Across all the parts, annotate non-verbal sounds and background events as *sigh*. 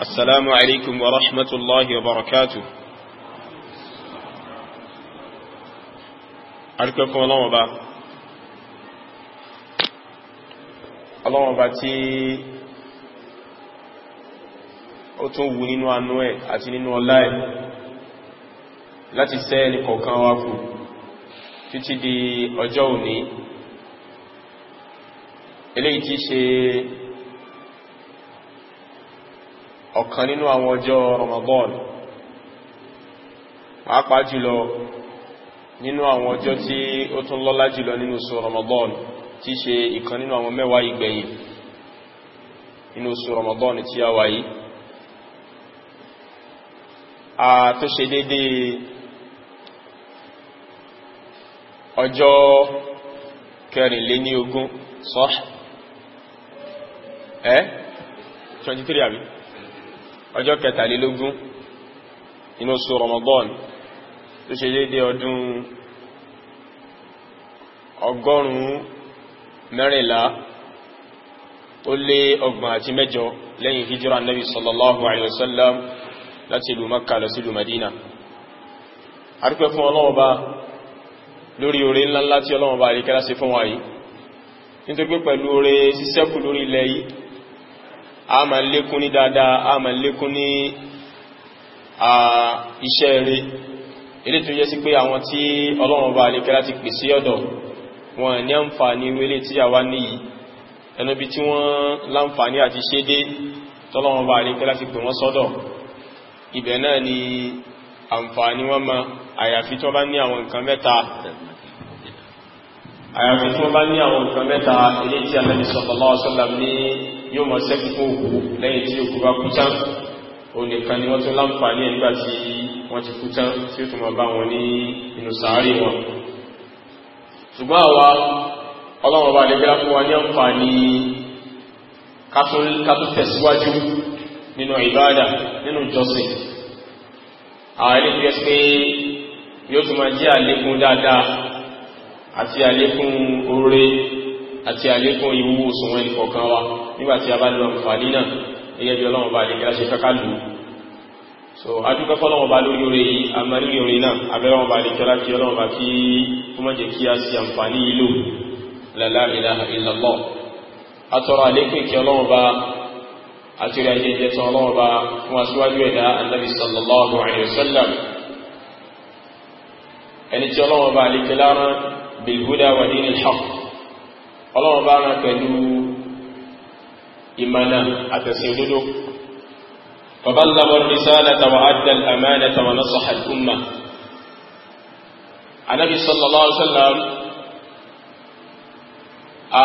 السلام عليكم ورحمة الله وبركاته أركبكم الله وبا الله وبا تي ó tún wù nínú àánú ẹ̀ àti nínú ọlá ẹ̀ láti ṣe ẹni kọ̀ọ̀kan wá kù títí di ọjọ́ òní eléyìí tí ṣe ọ̀kan nínú àwọn ọjọ́ Ramadan pàápàá jùlọ nínú àwọn ọjọ́ tí ó tún lọ́lá jùlọ nínú oṣù Ramadan tí ṣe ìkan nínú àwọn mẹ́wàá ìgbẹ̀yìn nínú oṣù Ramadan tí a wà yìí a tó ṣe dédé ọjọ́ kẹrìnléní sọ́ 23 àbí ọjọ́ kẹtàlélógún inú oṣù Ramadan tó ṣe dédé ọdún ọgọ́rùn-ún mẹ́rìnlá ó lé ọgbọ̀n àti mẹ́jọ lẹ́yìn hijira nabi sallallahu alaihi wasallam láti ìlú Makka lọ sí ìlú Madina a dúpẹ́ fún ọlọ́ọba lórí oore ńlá láti ọlọ́ọba àríkẹ́lá sí fún wa nítorí pé pẹ̀lú oore ṣíṣẹ́kù lórí ilẹ̀ yìí a ma lékún ní dáadáa a ma lékún ní iṣẹ́ rere ilé tó yẹ sí pé àwọn tí ọlọ́run bá alékẹ́ láti pèsè ọ̀dọ̀ wọn ní àǹfààní wélé tí a wá níyìí ẹnu bí tí wọ́n láǹfààní àti ṣe dé tọ́lọ́run bá alékẹ́ láti pè wọ́n sọ́dọ̀ ibẹ̀ náà ni àǹfààní wọn ma àyàfi tó bá ní àwọn nǹkan mẹ́ta àyàfi tó bá ní àwọn nǹkan mẹ́ta ilé tí a mẹ́lì sallallahu yóò máa ṣẹ́kù fún òkú lẹ́yìn tí òkú bá kú tán ó nìkan ni wọ́n tún láǹfààní nígbà tí wọ́n ti kú tán tí ó tún máa bá wọn ní inú sàárì wọn ṣùgbọ́n àwa ọlọ́run lè gbá fún wa ní àǹfààní àti àlékún ìwú òsùnwọ́ ẹnìkọ̀ọ̀kan wa nígbàtí a bá lọ àǹfààní náà gẹ́gẹ́ bí ọlọ́run bá lè kẹ́lá ṣe fẹ́ká lù so adúgbẹ́ fọ́lọ́run bá lórí orí àmàrírí orí náà abẹ́rọ̀n ẹni tí ọlọ́run bá lè kẹ́lá rán bilhuda wa dinil haqq ọlọ́run bá rán pẹ̀lú ìmànà àtẹ̀sìn òdodo babalabar risalata wa addal amanata wa nasaha al'umma anabi sallallahu alaihi wasallam a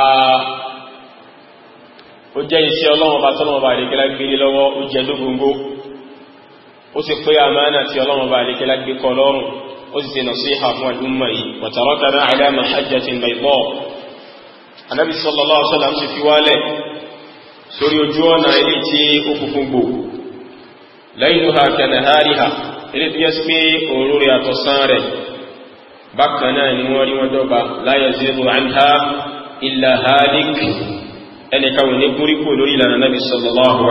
ó jẹ́ iṣẹ́ ọlọ́run bá tọ́lọ́run bá àríkẹ́lá gbé lọ́wọ́ ó jẹ́ lógúngó ó sì pé àmánà tí ọlọ́run bá àríkẹ́lá gbé anábi sallallahu alaihi wasallam sì fi wálẹ̀ sórí ojú ọ̀nà ilé tí ó kúkú gbò layluha kanahariha ilé tó yẹ́ sí pé òru rẹ̀ àtọ̀sán rẹ̀ bákan náà ni wọ́n rí wọ́n dọ́gba la yazidu anha illa halik ẹnìkàwò ní gúrígbò lórí ìlànà nábi sallallahu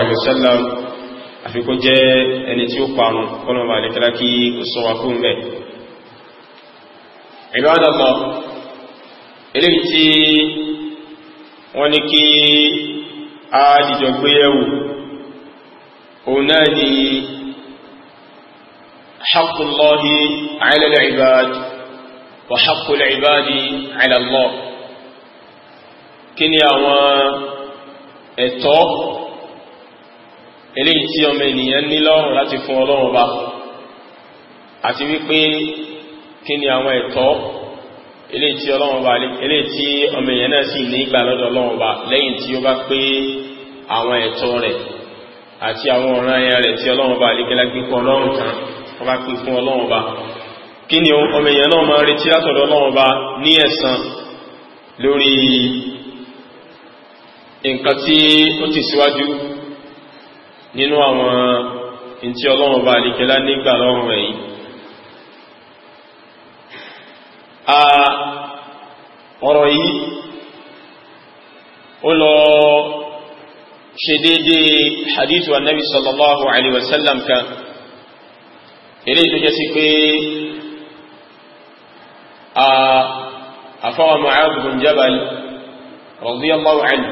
eléyìí tí wọ́n ní kí a dìjọ gbé yẹ̀wò òun náà ni haqqullahi ala al-ibad wa haqqul ibadi ala Allah kí ni àwọn ẹ̀tọ́ eléyìí tí ọmọ ènìyàn ní lọ́rùn láti fún Ọlọ́run bá àti wípé kí ni àwọn ilé tí ọlọ́wọ́n bá ilé tí ọmọ èèyàn náà sì ní ìgbà lọ́dọ̀ ọlọ́wọ́n bá lẹ́yìn tí ó bá pé àwọn ẹ̀tọ́ rẹ̀ àti àwọn ọ̀ràn ẹ̀yà rẹ̀ tí ọlọ́wọ́n bá lẹ́gbẹ́lá pípọ̀ ọlọ́run kan ọba pín fún ni ọmọ èèyàn náà máa retí látọ̀dọ̀ ọlọ́wọ́n ọ̀rọ̀ yìí ó lọ ṣe dédé hadithu annabi sallallahu alaihi wasallam kan eré tó jẹ́ sí pé àfáwọn Mu'adh bin Jabal radiyallahu anhu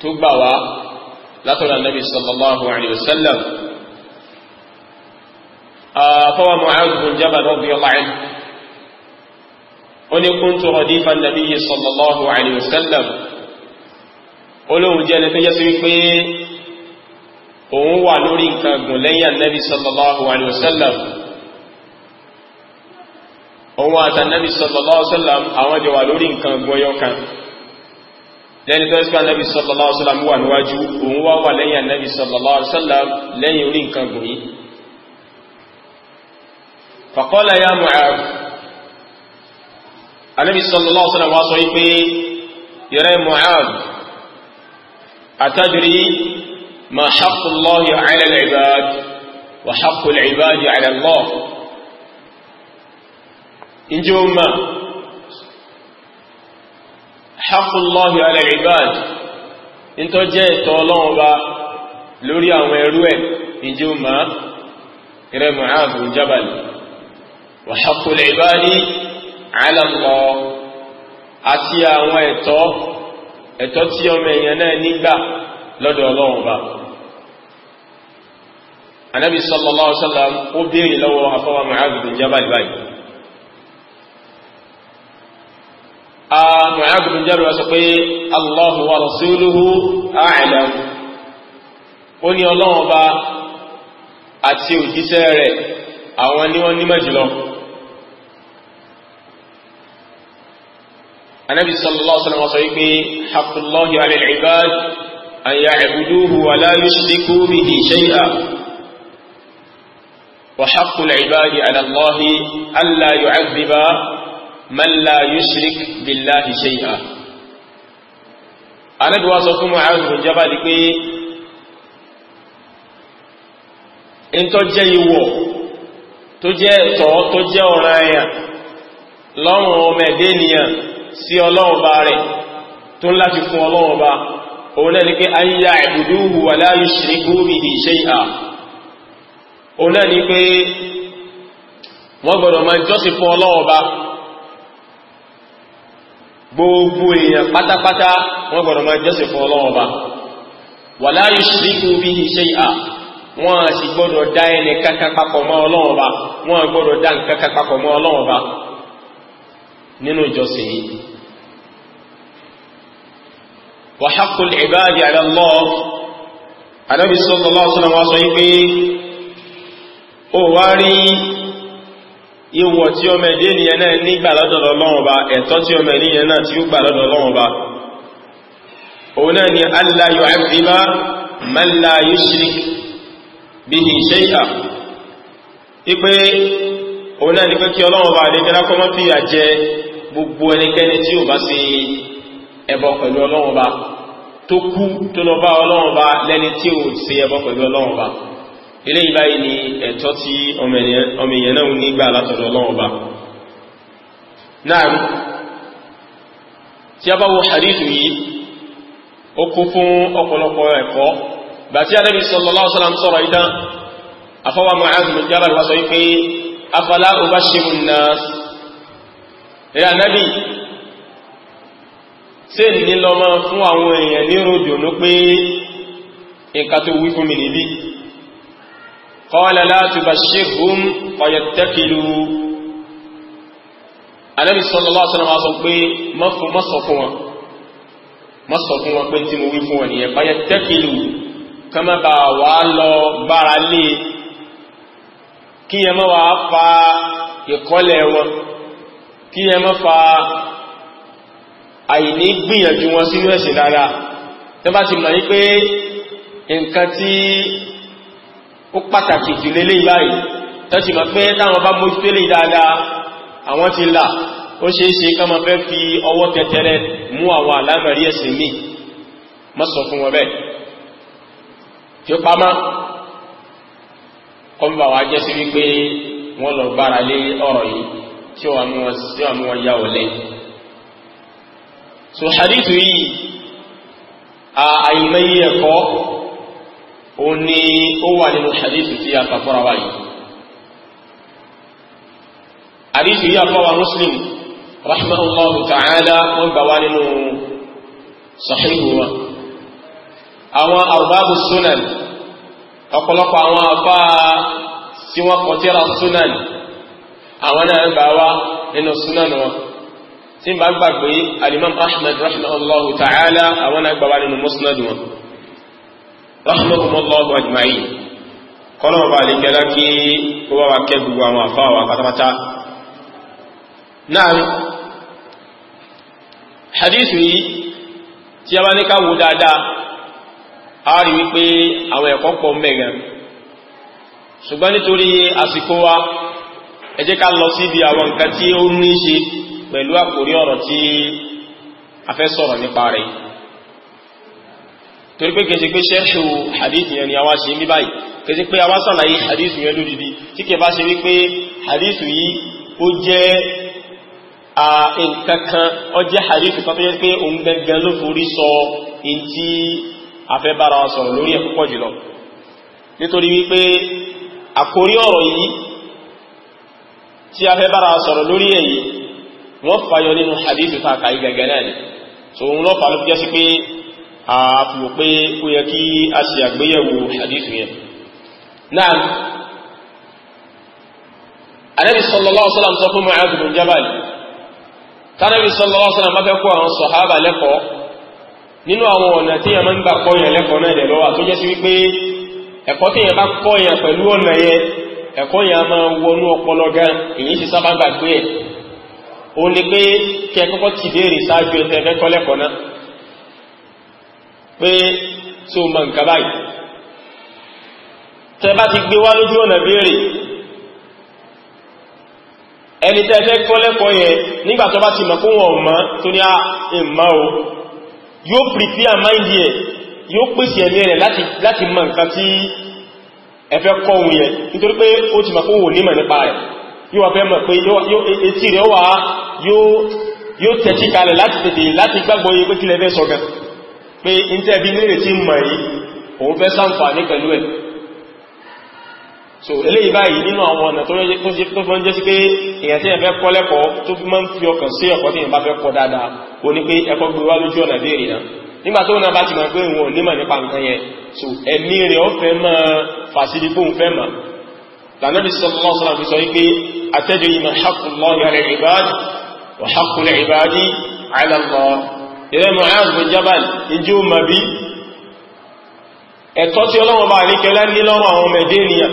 tó gbà wá látọ̀rọ̀ annabi sallallahu alaihi wasallam àfáwọn Mu'adh bin Jabal radiyallahu anhu ó ní kuntu radifa nabiyyi sallallahu alayhi wa sallam olóhun jẹ́ ẹni tó jẹ́ sí wípé òun wà lórí nǹkan gùn lẹ́yìn annabi sallallahu alayhi wa sallam òun àti annabi sallallahu alayhi wa sallam àwọn jẹ́ wà lórí nǹkan gùn ọyọ́kan lẹ́ni tó ṣíkà annabi sallallahu alayhi wa Ànábì sallallahu alaihi wasallam wá sọ wípé ìrẹ́ Mu'adh atajri ma haqqullahi 'ala al-'ibad wa haqqu al-'ibadi 'ala Allah inji o ma haqqullahi 'ala al-'ibad in tó jẹ́ ẹ̀tọ́ Ọlọ́run ala Allah àti àwọn ẹ̀tọ́ ẹ̀tọ́ tí ọmọ èèyàn náà nígbà lọ́dọ̀ ọlọ́run bá anábi sallallahu alaihi wasallam ó béèrè lọ́wọ́ afọ́wà Mu'adh bin báyìí a Mu'adh bin sọ pé Allahu wa rasuluhu a'lam ó ní ọlọ́run bá àti òjíṣẹ́ rẹ̀ àwọn anábì sallallahu alaihi wasallam sọ wípé haqqullahi ala al-ibad an ya'buduhu wa la yushriku bihi shay'a wa haqqul ibadi ala Allahi an la yu'adhiba man la yushrik billahi shay'a anábì wá sọ fún Mu'adh bin Jabal pé ìntọ́ jẹ́ ìwọ̀ tó jẹ́ ẹ̀tọ́ tó jẹ́ ọ̀ranyàn lọ́rùn ọmọ ẹ̀dẹ́ nìyàn sí ọlọ́run bá rẹ̀ tó ń láti fún ọlọ́run bá òun náà ni pé an ya'buduhu wa la yushriku bihi shay'a òun náà ni pé wọ́n gbọ́dọ̀ máa jọ́sìn fún ọlọ́run bá gbogbo èèyàn pátápátá wọ́n gbọ́dọ̀ máa jọ́sìn fún ọlọ́run bá nínú ìjọsìn yìí wa haqqul ibadi ala Allah Ànábì sallallahu alaihi wasallam sọ wípé ó wá rí ìwọ̀ tí ọmọ ẹ̀dẹ́ ènìyàn náà nígbà lọ́dọ̀dọ̀ Ọlọ́run Ọba ẹ̀tọ́ tí ọmọ ènìyàn náà tí ó gbà lọ́dọ̀ òun náà ni pé kí ọlọ́run bá àdéjẹ́lá kọ́ mọ́ fìyà jẹ gbogbo ẹnikẹ́ni tí ò bá ṣe ẹbọ pẹ̀lú ọlọ́run bá tó kú tó lọ bá ọlọ́run bá lẹ́ni tí ò ṣe ẹbọ pẹ̀lú ọlọ́run bá eléyìí báyìí ni ẹ̀tọ́ tí ọmọ èèyàn náà ní gbà látọ̀dọ̀ ọlọ́run bá náà tí a bá wo hadithu yìí ó kún fún ọ̀pọ̀lọpọ̀ ẹ̀kọ́ gbà tí Ànábì sallallahu alaihi wasallam sọ̀rọ̀ idán afọwà Mu'adh bin Jabal wá sọ afọlá ọba ṣeun náà rẹ̀ anábì tí ní lọ máa fún àwọn èèyàn ní ròdò ní pé nǹkan tó wí fún mi níbi qala la tubashshirhum fayattakilu anábì sallallahu alaihi wasallam sọ pé mọ́sọ̀ fún wọn kama bá wà lọ kí ẹ má wà fa ìkọ́lẹ̀ wọn kí ẹ má fa àìní gbìyànjú wọn sínú ẹ̀sìn dáadáa tó bá ti mọ̀ ní pé nǹkan tí ó pàtàkì jù lélé ìbáyìí tó ti mọ̀ pé táwọn bá mójú tó lè dáadáa àwọn ti là ó ṣe ṣe ká máa fẹ́ fi ọwọ́ tẹ̀tẹ̀rẹ mú àwọn àlámẹ̀rí ẹ̀sìn míì má fún wọn bẹ́ẹ̀ tí ó pamá kọ́mbà wa jẹ́ sí wípé wọ́n lọ gbára lé ọ̀rọ̀ yìí tí wọ́n mú wọn sí ọmọ wọn yá wọlé so hadithu yìí àìmọye ẹ̀kọ́ ó ní ó wà nínú hadithu tí a kàfọ́ra wa yìí hadithu yìí àfọwà muslim rahmanullahu ta'ala wọ́n gbà wá nínú sahihu wa àwọn arbabu sunan ọ̀pọ̀lọpọ̀ àwọn afá tí wọ́n kọ tírà sunan àwọn náà ń bá wá nínú sunan wọn tí ń bá gbàgbé alimam ahmed rahimahullahu ta'ala àwọn náà gbà wá nínú musnad wọn rahimahullahu ajma'in kọ́lọ́wọ́ bá lè kẹ́lá kí ó bá wa kẹ́ gbogbo àwọn afá wa pátápátá náà hadithu yìí tí a bá ní ká wo dáadáa a rí wípé àwọn ẹ̀kọ́ pọ̀ mẹ́gàn ṣùgbọ́n nítorí àsìkò wa ẹ jẹ́ ká lọ síbi àwọn nǹkan tí ó ní ṣe pẹ̀lú àkórí ọ̀rọ̀ tí a fẹ́ sọ̀rọ̀ nípa rẹ̀ torí pé kèsì pé ṣẹ́ṣù hadith ni a wá ṣe ní báyìí kèsì pé a wá sàlàyé hadith yẹn lódìdí a nǹkan kan ó jẹ́ hadith kan tó jẹ́ pé afẹ́ bára wa sọ̀rọ̀ lórí ẹ̀ púpọ̀ jùlọ nítorí wípé àkórí ọ̀rọ̀ yìí tí afẹ́ bára wa sọ̀rọ̀ lórí ẹ̀ yìí wọ́n fàyọ nínú hadithu ta kàí gẹ̀gẹ̀ náà ni so òun lọ́pàá ló jẹ́ sí pé a fìwò pé ó yẹ kí a ṣe àgbéyẹ̀wò hadithu yẹn náà anabi sallallahu alaihi sọ fún Mu'adh bin Jabal tanabi sallallahu alaihi máa fẹ́ nínú àwọn ọ̀nà tí yẹn máa ń gbà kọ́yàn lẹ́kọ̀ọ́ náà dẹ̀ lọ́wà tó jẹ́ sí wípé ẹ̀kọ́ tí yẹn bá kọ́yàn pẹ̀lú ọ̀nà yẹn ẹ̀kọ́ yẹn máa wọnú ọpọlọ gan èyí sì sábà gbàgbé ẹ̀ o ní pé kí ẹ kọ́kọ́ ti béèrè ṣáájú ẹsẹ̀ fẹ́kọ́ lẹ́kọ̀ọ́ náà pé tí o mọ nǹkan báyìí yóò prepare mind yẹ yóò pèsè ẹ̀mí rẹ̀ láti mọ̀ nǹkan tí ẹfẹ́ kọ́ ohun yẹ nítorí pé ó ti mọ̀ kóhùn nímọ̀ nípa rẹ̀ yóò wà fẹ́ mọ̀ pé etí rẹ̀ wà yóò tẹ̀sí kalẹ̀ láti tètè láti gbàgbọ́ yẹ pé kílẹ̀ fẹ́ sọ̀gàn pé ní tẹ́ẹ̀bí nírètí mọ̀ yìí òun fẹ́ ṣàǹfààní pẹ̀lú ẹ̀ so eléyìí báyìí nínú àwọn ọ̀nà tó fọ́n jẹ́ sí pé èyàn tí ẹ̀fẹ́ kọ́ lẹ́kọ̀ọ́ tó fi máa ń fi ọkàn sí ẹ̀kọ́ tí ìyànbá fẹ́ kọ́ dáadáa o ní pé ẹ̀kọ́ gbé wá lójú ọ̀nà béèrè náà nígbà tó náà bá ti mọ̀ pé wọn ò nímọ̀ nípa nǹkan yẹn so ẹ̀mí rẹ̀ ó fẹ́ máa fàṣídì fóun fẹ́ mọ̀ lànàbí sallallahu alaihi ẹ̀tọ́ tí Ọlọ́run bá ní kẹlẹ́ ní lọ́rọ̀ àwọn ọmọ ẹ̀dẹ́ ènìyàn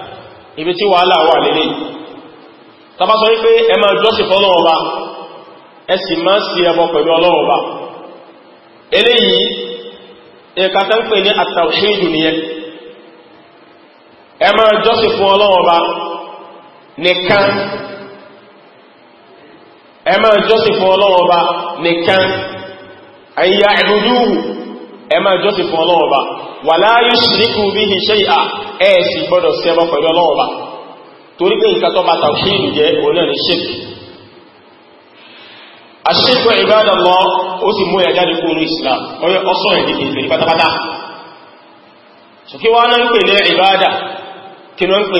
ibi tí wàhálà wà lélẹ̀ tàbá sọ wípé ẹ máa jọ́sìn fọ́lọ́run ọba ẹ sì máa sí ẹbọ pẹ̀lú ọlọ́run ọba eléyìí ẹ̀ka tẹ́ ń pè ní àtàwíṣẹ́jù nìyẹn ẹ máa jọ́sìn fún ọlọ́run nìkan ẹ máa jọ́sìn fún ọlọ́run nìkan àyíyá ẹ̀dùn ẹ máa jọ́sìn fún Ọlọ́run Ọba wala yushriku bihi shay'a ẹ sì gbọ́dọ̀ ṣẹbọ pẹ̀lú Ọlọ́run Ọba torí pé nǹkan tó bá tawhid jẹ́ òun náà ni shirk ashirku ibadallah ó sì mú ẹ̀já ní kúrú Islam ọyọ ọsán ẹ̀dì kìí pátápátá so kí wọ́n ń pè ní ìbádà kí wọ́n ń pè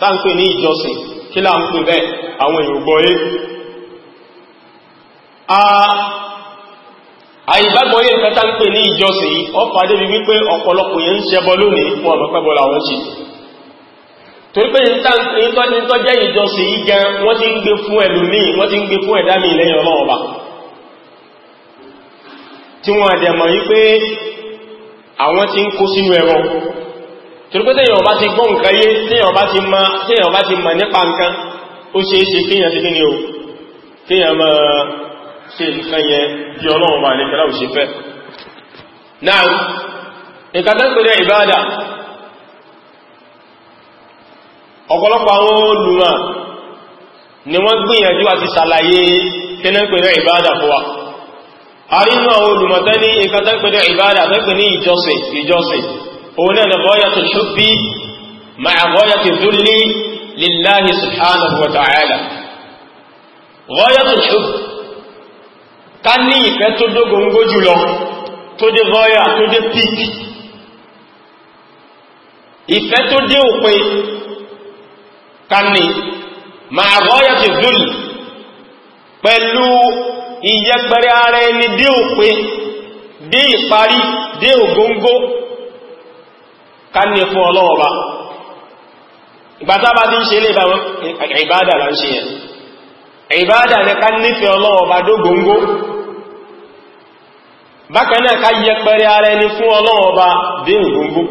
tá ń pè ní ìjọsìn kí láà ń pè bẹ́ àwọn èèyàn gbọ́yé àìgbàgbọ́yé nǹkan tá ń pè ní ìjọsìn ọpàdé bí wípé ọ̀pọ̀lọpọ̀ yẹn ń ṣẹbọ lónìí fún ọmọ pẹ́bọ làwọn ṣe torí pé nítọ́ jẹ́ ìjọsìn yìí gan wọ́n ti ń gbé fún ẹlòmíì àwọn ti ń kó sínú ẹ̀rọ torípé tí èyàn bá ti gbọ́ nǹkan yé tí èyàn bá ti ma tí nípa nǹkan ó ṣe é ṣe kíyàn sí kí ni o kíyàn ma ṣe nǹkan yẹn bí ọlọ́run bá lè kẹ́lá òṣè fẹ́ náà nǹkan tó pẹ̀lẹ̀ ìbáadà ọ̀pọ̀lọpọ̀ àwọn olùmọ̀ ni wọ́n gbìyànjú àti ṣàlàyé kínan pẹ̀lẹ̀ ìbáadà fún wa a rí òun náà ni ghayatul hubbi ma'a ghayatil dhulli lillahi subhanahu wa ta'ala ghayatul hubbi ká ní ìfẹ́ tó dógóngó jùlọ tó dé gọ́yà tó dé pík ìfẹ́ tó dé òpin ká ní ma'a ghayatil dhulli pẹ̀lú ìyẹpẹrẹ ara ẹni dé òpin dé ìparí dé ògóngó ká ní fún ọlọ́ọ̀bá ìgbàtà bá ti ń ṣe ilé ìbáwọn ìbádà là ń ṣe yẹn ìbádà ní ká nífẹ́ ọlọ́ọ̀bá dógóngó ká yẹ pẹ̀rẹ ara ẹni fún ọlọ́ọ̀bá dín góngó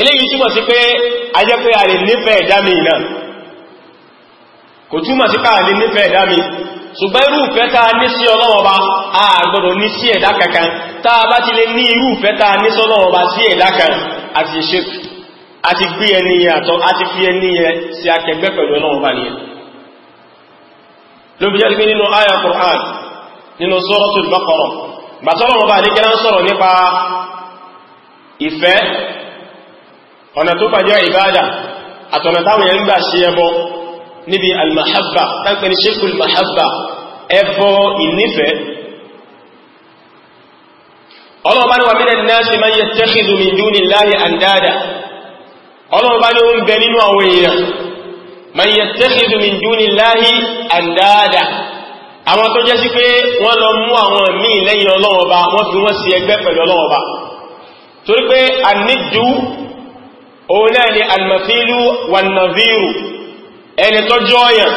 eléyìí túmọ̀ sí pé a pé a lè nífẹ́ ẹ̀dámi náà kò túmọ̀ sí lè nífẹ́ táa bá ti lè ní irú ìfẹ́ táa ní sọ́nà ọba sí ẹ̀dá kan àti ṣe àti gbé ẹni yẹn àtọ́ àti fi ẹni yẹn sí akẹgbẹ́ pẹ̀lú ọlọ́run bá ní ẹ̀ ló fi jẹ́ pé nínú aya Qur'an nínú Suratul Baqara bàtọ́lọ́run bá nígbẹ́ ń sọ̀rọ̀ nípa ìfẹ́ ọ̀nà tó pàjẹ́ ìbádà mahabba tánkẹ́ ni ọlọ́run bá ní wà mílẹ̀ náà sí máa yẹ tẹ́kìdù mi dúnì láyé àndáadà ọlọ́run bá ní ó ń bẹ nínú àwọn èèyàn máa yẹ tẹ́kìdù mi dúnì láyé àndáadà àwọn tó jẹ́ sí pé wọ́n lọ mú àwọn míì lẹ́yìn ọlọ́run wọ́n fi wọ́n sí ẹgbẹ́ pẹ̀lú ọlọ́run torí pé àníjú òun náà ni almafilu wà nàvíru ẹni tó jọyàn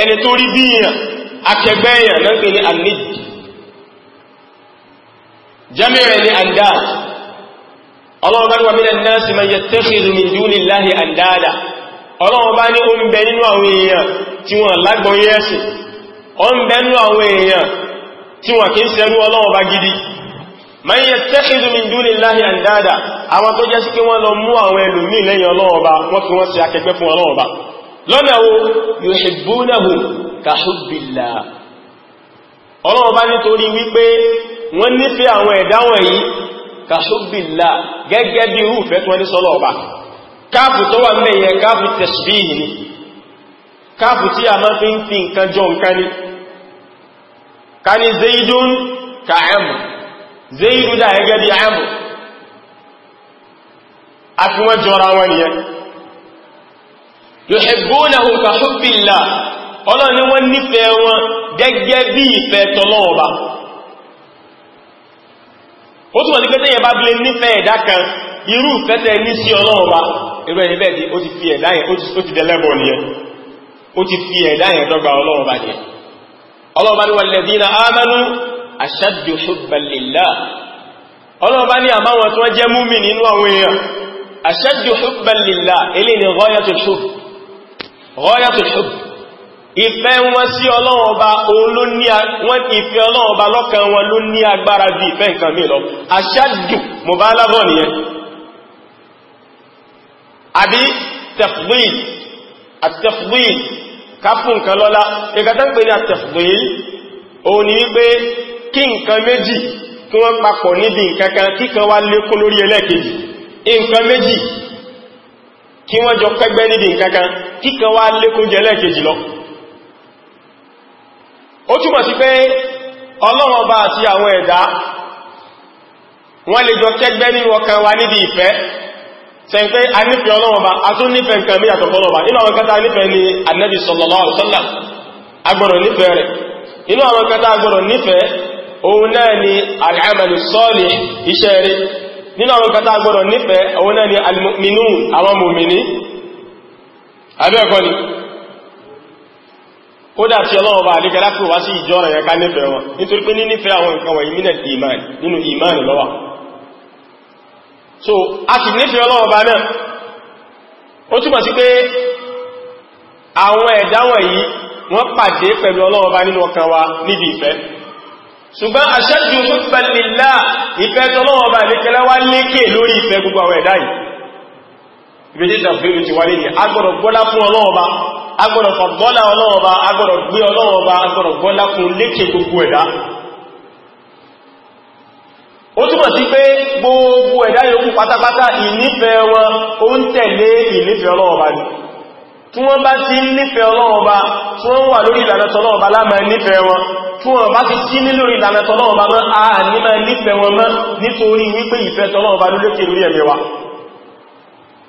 ẹni tó rí bíyàn akẹgbẹ́yàn náà pè ní àníjú jami rẹ̀ ní andad ọlọ́run bá ní wa minan nasi man yattakhidhu min dunillahi andada ọlọ́run bá ní oun bẹ nínú àwọn èèyàn tí wọ́n lágbọ́nyẹ́ ẹ̀sìn oun bẹ nínú àwọn èèyàn tí wọ́n kí ń ṣẹrú ọlọ́run bá gidi man yattakhidhu min dunillahi andada àwọn ọlọ́wọ́ bá nítorí wípé wọ́n nífẹ́ àwọn ẹ̀dáwọn yìí kàṣóbìlá gẹ́gẹ́ bí irúfẹ́ tó wọ́n ní sọ́lọ̀ ọba káàfù tó wà mẹ́yẹ káàfù tẹ̀sbíhì ni tí a fi ni ka wọ́n nífẹ́ wọn gẹ́gẹ́ bí ìfẹ́ tọ́lọ́ọ̀bá ó túnmọ̀ ní pẹ́tẹ́ yẹn bá bilé nífẹ́ ẹ̀dá kan irú ìfẹ́tẹ́ ní sí ọlọ́ọ̀bá irú ẹni bẹ́ẹ̀ ó ti fi ẹ̀dá yẹn ó ti dẹlẹ́bọ̀ nìyẹn ó ti fi ẹ̀dá yẹn dọ́gba ọlọ́ọ̀bá nìyẹn ọlọ́ọ̀bá ní walladhina amanu ashaddu hubban lillah ọlọ́ọ̀bá ní àmáwọn tó jẹ́ múmi nínú àwọn èèyàn ashaddu hubban lillah ilé ni ghayatul hubb ghayatul hubb ìfẹ́ wọn sí ọlọ́run ọba wọn ìfẹ́ ọlọ́run ọba lọ́kàn wọn ló ní agbára bí ìfẹ́ nǹkan mí lọ aṣáájú mọ̀bálàbọ̀ nìyẹn àbí tafdil àtẹ̀fùdìl káfún nǹkan lọ́lá ìgbàtà ń pè ní àtẹ̀fùdìl òun ni wípé kí nǹkan méjì kí wọ́n papọ̀ níbi nǹkankan kíkan wá lékún nǹkan méjì kíkan wá lékún jẹ ó túnmọ̀ sí pé ọlọ́run ọba àti àwọn ẹ̀dá wọ́n lè jọ kẹgbẹ́ nínú ọkàn wa níbi ìfẹ́ tẹ́ pé a nífẹ́ ọlọ́run ọba a tún nífẹ́ nǹkan mí àtọ̀kọ́ ọlọ́run àwọn kẹta nífẹ́ ni Ànábì sallallahu n'ife ni kódà tí ọlọ́wọ́ bá àdíkẹ́ láti wá sí ìjọ rẹ̀ ká nífẹ̀ẹ́ wọn nítorí pé nínífẹ́ àwọn nǹkan wọ̀nyí nínú ìmáàni nínú ìmáàni lọ́wà so a sì nífẹ̀ẹ́ ọlọ́wọ́ bá náà ó túnmọ̀ sí pé àwọn ẹ̀dá wọ̀nyí wọ́n pàdé pẹ̀lú ọlọ́wọ́ nínú ọkàn wa agbọ́dọ̀ fọ̀gbọ́lá ọlọ́ọ̀ba agbọ́dọ̀ gbé ọlọ́ọ̀ba agbọ́dọ̀ gbọ́lá kún lékè gbogbo ẹ̀dá ó túnmọ̀ sí pé gbogbo ẹ̀dá yòókù pátápátá ìnífẹ́ wọn ó ń tẹ̀lé ìnífẹ́ ọlọ́ọ̀ba ni tí wọ́n bá ti nífẹ́ ọlọ́ọ̀ba tí wọ́n wà lórí ìlànà tọ́lọ́ọ̀ba láàmà nífẹ́ wọn tí wọ́n bá ti sí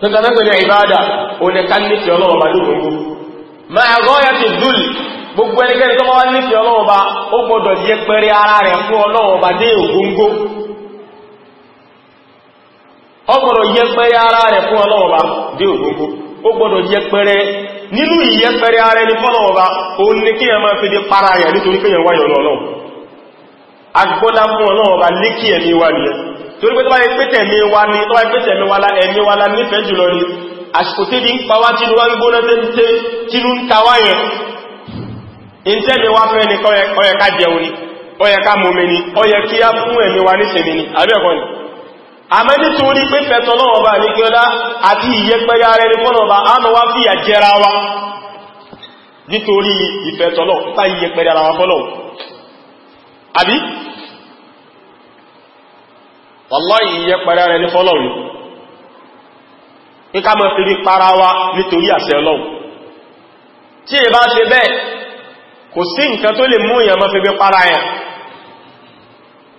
tọ́tọ́tọ́tọ́lẹ̀ ìbáadà òní ká nífẹ́ ọlọ́wọ́ bá lóògbò ma ẹ̀gọ́yà ti dùl gbogbo ẹnikẹ́ni tó wá nífẹ́ ọlọ́wọ́ bá ó gbọdọ̀ jẹ́ pẹ̀rẹ ara rẹ̀ fún ọlọ́wọ́ bá dé ògóngó ó gbọdọ̀ ara rẹ̀ fún ọlọ́wọ́ bá dé ògóngó ó gbọdọ̀ jẹ́ pẹ̀rẹ ara ẹni ọba bá ó fi para torí pé tó bá yẹ pé tẹ̀mí wa ní tó bá yẹ wa lá ẹ̀mí wa lá nífẹ̀ẹ́ jùlọ ni àsìkò tí ní ń pa wá tínú wá gbígbóná tẹ́ tínú ń ta wá yẹn in tẹ́mi wá fẹ́ ní ọyẹ ká jẹun ni ọyẹ ká mọ́mí ni ọyẹ kí á fún ẹ̀mí wa ní sẹ̀mí ni àbẹ́ẹ̀kọ́ ni àmọ́ nítorí pé fẹ̀tọ́ náà bá ní kí ọlá àti ìyẹ́pẹ́yà rẹ̀ ní fọ́nà bá ámọ́ wàláyì yẹ pẹ̀rẹ̀ rẹ̀ ní fọ́lọ́run ní ká mọ́ fi rí para wa nítorí àṣẹ ọlọ́run tí è bá ṣe bẹ́ẹ̀ kò sí nǹkan tó lè mú èèyàn mọ́ fi rí para ẹ̀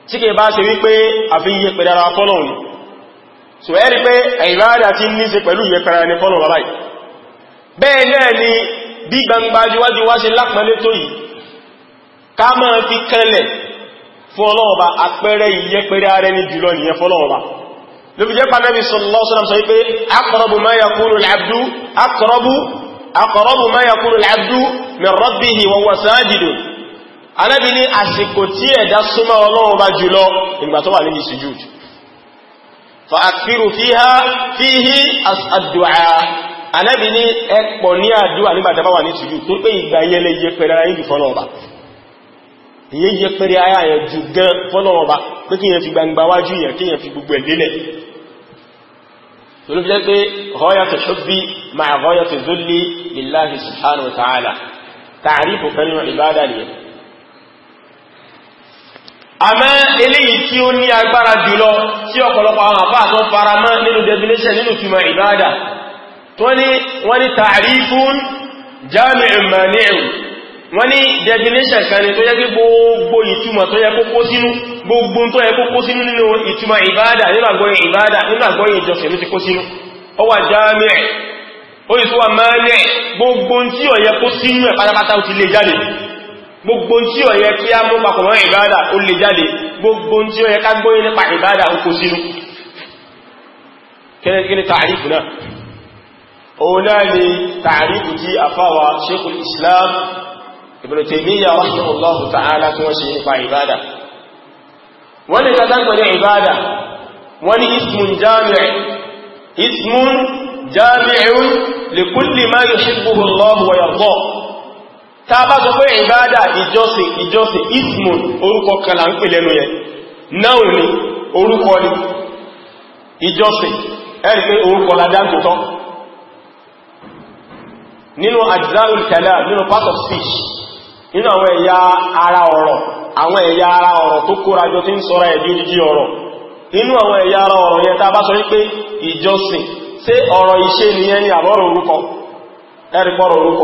tí kì bá ṣe wípé àfi yẹ pẹ̀rẹ̀ ara fọ́lọ́run so yìí fún ọlọ́ọ̀bá àpẹẹrẹ ìyẹ́pẹrẹ ara ẹni jùlọ nìyẹn fọ́lọ́ọ̀bá ló fi jẹ́ pàdébí sallallahu alaihi wasallam sọ wípé aqrabu ma yakunu al-abdu aqrabu aqrabu ma yakunu al-abdu min rabbihi wa huwa sajidun Ànábì ní àsìkò tí ẹ̀dá súnmọ́ ọlọ́ọ̀bá jùlọ ìgbà tó wà níbi sujúd fa akthiru fiha fihi as-du'a Ànábì ní ẹ̀pọ̀ ní ìyẹ́ yẹ pẹ̀rẹ̀ ara yẹn jù gan fọ́lọ́wọ́ bá pé kí yẹn fi gbangba wájú yẹn kí yẹn fi gbogbo ẹ̀ lélẹ̀ tolú fi jẹ́ pé rọ́yà tó ṣubí ma rọ́yà tó zulli lillahi subhanahu wa ta'ala tààrífù kan nínú ìbádà wọ́n ní definition kan ni tó yẹ kí gbogbo ìtumọ̀ tó yẹ kókó sínú gbogbo tó yẹ kókó sínú nínú ìtumọ̀ ìbádà nínú àgbọ́yìn ìbádà nínú àgbọ́yìn ìjọsìn ló ti kó sínú ó wà jámẹ́ ó yìí tó wà mẹ́rẹ́ gbogbo tí ó yẹ kó sínú ẹ̀ pátápátá ó ti lè jáde gbogbo tí ó yẹ kí a mú papọ̀ mọ́ ìbádà ó lè jáde gbogbo tí ó yẹ ká gbọ́yìn nípa ìbádà ó kó sínú kí ni tààrífù náà òun náà ni tààrífù tí àfáwà Sheikhul Islam Ibn Taymiyyah rahimahullahu ta'ala tí wọ́n ṣe nípa ìbádà wọ́n ni kàtàkùn ní ìbádà wọ́n ni ismun jami'i ismun jami'i li kulli ma yuhibbuhu Allahu wa yarda ta bá sọ pé ìbádà ìjọsìn ìjọsìn ismun orúkọ kan la ń pè lẹ́nu yẹn náà ni orúkọ ni ìjọsìn ẹ̀rí pé orúkọ ládágbò tán nínú ajza'ul kalam nínú part of speech nínú àwọn ẹ̀yà ara ọ̀rọ̀ àwọn ẹ̀yà ara ọ̀rọ̀ tó kórajọ tí ń sọ́ra ẹ̀dí ojújí ọ̀rọ̀ nínú àwọn ẹ̀yà ara ọ̀rọ̀ yẹn tá bá sọ wípé ìjọsìn ṣé ọ̀rọ̀ iṣẹ́ nìyẹn ni àbọ̀rọ̀ orúkọ ẹ̀rìpọ̀rọ̀ orúkọ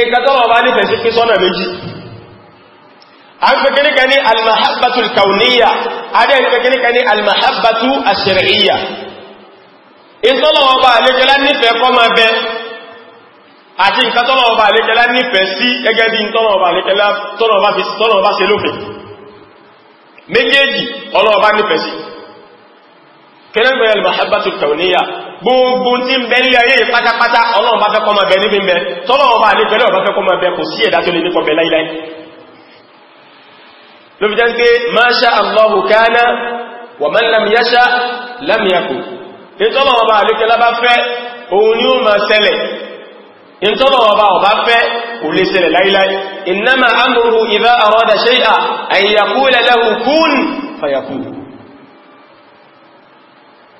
nǹkan tọ́lọ̀ bá nífẹ̀ẹ́ sí pín sọ́nà méjì a ń pẹ̀kẹ́ níka ní almahabbatu alkauniya adé ń pẹ̀kẹ́ níka ní almahabbatu ashir'iyya ìtọ́lọ̀wọ̀ bá alékẹ́lá nífẹ̀ẹ́ kọ́ máa bẹ àti nǹkan tọ́lọ̀wọ̀ bá alékẹ́lá nífẹ̀ẹ́ sí gẹ́gẹ́ bí tọ́lọ̀wọ̀ bá ṣe lófin méjèèjì ọlọ́wọ̀ kẹ́lẹ́ mẹ́rẹ̀ alìmọ̀hábàtù tàuníyà gbogbo tí ń bẹ ní ayé pátápátá ọlọ́run bá fẹ́ kọ́ ma bẹ níbi bẹ tọ́lọ́run bá ní pẹ̀lẹ́ ọ̀bá fẹ́ kọ́ ma bẹ kò sí ẹ̀dá tó lè ní kọ́ bẹ láíláí ló fi jẹ́ pé ma sha Allahu kana wa man lam yasha lam yakun ìtọ́lọ́run bá ní kẹlá bá fẹ́ òun ni ó ma ṣẹlẹ̀ ìtọ́lọ́run bá ọ̀bá fẹ́ kò lè ṣẹlẹ̀ láíláí innama amruhu idha arada shay'an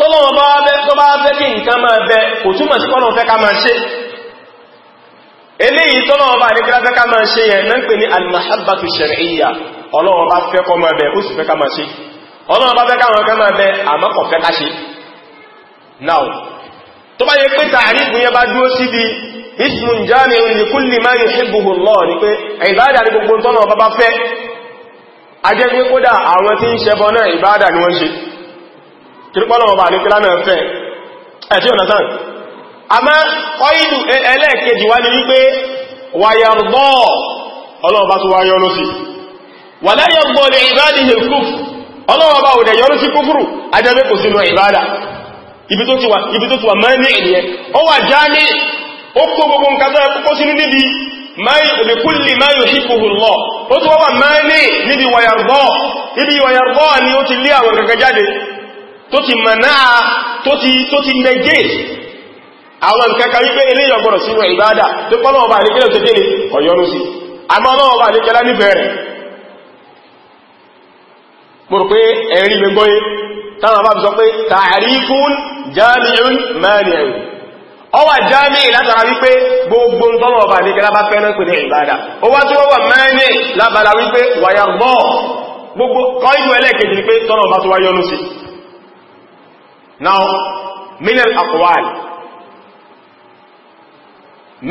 tọ́lọ́wọ́ bá bẹ́ tó bá bẹ́ kí nǹkan máa bẹ kò túnmọ̀ sí kọ́nà fẹ́ ká máa ṣe eléyìí tọ́lọ́wọ́ bá nígbà fẹ́ ká máa ṣe yẹn náà ń pè ní al-mahabbatu shar'iyya Ọlọ́run bá fẹ́ kó máa bẹ ó sì fẹ́ ká máa ṣe Ọlọ́run bá fẹ́ káwọn kan máa bẹ àmọ́ kò fẹ́ ká ṣe now tó bá yẹ pé tààrífù ṣe tìrìpọ́lọ̀wọ̀ bá ní kí lánàá fẹ́ ẹ̀tí ọ̀nà sáà àmá ọ́ìdù ẹlẹ́ẹ̀kejì wá ní wípé wàyàrùbọ́ ọlọ́ọ̀bá tó wáyọ́ ló sí wà láyàrùbọ́ lè ìbádì ní kúf ọlọ́ọ̀bá ò dẹ̀ yọ́rú sí kúfùrù ajẹ́bẹ́ kò sínú ìbádà ibi tó ti wà mẹ́rin ìyẹn ó wà jáde ó kó gbogbo nǹkan tó ni ó ti lé àwọn kankan jáde tó ti manáà tó ti tó ti negate àwọn nǹkankan wípé eléyàn gbọ́dọ̀ sí wọn ìbádà tó pọ́nà ọba àríkẹ́lẹ̀ tó kéde ọ̀yọ́nú sí àmọ́ ọba àríkẹ́lẹ̀ níbẹ̀rẹ̀ mo rò pé ẹ̀rí jami látara wípé gbogbo tọ́nà ọba àríkẹ́lẹ̀ bá fẹ́ náà pè ní ìbádà ó wá tí wọ́n wà mani lábára wípé wàyàgbọ́ gbogbo kọ́ ìlú ẹlẹ́kejì pé tọ́nà ọba tó wáyọ́nú sí now الأقوال من الأقوال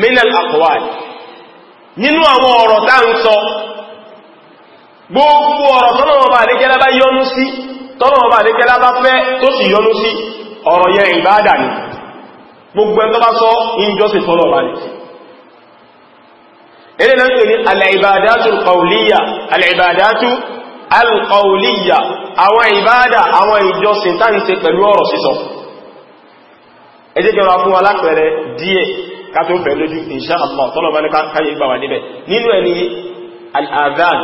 min al-aqwal nínú àwọn ọ̀rọ̀ tá ń sọ gbogbo ọ̀rọ̀ tọ́nà ọba àdékẹ́lá bá yọ́nú sí tọ́nà ọba àdékẹ́lá bá fẹ́ tó sì yọ́nú sí ọ̀rọ̀ yẹn ìbáadà ni gbogbo ẹ̀ tó bá sọ ìjọsìn tọ́nà ọba ní ilé náà ń pè ní al-ibadatul qawliya al-ibadatul alkọ̀ọ̀lìyà àwọn ìbádà àwọn ìjọsìn tá ń ṣe pẹ̀lú ọ̀rọ̀ sísọ ẹ jẹ́ jọra fún alápẹẹrẹ díẹ̀ kátó bẹ̀ lójú insha Allah tọ́lọ̀bá ní káyẹ gbà wà níbẹ̀ nínú ẹni al-adhan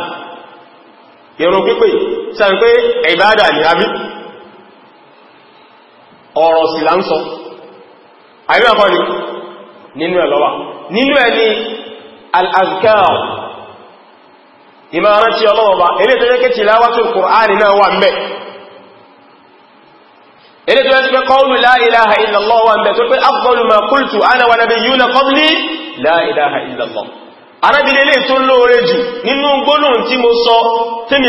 ìrun ìmọ̀ rántí ọlọ́wọ̀ba ilé tó yẹ́kẹ́ ti láwátún kùránì náà wà mẹ́ ilé tó yẹ́kẹ́ kọlu la ilaha illallah wà mẹ́ tó pé afdalu ma qultu ana wa nabiyyuna qabli la ilaha illallah arábìnilé tó lóore jù nínú gbólóhùn tí mo sọ tí mi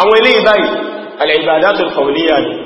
àwọn ilé ìbáyìí al-ibadatul qawliyya ni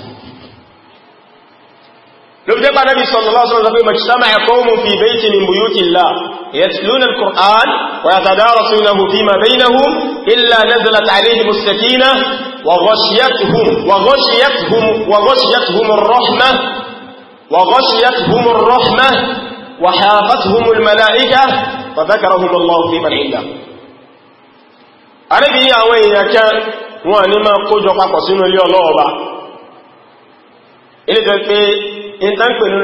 ló jẹ́ bá nábi sallallahu alaihi wasallam majtama'a qawmun fi baytin min buyutillah yatluna al-Qur'an wa yatadarasunahu fima baynahum illa nazalat alayhim as-sakinah wa ghashiyatuhum wa ghashiyatuhum wa ghashiyatuhum ar-rahmah wa ghashiyatuhum ar-rahmah wa hafathum al-mala'ikah wa dhakarahum Allahu fi man 'indah Ànábì àwọn èèyàn kan wọ́n ní máa kójọ papọ̀ sínú ilé Ọlọ́run ba ilé tó pé ìtànkù ilé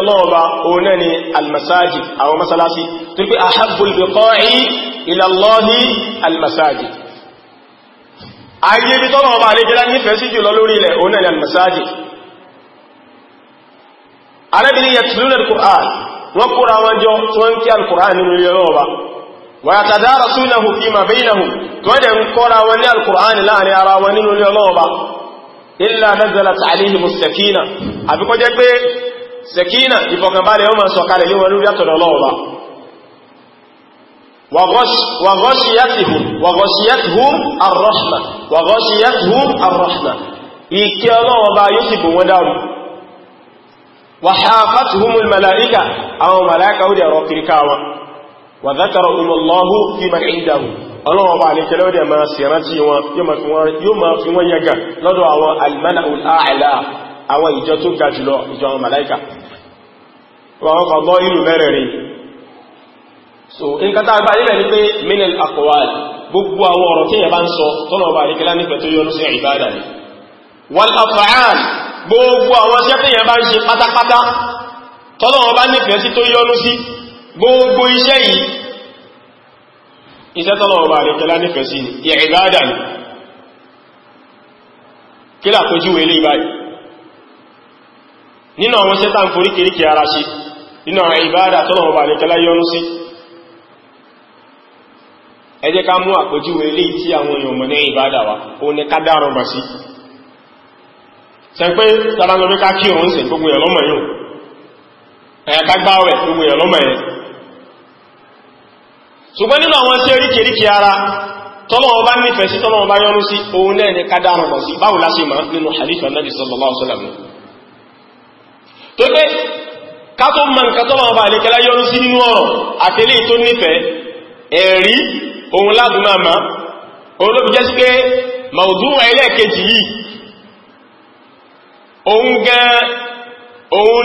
ọlọ́ọ̀bá òun náà ni almasaji àwọn masalasi tó pé ahabbul biqa'i ila Allahi almasaji ayé bí tọ́lọ̀ọ̀bá àríkẹ́lá nífẹ̀ẹ́ sí jùlọ lórí ilẹ̀ òun náà ni almasaji arábìnrin yatluna al-Qur'an wọ́n kúra wọn jọ tí wọ́n kí al-Qur'an nínú ilé illa nazalat alayhim as-sakina àbí kó jẹ́ pé sakina ìfọ̀kànbalẹ̀ ó máa sọ̀kalẹ̀ lé wọn lórí àtọ̀dọ̀ Ọlọ́run wa wa ghashiyatuhum wa ghashiyatuhum ar-rahma wa ghashiyatuhum ar-rahma ìkẹ́ Ọlọ́run bá yóò sì bò wa hafatuhum al-malaika àwọn malaika ó dẹ̀ wa dhakara umullahu fi man indahu ọlọ́wọ́ bá alékẹ́lẹ́ òdí ẹ̀mà sírántí wọn yóò máa fi wọ́n yẹgà lọ́dọ̀ àwọn almana'ul a'la àwọn ìjọ tó ga jùlọ ìjọ àwọn màláìkà wọ́n kọ̀ bọ́ ìlú mẹ́rẹ̀ rí so in ka tàbí alẹ́rẹ̀ ní pé minel aqwal gbogbo àwọn ọ̀rọ̀ tí yẹ ń sọ tọ́lọ̀ bá alékẹ́lẹ́ nífẹ̀ẹ́ tó yọnu sí ìbádà ni wal af'al gbogbo àwọn tí yẹ bá ń ṣe pátápátá tọ́lọ̀ bá nífẹ̀ẹ́ sí tó yọnu sí gbogbo iṣẹ́ yìí iṣẹ́ tọ́lọ̀ọ̀bà àríkẹlá nífẹ̀ẹ́ sí ni ìrìbádà ni kí làpójúwé ilé ìbáyìí nínú àwọn iṣẹ́ tàn forí kìríkì ara ṣe nínú àwọn ìbádà tọ́lọ̀ọ̀bà àríkẹlá yọ́nú sí ẹ ká mú àpójúwé ilé wa ó ní ká dárọ̀ bà sí sẹ́pẹ́ tàbí ká kí òun sì gbogbo ẹ̀lọ́mọ̀ yóò ẹ̀ẹ̀ká gbáwẹ̀ gbogbo ṣùgbọ́n nínú àwọn tí oríkèríkè ara tọ́lọ́wọ́ bá nífẹ̀ẹ́ sí tọ́lọ́wọ́ bá yọ́nú sí òun náà ní kádàrà mọ̀ sí báwo la ṣe máa nínú hadith annabi sallallahu alaihi wasallam tó pé ká tó mọ̀ nǹkan tọ́lọ́wọ́ bá lè kẹ́lá yọ́nú sí nínú ọ̀rọ̀ àtẹ́lé tó nífẹ̀ẹ́ ẹ̀rí òun ládùmáàmá òun ló fi jẹ́ sí pé mawduu ẹlẹ́ẹ̀kejì yìí òun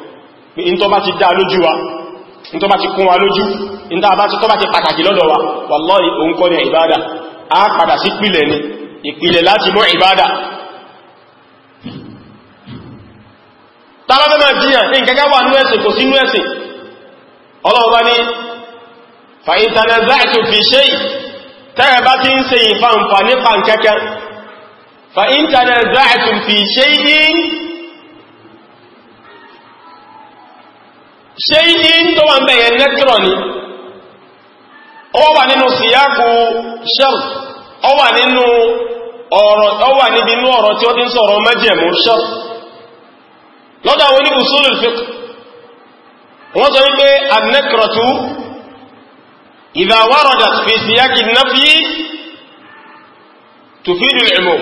Ntọba ti wa ntọba ti wa lójú ti ti wa wallahi òun ibada. A ìbádà a padà sí ni ìpìlẹ̀ láti mọ́ ìbádà tàbí máa jíyàn ní gẹ́gẹ́ wà ní ẹ̀sìn kò sí ní ẹ̀sìn ọlọ́wọ́ ní fa in tanaza'tu fi shay'in tẹ́rẹ bá ti ń se ìfàǹfà nípa fa in tanaza'tu fi shay'in ṣe yí tó wà ń bẹ̀yẹ nẹ́kìrọ̀ ni ó wà nínú síyákù ṣẹ́rù ó wà nínú ọ̀rọ̀ ó wà níbi inú ọ̀rọ̀ tí ó ti ń sọ̀rọ̀ mẹ́jẹ̀mú ṣẹ́rù lọ́dọ̀ àwọn oníbù usulul fiqh wọ́n sọ wípé anẹ́kìrọ̀tú idha waradat fi síyákì nafyi tufidu al-umum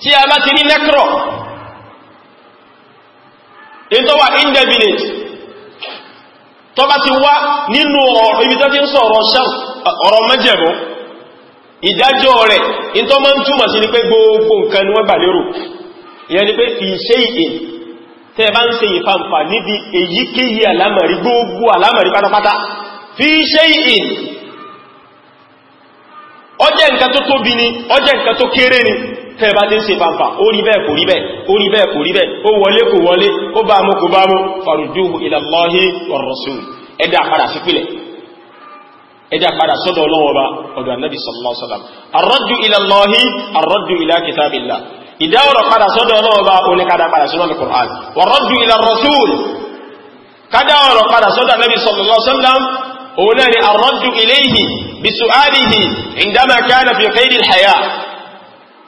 tí a bá ti ní nẹ́kìrọ̀ in tó wà indefinite tó ti wá nínú ibi tó ti ń sọ̀rọ̀ ṣán ọ̀rọ̀ mẹ́jẹ̀mọ́ ìdájọ́ rẹ̀ in máa ń túmọ̀ ni pé gbogbo nǹkan ni wọ́n gbà lérò ìyẹn fi ṣe ìhìn tẹ́ bá ń eyi ìfàǹfà níbi èyíkéyìí gbogbo fi ṣe ìhìn ó nǹkan tó tóbi ni nǹkan tó kéré ni tẹ́ẹ̀bá tí ń ṣe pàpà ó rí bẹ́ẹ̀ kò rí bẹ́ẹ̀ ó rí bẹ́ẹ̀ kò rí bẹ́ẹ̀ ó wọlé kò wọlé ó bá mú kò bá mú farudúhu ila Allahi wa rasul ẹ dá padà sí pìlẹ̀ ẹ dá padà sọ́dọ̀ Ọlọ́hun Ọba ọ̀dọ̀ Ànábì sallallahu alaihi wasallam ar-raddu ila Allahi ar-raddu ila kitabillah ìdáwọ̀rọ̀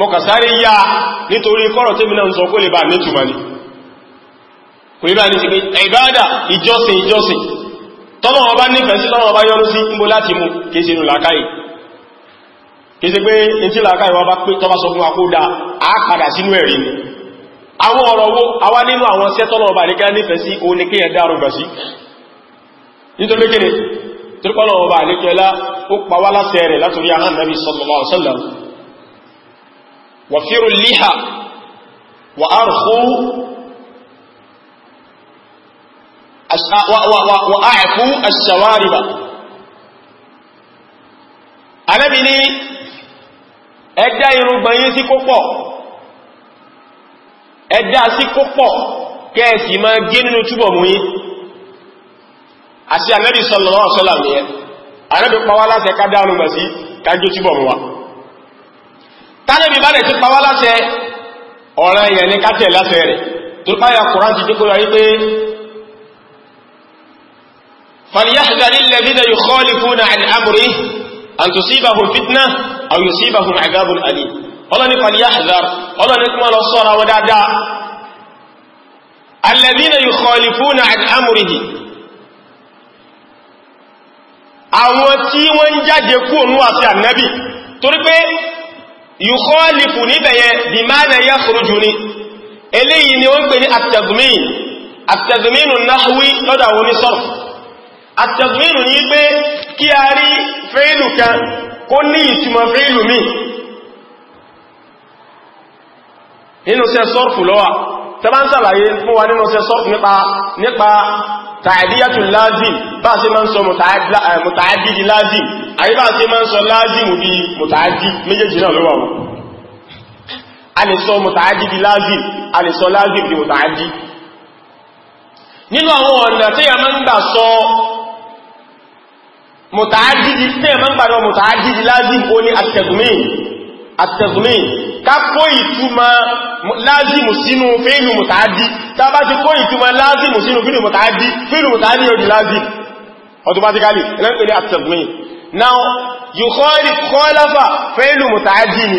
mọ́kàsáré yá nítorí kọ́rọ̀ tí mìíràn sọ kó lè bá nítùmà ní kò ní bá ní sí pé ìbádà ìjọsìn ìjọsìn tọ́nà ọba nífẹ̀ẹ́ sí tọ́nà ọba yọ́nú sí ń bó láti mú kéèsì inú làkáì kéèsì pé in tí làkáì wọ́n bá pé tọ́bá sọ fún akódà àápadà sínú ẹ̀rí ni àwọn ọ̀rọ̀ wo awá nínú àwọn sẹ́ tọ́nà ọba àríkà ó pa wá rẹ̀ látòrí ahán nàbí sallallahu alaihi وفر اللحى وأرخو وأعفو الشوارب أنا بني ẹ̀dá irùngbọ̀n yín sí kópọ̀ ẹ̀dá sí kópọ̀ kẹ́ẹ̀sì máa gé nínú túbọ̀ mú yín àti Ànábì sallallahu alaihi wasallam ní ẹ Ànábì pa wá láṣẹ ká dá sí ká túbọ̀ mú wa tánàbí bá lè ti pàwá láṣẹ ọ̀rọ̀ ẹ̀yẹ̀ ní kátẹ̀ láṣẹ rẹ̀ tó páyà kùrán ti díkò yàrí pé fàlìyàṣìdárí lẹ́bídẹ̀ yóò kọ́lì fún àmúrí an tusibahum fitna aw yusibahum adhabun alim ọlọ́ni àwọn tí wọ́n jáde kúrò ní wàsí ànábì torí pé yùkọ́lìfù níbẹ̀yẹ bí máa na yá kúrújù ní eléyìí ni wọ́n pè ní àtẹ̀gùmín àtẹ̀gùmínù náhwí lọ́dọ̀ àwọn onísọ̀rọ̀ àtẹ̀gùmínù ní pé kí a rí fẹ́ìlù kan kó ní ìtumọ̀ fẹ́ìlù míì nínú sẹ́ sọ́rfù tẹbá ń sàlàyé fún wa nínú sẹ́sọ́ nípa tàìdíyàtù láàzìm bá sí máa ń sọ mùtàádì di láàzìm àyí bá sí máa ń sọ láàzìm di mùtàádì méjèèjì náà lówà wọn a lè sọ mùtàádì di láàzìm a lè sọ láàzìm di mùtàádì nínú àwọn ọ̀nà tí a máa ń gbà sọ mùtàádì di láàzìm ó ní àtẹ̀gùmí ká kó ìtumọ̀ lázìmù sínú fíìlù mùtàádì tá bá ti kó ìtumọ̀ lázìmù sínú fíìlù mùtàádì fíìlù mùtàádì yóò di lázìm automatically ẹlẹ́pẹ̀lẹ́ at-tadmin now it khalafa fíìlù mùtàádì ni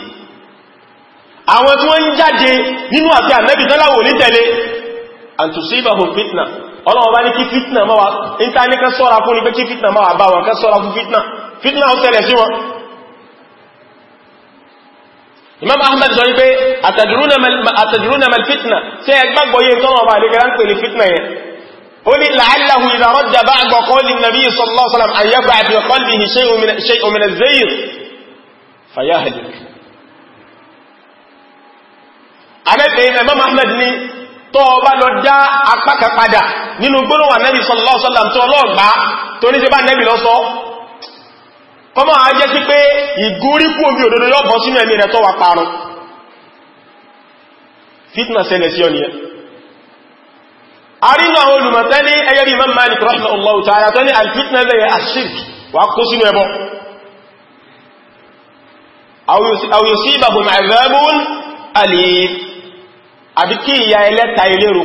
àwọn tí wọ́n ń jáde nínú àti ànẹ́bì tọ́láwò ní tẹ̀lé àtùsíbàhùn fitna ọlọ́wọ́ bá ní kí fitna mọ́wàá ìntánẹ́kẹ́ sọ́ra fún ní pé kí fitna mọ́wàá bá wọn kẹ́ sọ́ra fún fitna fitna ó tẹ̀lẹ̀ sí wọn Imam Ahmad sọ wípé àtàdìrúnà mal fitna tí ẹ gbàgbọ́ yẹ tọ́wọ́ bá lẹ́gẹ́rẹ́ ń pèlè fitna yẹn ó ní la'allahu idha radda ba'da qawli an-nabiy sallallahu alaihi wasallam an yaqa' fi qalbihi Imam Ahmad ní tọ́ ọba lọ dá apákà padà nínú gbónúwà nẹ́bì sallallahu alaihi wasallam tó ọlọ́ọ̀gbá tó ní ṣe bá nẹ́bì lọ sọ kọmọ ajẹ́ sí pé ìgúrípù omi òdodo yóò bọ́ sínú ẹ̀mí rẹ̀ tó wà parun fitna ṣẹlẹ̀ sí ọ̀nìyẹ arínú àwọn olùmọ̀tẹ́ ní ẹgẹ́ bí àbí kí ìyà ẹlẹ́ta ilérò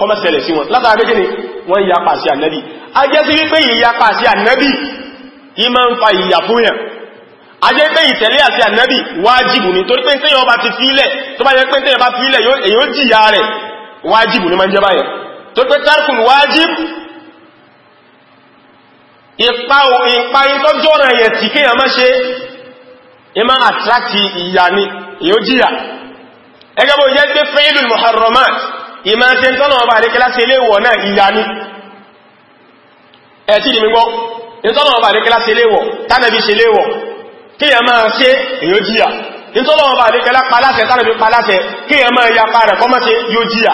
kọmọ́sẹ̀lẹ̀ sí wọn látara méjì ni wọ́n ìyà pàṣẹ ànẹ́bì a jẹ́ sí wípé ìyà pàṣẹ ànẹ́bì yí máa ń fa ìyà fún yàn a jẹ́ pé ìtẹ̀lé àti ànẹ́bì wájìbù ni torí pé ń tẹ́yàn ọba ti fílẹ̀ tó bá jẹ́ pé ń tẹ́yàn bá fílẹ̀ èyó jìyà rẹ̀ wájìbù ni máa ń jẹ́ báyẹn torí pé tarkul wájìb ipa ìtọ́jọ́ràn yẹn tí kéèyàn máa ṣe ìmá àtrákì ìyà ni èyó jìyà ẹgbẹ́ bó jẹ́ pé fẹ́ìlùl muharramat ìmá ṣe tọ́nà ọba àríkẹ́lá sí ilé wọ̀ náà ìyá ní ẹ̀tí ìdìmígbọ́ ìtọ́nà ọba àríkẹ́lá sí ilé wọ̀ tánàbí sí ilé wọ̀ kí ẹ máa ṣe èyó jíyà ìtọ́nà ọba àríkẹ́lá paláṣẹ tánàbí paláṣẹ kí ẹ máa yapa rẹ̀ kọ́ mọ́ṣe yóò jíyà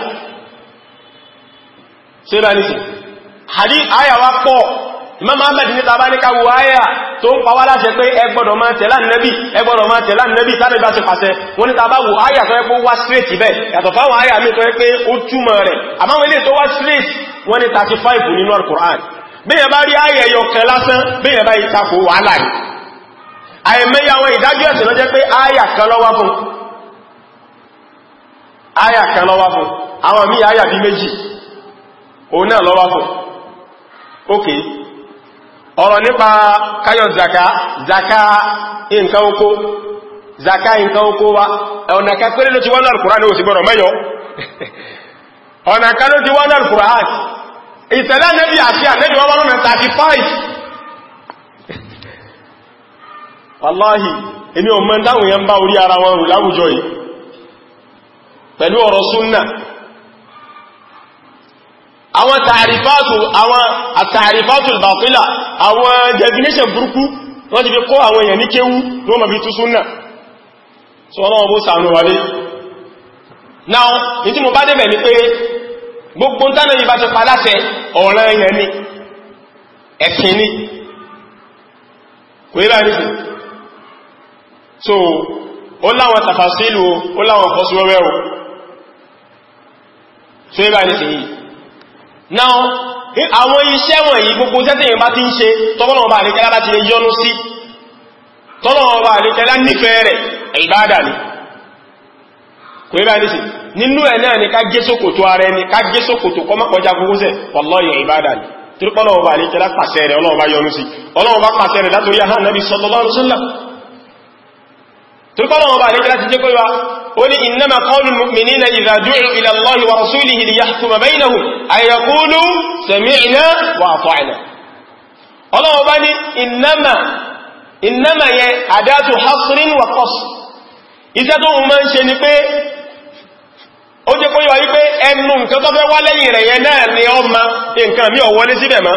tó ń pa wá láṣẹ pé ẹ gbọ́dọ̀ máa tẹ̀lé Ànábì ẹ gbọ́dọ̀ máa tẹ̀lé Ànábì tàbí bá ṣe pàṣẹ wọ́n ní tàbá wò áyà tó yẹ kó wá straight bẹ́ẹ̀ yàtọ̀ fáwọn áyà mi tó yẹ pé ó túmọ̀ rẹ̀ àmáwọn ilé tó wá straight wọ́n ní 35 nínú Al-Qur'an bẹ́yẹ̀ bá rí áyà ẹyọ kan lásán bẹ́yẹ̀ bá ìtakò wàhálà ní àìmẹ́yà àwọn ìdájú ẹ̀sìn lọ jẹ́ pé áyà kan ló wà fún áyà kan ló wà fún àwọn míì áyà bí méjì òun náà ló wà fún okay ọ̀rọ̀ nípa káyọ̀ zaka zaka nǹkan oko zaka nǹkan oko wa ọ̀nà kan pẹ́lẹ̀ ló ti wọ́n lálùkùrá ní òsì gbọ́rọ̀ mẹ́yọ *laughs* ọ̀nà kan ló ti wọ́n lálùkùrá ìtẹ̀lẹ̀ nẹ́bí àti ànẹ́bí wọ́n lọ́nà 35 *laughs* wàláhì èmi ò mọ́ dáhùn yẹn bá àwọn tààrífàtù àwọn àtààrífàtù bàtílà àwọn definition burúkú wọ́n ti fi kọ́ àwọn èèyàn ní kéwú ló mọ̀ bí tú súnnà so ọlọ́wọ́ bó sàánú wàlé now ní tí mo bá débẹ̀ ní pé gbogbo tánà yìí bá ti paláṣẹ ọ̀ràn èèyàn ni ẹ̀sìn ni so ó láwọn tàfàsílù ó now àwọn iṣẹ́ wọ̀nyí gbogbo tẹ́tẹ̀yìn bá ti ń ṣe tọ́lọ́wọ́ bá àríkẹ́lá bá ti lè yọnú sí tọ́lọ́wọ́ bá àríkẹ́lá nífẹ̀ẹ́ rẹ̀ ìbádà ni kò yíra ní sí nínú ẹ̀ náà ni ká gé sókòtò ara ẹni ká gé sókòtò kọ́ mọ́kànjá gbogbo ni tírípọ́lọ́wọ́ bá àríkẹ́lá pàṣẹ rẹ̀ ọlọ́wọ́ bá yọnú sí ọlọ́wọ́ bá pàṣẹ rẹ̀ látòrí قل إنما قول المؤمنين إذا دعوا إلى الله ورسوله ليحكم بينهم أن يقولوا سمعنا وأطعنا الله أباني إنما إنما أداة حصر وقصر إذا دعوا من شنفه ó jẹ́ kó yọ wípé ẹnu nǹkan tó fẹ́ wá lẹ́yìn rẹ̀ yẹn náà ni ọmọ nǹkan mí ọ̀wọ́lé síbẹ̀ mọ́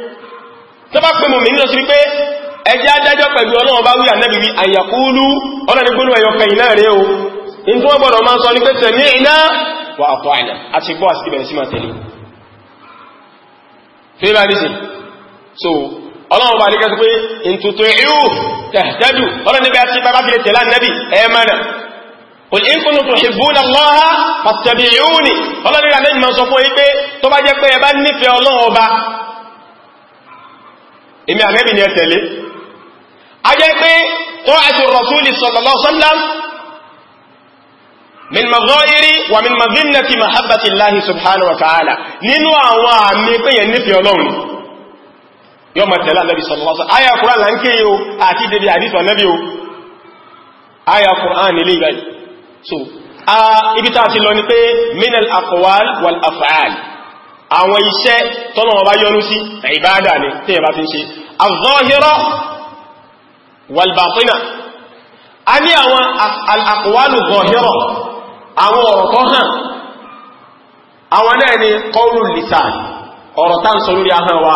tó bá pè mọ̀mí nílọ sí wípé ẹjẹ́ adájọ́ pẹ̀lú ọlọ́run bá wí ànẹ́bì wí àyàkúlú ọlọ́rin gbónú ẹ̀yọ kẹyìn náà rẹ̀ o in tó gbọ́dọ̀ máa sọ ní pé tẹ̀mí iná wà àpọ̀ àìnà àti bọ́ àti ìbẹ̀rẹ̀ sí máa tẹ̀lé fẹ́lá ní sí so ọlọ́run bá nígbẹ́ pé in كنتم تحبون الله فاتبعوني ọlọ́rin alẹ́ ìmọ̀ sọ fún ẹgbẹ́ tó bá jẹ́ pé ẹ bá nífẹ̀ẹ́ èmi àmẹ́bì ni ẹ tẹ̀lé a jẹ́ pé tó àti rọ̀súlì sallallahu alaihi wasallam min maghayiri wa min mazinnati mahabbati Allahi subhanahu wa ta'ala nínú àwọn àmì pé yẹn nífẹ̀ẹ́ Ọlọ́run yọ ma tẹ̀lé ànábì sallallahu alaihi wasallam aya Qur'an là ń ké yóò àti débi àdísọ̀ ànábì yóò aya àwọn iṣẹ́ tọ́nà ọba yọnú sí ìbáadà ni tí ẹ̀bá fi ń ṣe az-zahira wal-batina a ní àwọn al-aqwalu zahira àwọn ọ̀rọ̀ tó hàn àwọn náà ni qawlul lisan ọ̀rọ̀ tá ń sọ lórí ahọ́n wa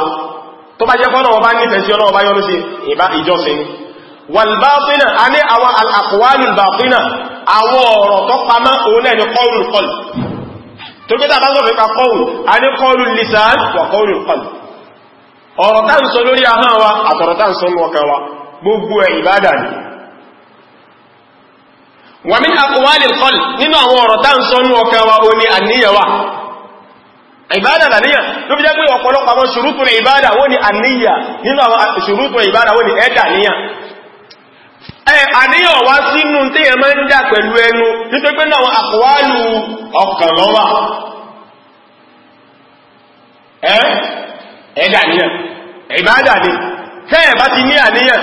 tó bá jẹ́ fọ́nà ọba ní tó gbé tàbá sọ̀rọ̀ nípa kọ́wù a ní kọ́lù lisan wà kọ́lù qalb ọ̀rọ̀ tá ń sọ lórí ahọ́n wa àtọ̀rọ̀ tá ń sọ ní ọkàn wa gbogbo ẹ̀ ìbádà ni wà min aqwalil qalb nínú àwọn ọ̀rọ̀ tá ń sọ ní ọkàn wa o ní àníyàwá ìbádà làníyà ló fi jẹ́ pé ọ̀pọ̀lọpọ̀ àwọn ṣùrútù ìbádà wọ́n ni àníyà nínú àwọn ṣùrútù ìbádà wọ́n ni ẹ̀dà níyà àníyàn wá sínú tí ẹ máa ń dà pẹ̀lú ẹnu nítorí pé náà àkọwàlù ọkàn lọ́wà ẹ̀ẹ́dà níyàn ìbádà ni tẹ́ẹ̀ bá ti ní àníyàn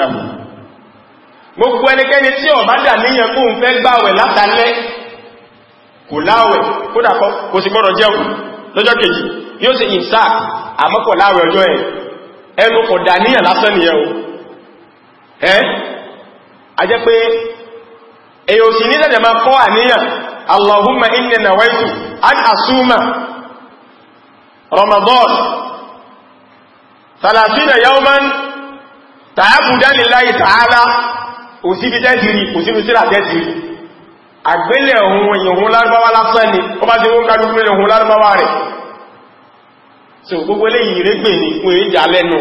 ní gbogbo ẹnikẹ́ni tí bá kó ń fẹ́ látàlẹ́ kò láwẹ̀ kò sì gbọ́dọ̀ lọ́jọ́ kejì yóò ṣe ìsáàk àmọ́pọ̀ láàrẹ ọjọ́ ẹ̀ ẹnu kò dàníyàn lásán ni ẹ̀wọ̀ ẹ́ a jẹ́ pé èyí ò sí ní lẹ́dẹ̀ máa kọ́ àníyàn allahumma inni nawaitu an asuma ramadan thalathina yawman ta'abudan lillahi ta'ala òsìbí tẹ́jìrì òsìbí sílà àgbélẹ̀ ohun ìhun lárúbáwá lásán ni ó bá jẹ́ wọ́n kájú pé ohun lárúbáwá rẹ̀ so gbogbo eléyìí régbè ní fún èjà lẹ́nu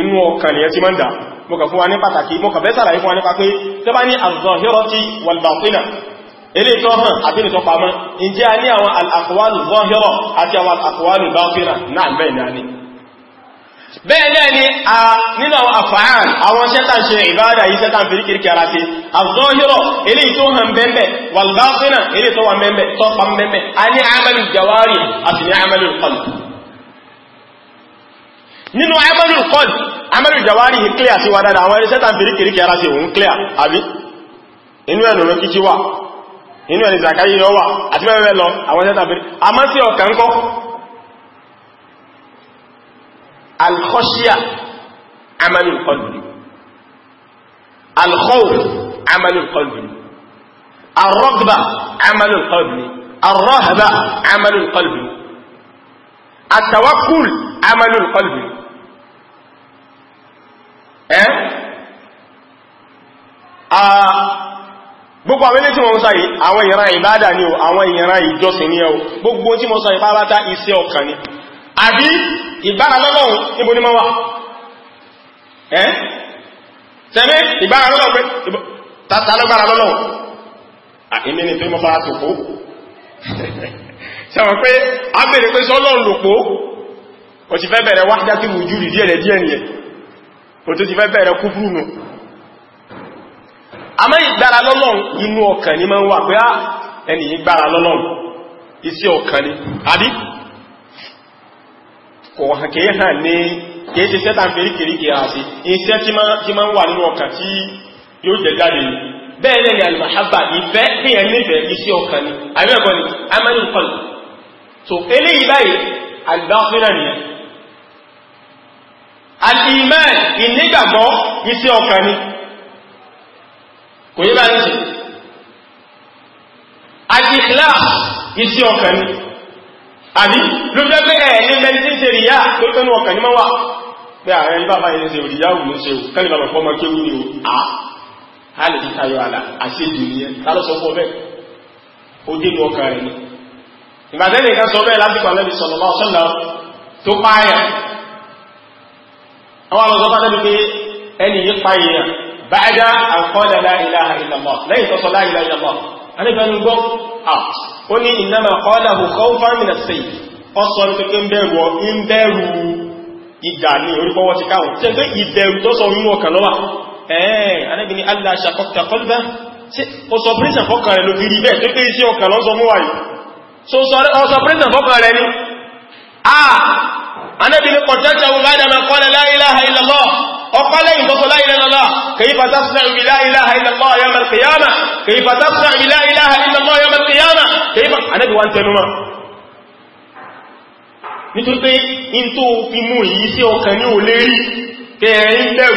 inú ọkàn ni ẹ ti mọ́ndà mọ́kà fún wa ní pàtàkì mọ́kà bẹ́ sàlàyé fún wa nípa pé tó bá ní az-zahirati wal-batina ilé tó hàn àti ní tó pamọ́ ǹjẹ́ a ní àwọn al-aqwalu zahira àti àwọn al-aqwalu batina náà bẹ́ẹ̀ náà ni bẹ́ẹ̀ náà ni a nínú àwọn àfàán àwọn sẹ́ta ṣe ìbáadà yìí sẹ́ta fi kìrìkì ara fi àzọ́hírọ̀ ilé tó hàn bẹ́ẹ̀bẹ̀ wàlbáfínà ilé tó wà mẹ́mẹ́ tó pa mẹ́mẹ́ a ní àmàlù jawari àti ní àmàlù kọlù nínú àmàlù kọlù àmàlù jawari yìí clear sí wa dáadáa àwọn sẹ́ta fi kìrìkì ara fi àmọ́ sí alkhọ́ṣíà amánú ìkọlùbí alkhọ́wù amánú ìkọlùbí arọ́gbà amánú ìkọlùbí arọ́hàbà amánú ìkọlùbí àtàwákùl amánú ìkọlùbí ẹ́ gbogbo àwọn ilé tí wọ́n ń sáyé àwọn ìran ìbádà ni o àwọn ìran ìjọsìn ni o gbogbo tí wọ́n sáyé pàápàá iṣẹ́ ọkàn ni àbí ìgbáralọ́lọ́run níbo ní ma wà ẹ́ tẹ́mí ìgbáralọ́lọ́run pé tàtà lọ́gbáralọ́lọ́run àìmí ni tó mọ́ fara tó sẹ́wọ̀n *laughs* pé a bèèrè pé sọ́lọ́run lò pó o ti fẹ́ bẹ̀rẹ̀ wájá tí mú júrì díẹ̀rẹ̀ díẹ̀ nìyẹn o tó ti fẹ́ bẹ̀rẹ̀ kúfúrú nù a mẹ́ ìgbára lọ́lọ́run inú ọkàn ni ma ń wà pé á ah, ẹni ìgbára lọ́lọ́run isi ọkàn ni àbí kò kèé hàn ní kèé ṣe sẹ́ta ń fèrí kèrí kèé àti iṣẹ́ tí ma ń wà nínú ọkàn tí yóò jẹ jáde ní bẹ́ẹ̀ ni al-mahabba ìfẹ́ kíyàn nífẹ̀ iṣẹ́ ọkàn ni àríwẹ̀kọ́ ni amẹ́rin kọlù so eléyìí báyìí al-batina ni al-iman ìnígbàgbọ́ iṣẹ́ ọkàn ni kò yí bá ní ṣe al-ikhlas àbí ló fẹ́ pé ẹ̀ ní mẹ́rin tí ń ṣe ríyá tó tẹ́nu ọkàn ní mọ́wà pé ààrẹ ah, ní bàbá ilé ṣe ríyá òun ṣe ò kẹ́lì bàbá fọ́mọ kí ó ní o à á lè ti tayọ àlà àti èdè nìyẹn tálọ́ sọ fún ọ bẹ́ẹ̀ ó dé nu ọkàn rẹ̀ ni ìgbàdẹ́ nìkan sọ bẹ́ẹ̀ lásìkò alẹ́bí sọ̀rọ̀ bá sọ́nà tó pààyà àwọn àwọn ọ̀sọ́fà lẹ́bi pé ẹni yìí pààyà báyà àkọọ́lẹ̀ láìláha anẹ́gbẹ̀rún gbọ́ ó ní ìnáma qalahu khawfan min as-sayf ọsọ ní pẹ́kẹ́ ń bẹ̀rù ń bẹ̀rù ìdà ní orípọwọ́ ti káwọn tẹ́ pé ìbẹ̀rù tó sọ nínú ọkàn lọ́wà ẹ̀ẹ́ anẹ́gbẹ̀rún allah shaqaqta qalbah ó sọ prison fọ́kàn rẹ̀ ló fi rí bẹ́ẹ̀ tó pé iṣẹ́ ọkàn lọ́sọ mú wáyé so sọ prison fọ́kàn ọpálẹ́yìn tó sọlá ìrẹ́lọ́lá kìí fatasna ìlà ìlàhà ìlàlọ́ yọmọ kìyàmà kìí fatasna ìlà ìlàhà ìlàlọ́ yọmọ kìyàmà kìí fa anẹ́bí wa ń tẹnumọ́ nítorí pé in tó fi mú yìí sí ọkàn ní olè rí kẹrin bẹ̀rù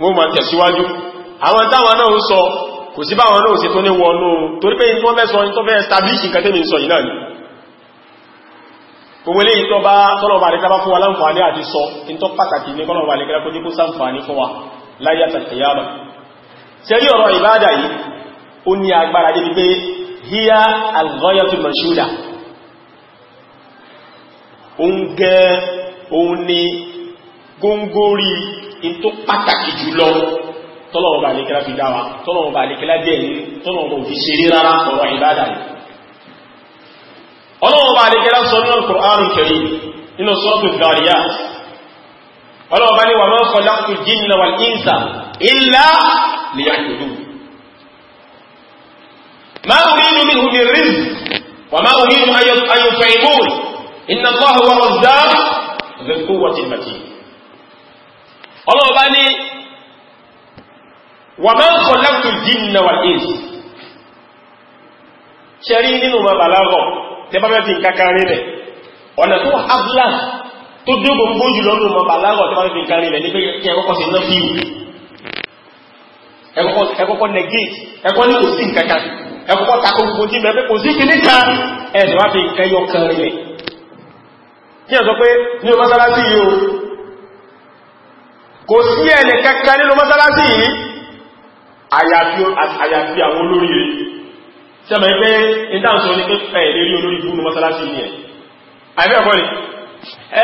wọ́n ma tẹ̀síwájú àwọn táwọn náà ń sọ kò sí báwọn náà sí tó ní wọnú torí pé ìtọ́ mẹ́sọ ìtọ́ fẹ́ establish nǹkan tẹ́mi sọ ìlànà ni gbogbo ilé ìtọ́ bá tọ́lọ̀bà rẹ̀ kábá fún wa láǹfààní àti sọ ìtọ́ pàtàkì ní kọ́lọ̀bà rẹ̀ kó dípò òun ni góngórí in pàtàkì jùlọ tọ́lọ̀wọ̀ bá lékẹ́lá fi dáwà tọ́lọ̀wọ̀ bá lékẹ́lá jẹ́ ní tọ́lọ̀wọ̀ fi ṣeré rárá ọ̀rọ̀ ìbádà ni ọlọ́wọ̀ bá lékẹ́lá sọ ní Al-Qur'an Karim nínú sọ́ọ̀tù Dàríyà ọlọ́wọ̀ bá ní wa ma khalaqtul jinna wal insa illa liya'budun ma uridu minhum min rizq wa ma uridu an yut'imun inna Allaha huwa razzaq dhul quwwatil matin ọlọ́wọ́ bá ní wà máa ń kọ lẹ́kù dínà wà ìs ṣe rí nínú ma bàlágọ̀ tẹ bá mẹ́fì kankan rí rẹ̀ ọ̀nà tó hapla tó dé gbogbo jùlọ nínú ma bàlágọ̀ tẹ bá mẹ́fì kankan rí rẹ̀ ní pé kí ẹkọ́kọ́ sí náà fíìmù ẹkọ́kọ́ negate ẹkọ́ ní kò sí nǹkankan ẹkọ́kọ́ kò sí ẹni kankan nínú mọ́sálásí yìí àyàfi àwọn olórí rẹ̀ sẹ́mọ̀ ẹgbẹ́ ìdáhùnsọ ní pé ẹ̀lẹ́ rí olórí fún mọ́sálásí ní ẹ̀ àìbẹ́ ọ̀kọ́ ni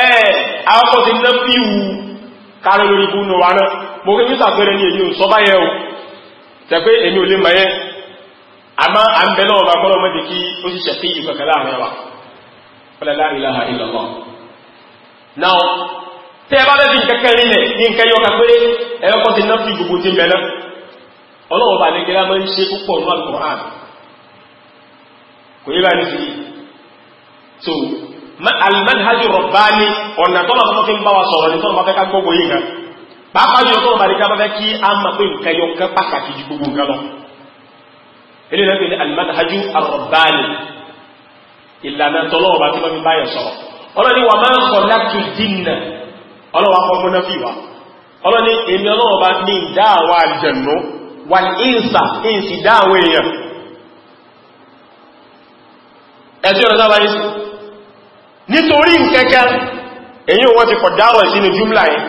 ẹ̀ àwọ́kọ́ ti ná fíwú kárí olórí fún wa náà mo rí sàpẹrẹ ní èyí sọ báyẹ̀ o tẹ́ ẹ bá bẹ́ fi nǹkankan rí lẹ̀ ní nǹkan yọ kan pé ẹ̀rọ́kọ́ ti ná fi gbogbo ti mẹ́lẹ́ ọlọ́wọ́ bá ní gẹ́gẹ́ máa ń ṣe púpọ̀ ní Al-Qur'an kò yí bá ní fi so al-manhaj rabbani ọ̀nà tọ́lọ̀ tó fi ń bá wa sọ̀rọ̀ ní tọ́lọ̀ máa fẹ́ ká gbogbo yìí kan pàápàá jùlọ tọ́lọ̀ bá ká bá fẹ́ kí a máa pé nǹkan yọ kan pàtàkì ju gbogbo nǹkan lọ ilé náà fi ní al-manhaj rabbani ìlànà tọ́lọ̀ bá ti máa fi báyẹ̀ sọ̀rọ̀ ọlọ́ni wà máa ń sọ láti dínà ọlọ́wà kọ múná fi wà ọlọ́ni èmi ọlọ́wà bá ní ìdá àwọn àjẹ̀nú wà ní ìsà ìsì dá àwọn èèyàn ẹ̀sí ọ̀nà sábà yìí nítorí nkẹ́kẹ́ èyí wọ́n ti kọ̀dáwọ̀ sínú júmlà yẹn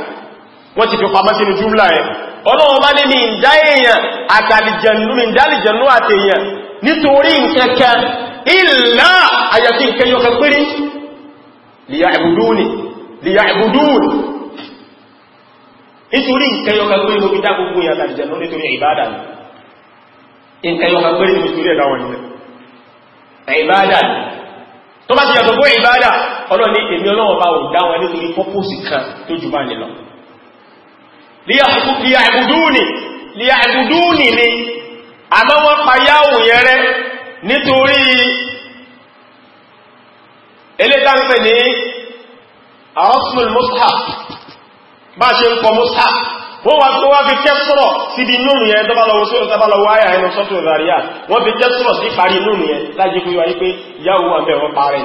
wọ́n ti fi pamọ́ sínú júmlà yẹn ọlọ́wà bá ní ìdá èèyàn àtàlìjẹ̀nú ìdálìjẹ̀nú àti nítorí nkẹ́kẹ́ ìlà àyàtí nkẹ́yọkẹ́ pírí nítorí nǹkan yọka pé ló fi dá gbogbo ìyàtà ìjẹ̀lú nítorí ìbádà ni nǹkan yọka pé ní nítorí ẹ̀dáwọn ilẹ̀ ìbádà ni tó bá ti yàtọ̀ pé ìbádà ọlọ́ni èmi ọlọ́wọ́ bá wùn dáwọn nítorí pọ́pọ́sì kan tó jù máa nílọ ni àmọ́ wọ́n payáwò yẹrẹ bá ṣe ń kọ mọ́sá wọ́n wá tó wá fi kẹ́sọ́rọ̀ sí di nínú yẹn tọ́bálọwọ́ ayà ẹnu sọ́tọ̀ ìzàríyà wọ́n fi kẹ́sọ́rọ̀ sí parí nínú yẹn lájí kú yíwa wípé yáwó wà bẹ̀rọ parẹ́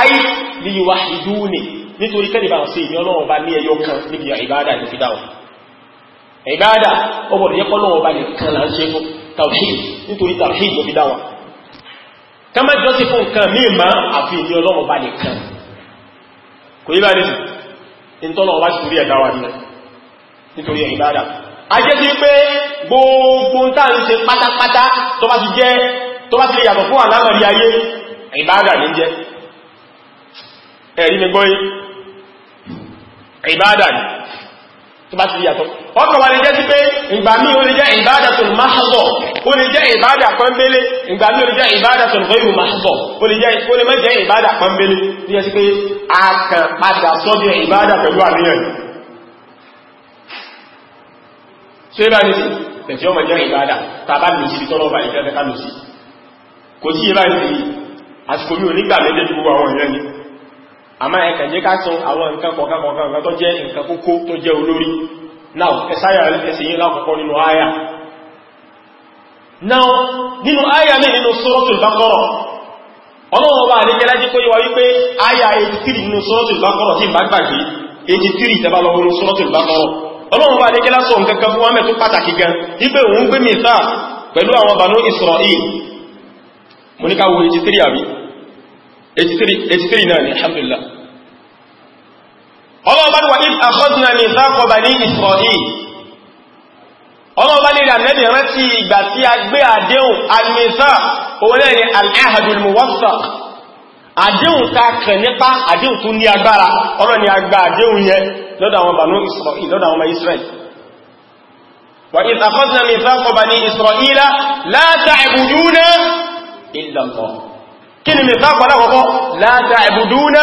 ayé lè wà ìdú ni nítorí kẹ́lìbà sí ìní ọlọ́run bá ní ẹyọ kan níbi ìbádà ìlú fídáwọ̀ ìbádà ọgbọ̀dọ̀ yẹ́pọ̀ lọ́wọ́ bá lè kan là ń ṣe fún tawhid nítorí tawhid ló fídáwọ̀ kẹ́mẹ́jọ́sí fún nǹkan mímọ̀ àfi ìní ọlọ́run bá lè kan kò yí bá nìsìn ìtọ́lọ̀ wá ṣúrí ẹ̀dá wa nílẹ̀ nítorí ẹ̀ ìbádà a jẹ́ sí pé gbogbo tá ń ṣe pátápátá tó bá ti jẹ́ tó bá ti lè yàtọ̀ fún àlámọ̀rí ayé ìbádà ní jẹ́ ẹ̀rí mi gbọ́yé tó bá ti di yàtọ̀. ọkọ̀ wa lè jẹ́ sí pé ìgbà míì ó lè jẹ́ ìbádàtun mahdọ̀ ó lè jẹ́ ìbádà pọ́nbélé ìgbà ó lè jẹ́ ìbádàtun ghayru mahdọ̀ ó lè jẹ́ ìbádà pọ́nbélé tí yẹ sí pé a kàn padà sọ́dọ̀ ìbádà pẹ̀lú àníyàn àmá ẹ̀kà jẹ́ ká sọ àwọn nǹkan kọ̀kọ̀kọ̀kọ̀ tó jẹ́ nǹkan kókó tó jẹ́ olórí náà ẹsáyà ẹsẹ̀ yìí lákọ̀ọ́kọ́ nínú àyà náà nínú àyà ní nínú Suratul Baqara ọlọ́wọ́ bá ní sọ nǹkan kan fún pàtàkì gan òun gbé pẹ̀lú àwọn ní 83 83 náà ni alhamdulillah ọlọ́ọ̀bá wà ní àkọ́dùnà ní ìsáàkọ̀bà ní Isra'il ọlọ́ọ̀bá lè rànẹ́dì rántí ìgbà tí a gbé àdéhùn alìmẹ́sà orílẹ̀ ni al-ahadul muwassaq àdéhùn ta kàn nípa àdéhùn tún ní agbára ọlọ́ ni agbá àdéhùn yẹ lọ́dọ̀ àwọn bànú Isra'il lọ́dọ̀ àwọn Isra'il wa idh akhadna mithaqa bani Isra'ila la ta'buduna illa Allah kí ni mìtàkọ̀ lákọ̀ọ́kọ́ la ta'buduna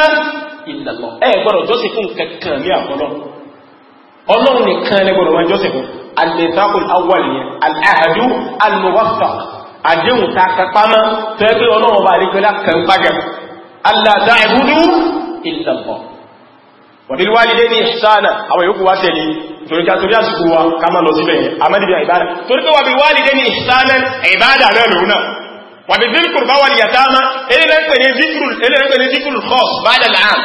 illa Allah ẹ gbọ́dọ̀ jọ́sìn fún kankan ní àkọ́lọ́ ọlọ́run nìkan lẹ gbọ́dọ̀ wọn jọ́sìn fún al-mithaqul awwal yẹn al-ahdu al-muwaththaq àdéhùn ta kápámá tó ẹgbẹ́ ọlọ́run bá rígbẹ́lá kan pàgà alla ta'budu illa Allah wa bil walidayni ihsana àwọn yòókù wá tẹ̀lé torí wàbí zikr bá wàlì yàtàmà eléyìnlẹ́pẹ̀ ní zikrul khas ba'da al-'am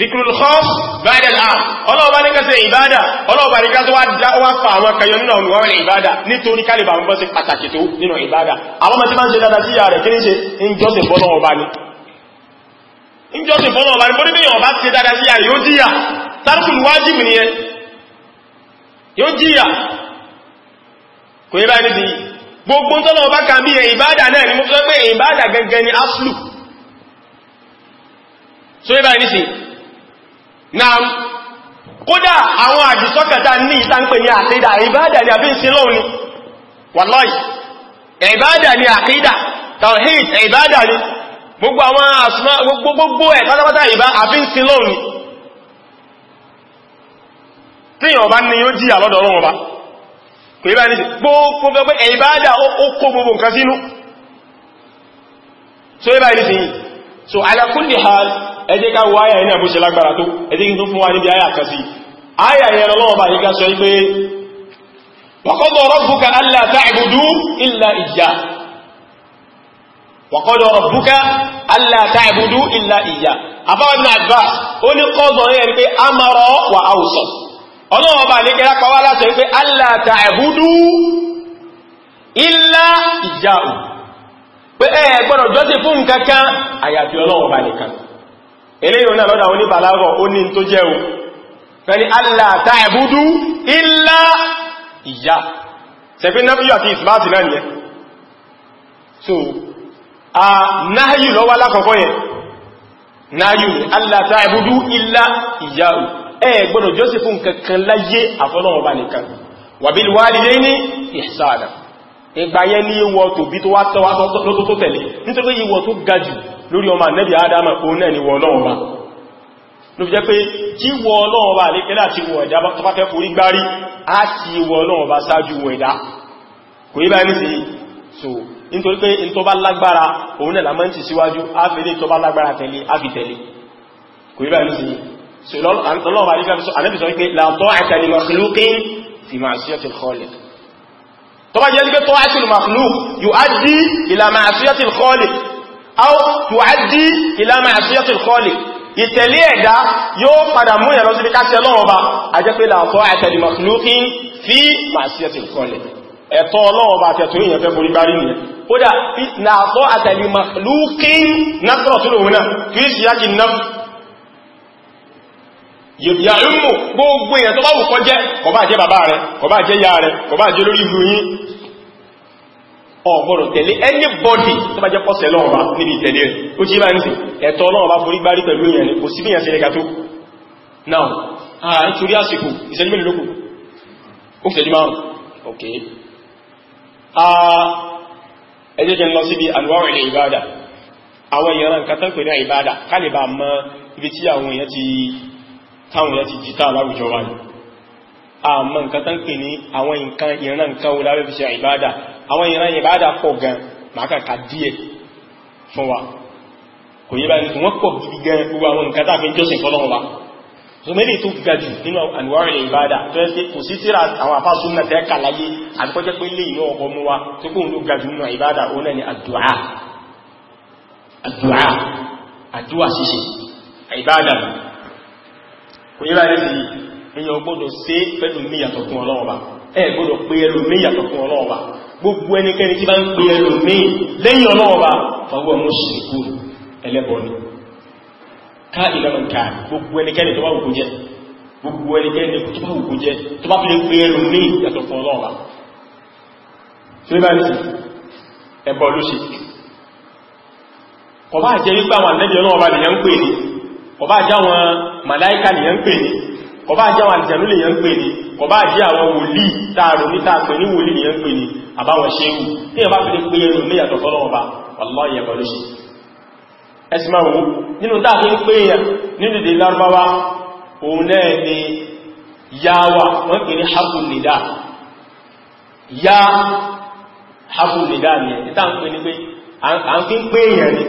zikrul khas ba'da al-'am ọlọ́ọ̀bá ní kẹsẹ̀ ìbádà ọlọ́ọ̀bá ní kẹsẹ̀ wá fà àwọn kẹyọ nínú àwọn ìwọ̀n ìbádà nítorí kálìbà ń bọ́ pàtàkì tó nínú ìbádà àwọn ọmọ tí máa ń ṣe dáadáa sí yàrá kí ní ṣe ń jọ́sìn fọ́nà ọba ni ń jọ́sìn fọ́nà ọba kò ní báyìí sí gbogbo tọ́lọ bá kà bí ìbádà náà ni mo pé ìbádà gẹ́gẹ́ ni so ní báyìí sí na kódà àwọn àjísọ́kàtà ní ìtànpẹ̀ ní àkídà ìbádà ni àbí ìsinlọ́ ni ìbádà ni àkídà tawhid ìbádà ni gbogbo gbogbo pé bá ní sí gbogbo pé ìbádà ó kó gbogbo nǹkan sínú so ibá ní sí yìí so ala kulli hal ẹ jẹ́ ká wo àyà ẹni àbúṣe lágbára tó ẹ jẹ́ kí tó fún wa níbi àyà kan sí àyà yẹn lọ́wọ́ bá yíká sọ pé wa qada rabbuka alla ta'budu illa iyyah ọlọ́wọ́ bá lè kẹ́lá pàwà láti wípé Allah ta'budu illa iyyahu pé ẹ gbọ́dọ̀ jọ́sìn fún kankan àyàfi ọlọ́wọ́ bá nìkan eléyìn náà lọ́dọ̀ oní bàlágọ̀ ó ní tó jẹ́ o fẹ́ni Allah ta'budu illa iyyahu sẹ́fẹ́ náà nìyẹn so a ẹ Joseph jọ́sìn fún kankan láyé àfọ́lọ́wọ́ bá nìkan wàbí wàlídéyìní ihsana ìgbà yẹn ní ìwọ tòbí tó wá tọ́wá lọ́tọ́ tó tẹ̀lé nítorí ìwọ tó ga jù lórí ọmọ ànẹ́bì adama òun náà ni wọ ọlọ́run bá ló fi jẹ́ pé kí wọ so nítorí pé in tó bá lágbára òun náà lámọ́ ń ti síwájú á fi lè tó ọlọ́run bá nígbà sọ ànábì sọ wípé la ta'ata li makhluqin fi ma'siyati al-khaliq tó bá jẹ́ wípé ta'atu al-makhluq yu'addi ila ma'siyati al-khaliq aw tu'addi ila ma'siyati al-khaliq ìtẹ̀lé ẹ̀dá yóò padà mú ìyànlọ sí ká tẹ́lọ́ ọba àjẹ́pé la ta'ata li makhluqin fi ma'siyati al-khaliq ẹ̀tọ́ ọlọ́ọba àtẹ̀tọ́ èèyàn fẹ́ borí kódà la ta'ata li yà ìmú gbogbo èèyàn tó bá wù kó jẹ́ kó bá jẹ́ bàbá rẹ̀ kó bá jẹ́ ya rẹ̀ kó bá jẹ́ lórí ìlú yín ọ̀gbọ̀rọ̀ tẹ̀lé anybody tó bá jẹ́ pọ́sẹ̀ lọ́wọ́ bá níbi ìtẹ̀lé rẹ̀ ó jí máa ń sì ẹ̀tọ́ lọ́wọ́ bá forí gbárí pẹ̀lú èèyàn ni kò sí bí ìyànṣẹ́ lẹ́ka tó now ah nítorí àsìkò ìṣẹ́jú mélòó lókù ó fi ṣẹ́jú márùn ok ah ẹjẹ́ jẹ́ lọ síbi anwar ilẹ̀ ìbádà àwọn èèyàn nǹkan tán pè ní ìbádà ká lè bá mọ ibi tí àwọn èèyàn ti táwọn yẹn ti jìtá aláwùjọ wa ní àmọ́ nǹkan tán pè ní àwọn nǹkan ìran nǹkan wo lábẹ́ fi ṣe ìbádà àwọn ìran ìbádà pọ̀ gan màákàkà díẹ̀ fún wa kò yí báyìí wọ́n pọ̀ gidi gan gbogbo àwọn nǹkan tàbí jọ́sìn fọ́lọ́wọ́ wa so mele tó ga jù nínú àníwárin ìbádà tó yẹ pé kò sí tíra àwọn afásún náà tẹ́ kà láyé àbíkọ́jẹ́ pé lè yọ ọkọ̀ mú wa tó kóhun ló ga jù nínú ìbádà òun náà ni òyìnbá rẹ̀ sí èyàn gbọ́dọ̀ sí pẹ̀lú míyàtọ̀ fún ọlọ́run ọba ẹ gbọ́dọ̀ pé ẹlòmí yàtọ̀ fún ọlọ́run ọba gbogbo ẹnikẹ́ni tí bá ń pè ẹlòmí lẹ́yìn ọlọ́run ọba fàwọ́ mú ṣìkú ẹlẹ́bọ ni ká ìlọ́run ká gbogbo ẹnikẹ́ni tó bá wùkú jẹ́ gbogbo ẹnikẹ́ni tó bá wùkú jẹ́ tó bá fi pè ẹlòmí yàtọ̀ fún ọlọ́run ọba ẹbọ ló ṣe kọ̀bá jẹ́ wípé àwọn àlẹ́bí màláíkà lèyàn pè ní kọba jẹ́ àwọn àjẹ̀nú lèyàn pè ní kọba jẹ́ àwọn wòlí tààrù ní tààpẹ̀ ní wòlí lèyàn pè ní àbáwọn ṣéwù tí ẹ̀bá fi lè pé ẹnu ní yàtọ̀ fọ́lọ́ọ̀bá wallahi ẹ̀kọ́ ló ṣe ẹ̀sìmá wo nínú dáàfi ń pè yàn nínú dè lárúbáwá òun náà ni yáwà wọ́n pè ní hafun nìdá yá hafun nìdá ni ẹ̀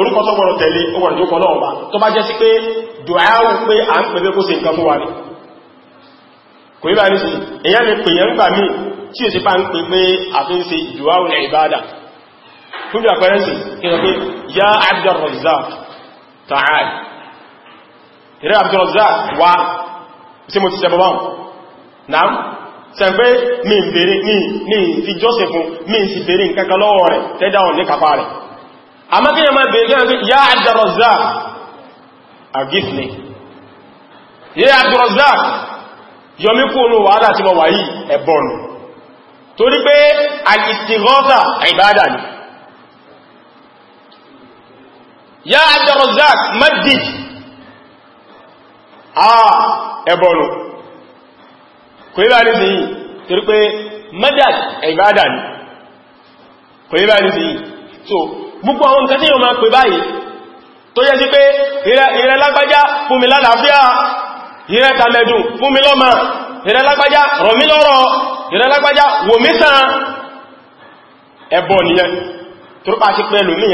orúkọ tó gbọ́nà tẹ̀lé ọgbọ̀nà tó kọ́lọ̀ ọba tó bá jẹ́ sí pé dùáwù pé a ń pẹ̀lẹ́ kó se nǹkan fún wa ní kò ní bá ní sí èyàn lè pè yẹn gbà mí tí o sì bá ń pè pé a fi ń se dùáwù ní ìbádà fún bí àpẹẹrẹ mi mi ń fi mi ń sì bèèrè nǹkan kan lọ́wọ́ rẹ̀ àmọ́ kí yẹn máa bèèrè kí yẹn fi yá Abdurrazzaq àgíf ni yẹ Abdurrazzaq yọmí kú ònú wàhálà tí wọ́n wà yìí ẹ̀bọ̀n ni torí pé al-istighatha ìbádà ni yá Abdurrazzaq maddi àà kò yí bá ní sí gbogbo àwọn nǹkan tí yóò máa pè báyìí tó yẹ sí pé ìrẹ lágbájá fún mi lálàáfíà ìrẹ tàmẹ̀dùn fún mi lọ́mà ìrẹ lágbájá rọ̀ mí lọ́rọ̀ ìrẹ lágbájá wò mí sàn ẹbọ nìyẹn tó pàá sí pé ẹlòmí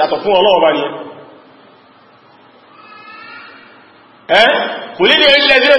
yàtọ̀ fún Ọlọ́run bá nìyẹn ẹ́ kò lílẹ̀ ilẹ̀ zílẹ̀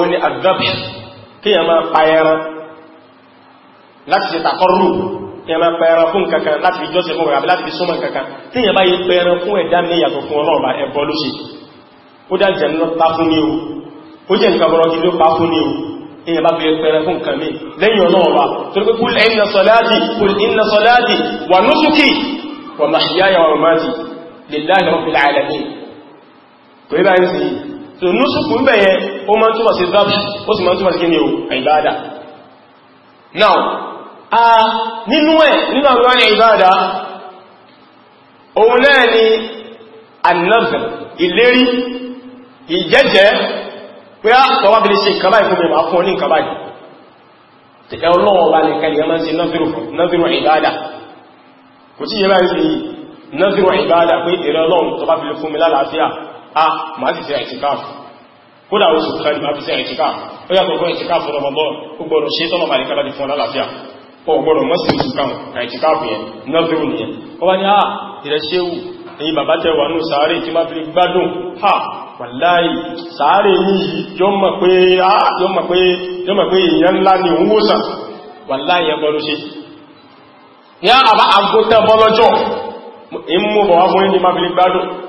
òní àdọ́bì kí a máa pa ẹran láti ṣe tàkọrù yẹn máa pa ẹran fún kankan láti fi jọ́sẹ̀ fún ọ̀rọ̀ láti fi súnmọ́ kankan tí yẹn bá yẹ pa ẹran fún ẹ̀dá ní ìyàtọ̀ fún ọlọ́ọ̀bá ẹbọ ló ṣe ó dá jẹ̀ nínú pa ní o ó jẹ́ nǹkan bọ́rọ̀ gidi ó pa fún ní o èyàn bá fi ẹ̀pẹ̀rẹ̀ fún nǹkan mi lẹ́yìn ọ̀nà ọ̀wà tó rí pé kúl ẹ̀yìn sọ̀láàdì kúl iná sọ̀láàdì wà núsùkì wà máa ṣíyáyà ọ̀rọ̀ máa so nusuku ń bẹ̀yẹn ó máa túnmà sí zabṣ ó sì máa túnmà sí kíni o àìbáadà now a nínú ẹ̀ nínú àwọn àìbáadà òun náà ni annazar ìlérí ìjẹ́jẹ́ pé á tọwà bí lè ṣe ìkàbá fún ọ fún mi lálàáfíà a ah, máa ti ṣe àìtíkáàfù kódà oṣù kan máa fi ó yàtọ̀ fún àìtíkáàfù ọmọbọ ó ṣe tọ́nà bá nípa láti fún ọlálàáfíà ó gbọ́dọ̀ mọ́ sí oṣù kan àìtíkáàfù yẹn nọ́fẹ́rù nìyẹn ó wá ní à ah, ìrẹsẹ́wù ẹ̀yìn bàbá tẹ ní sàárè tí máa fi gbádùn ha wàláì sàárè ní yọ mọ̀ pé ah,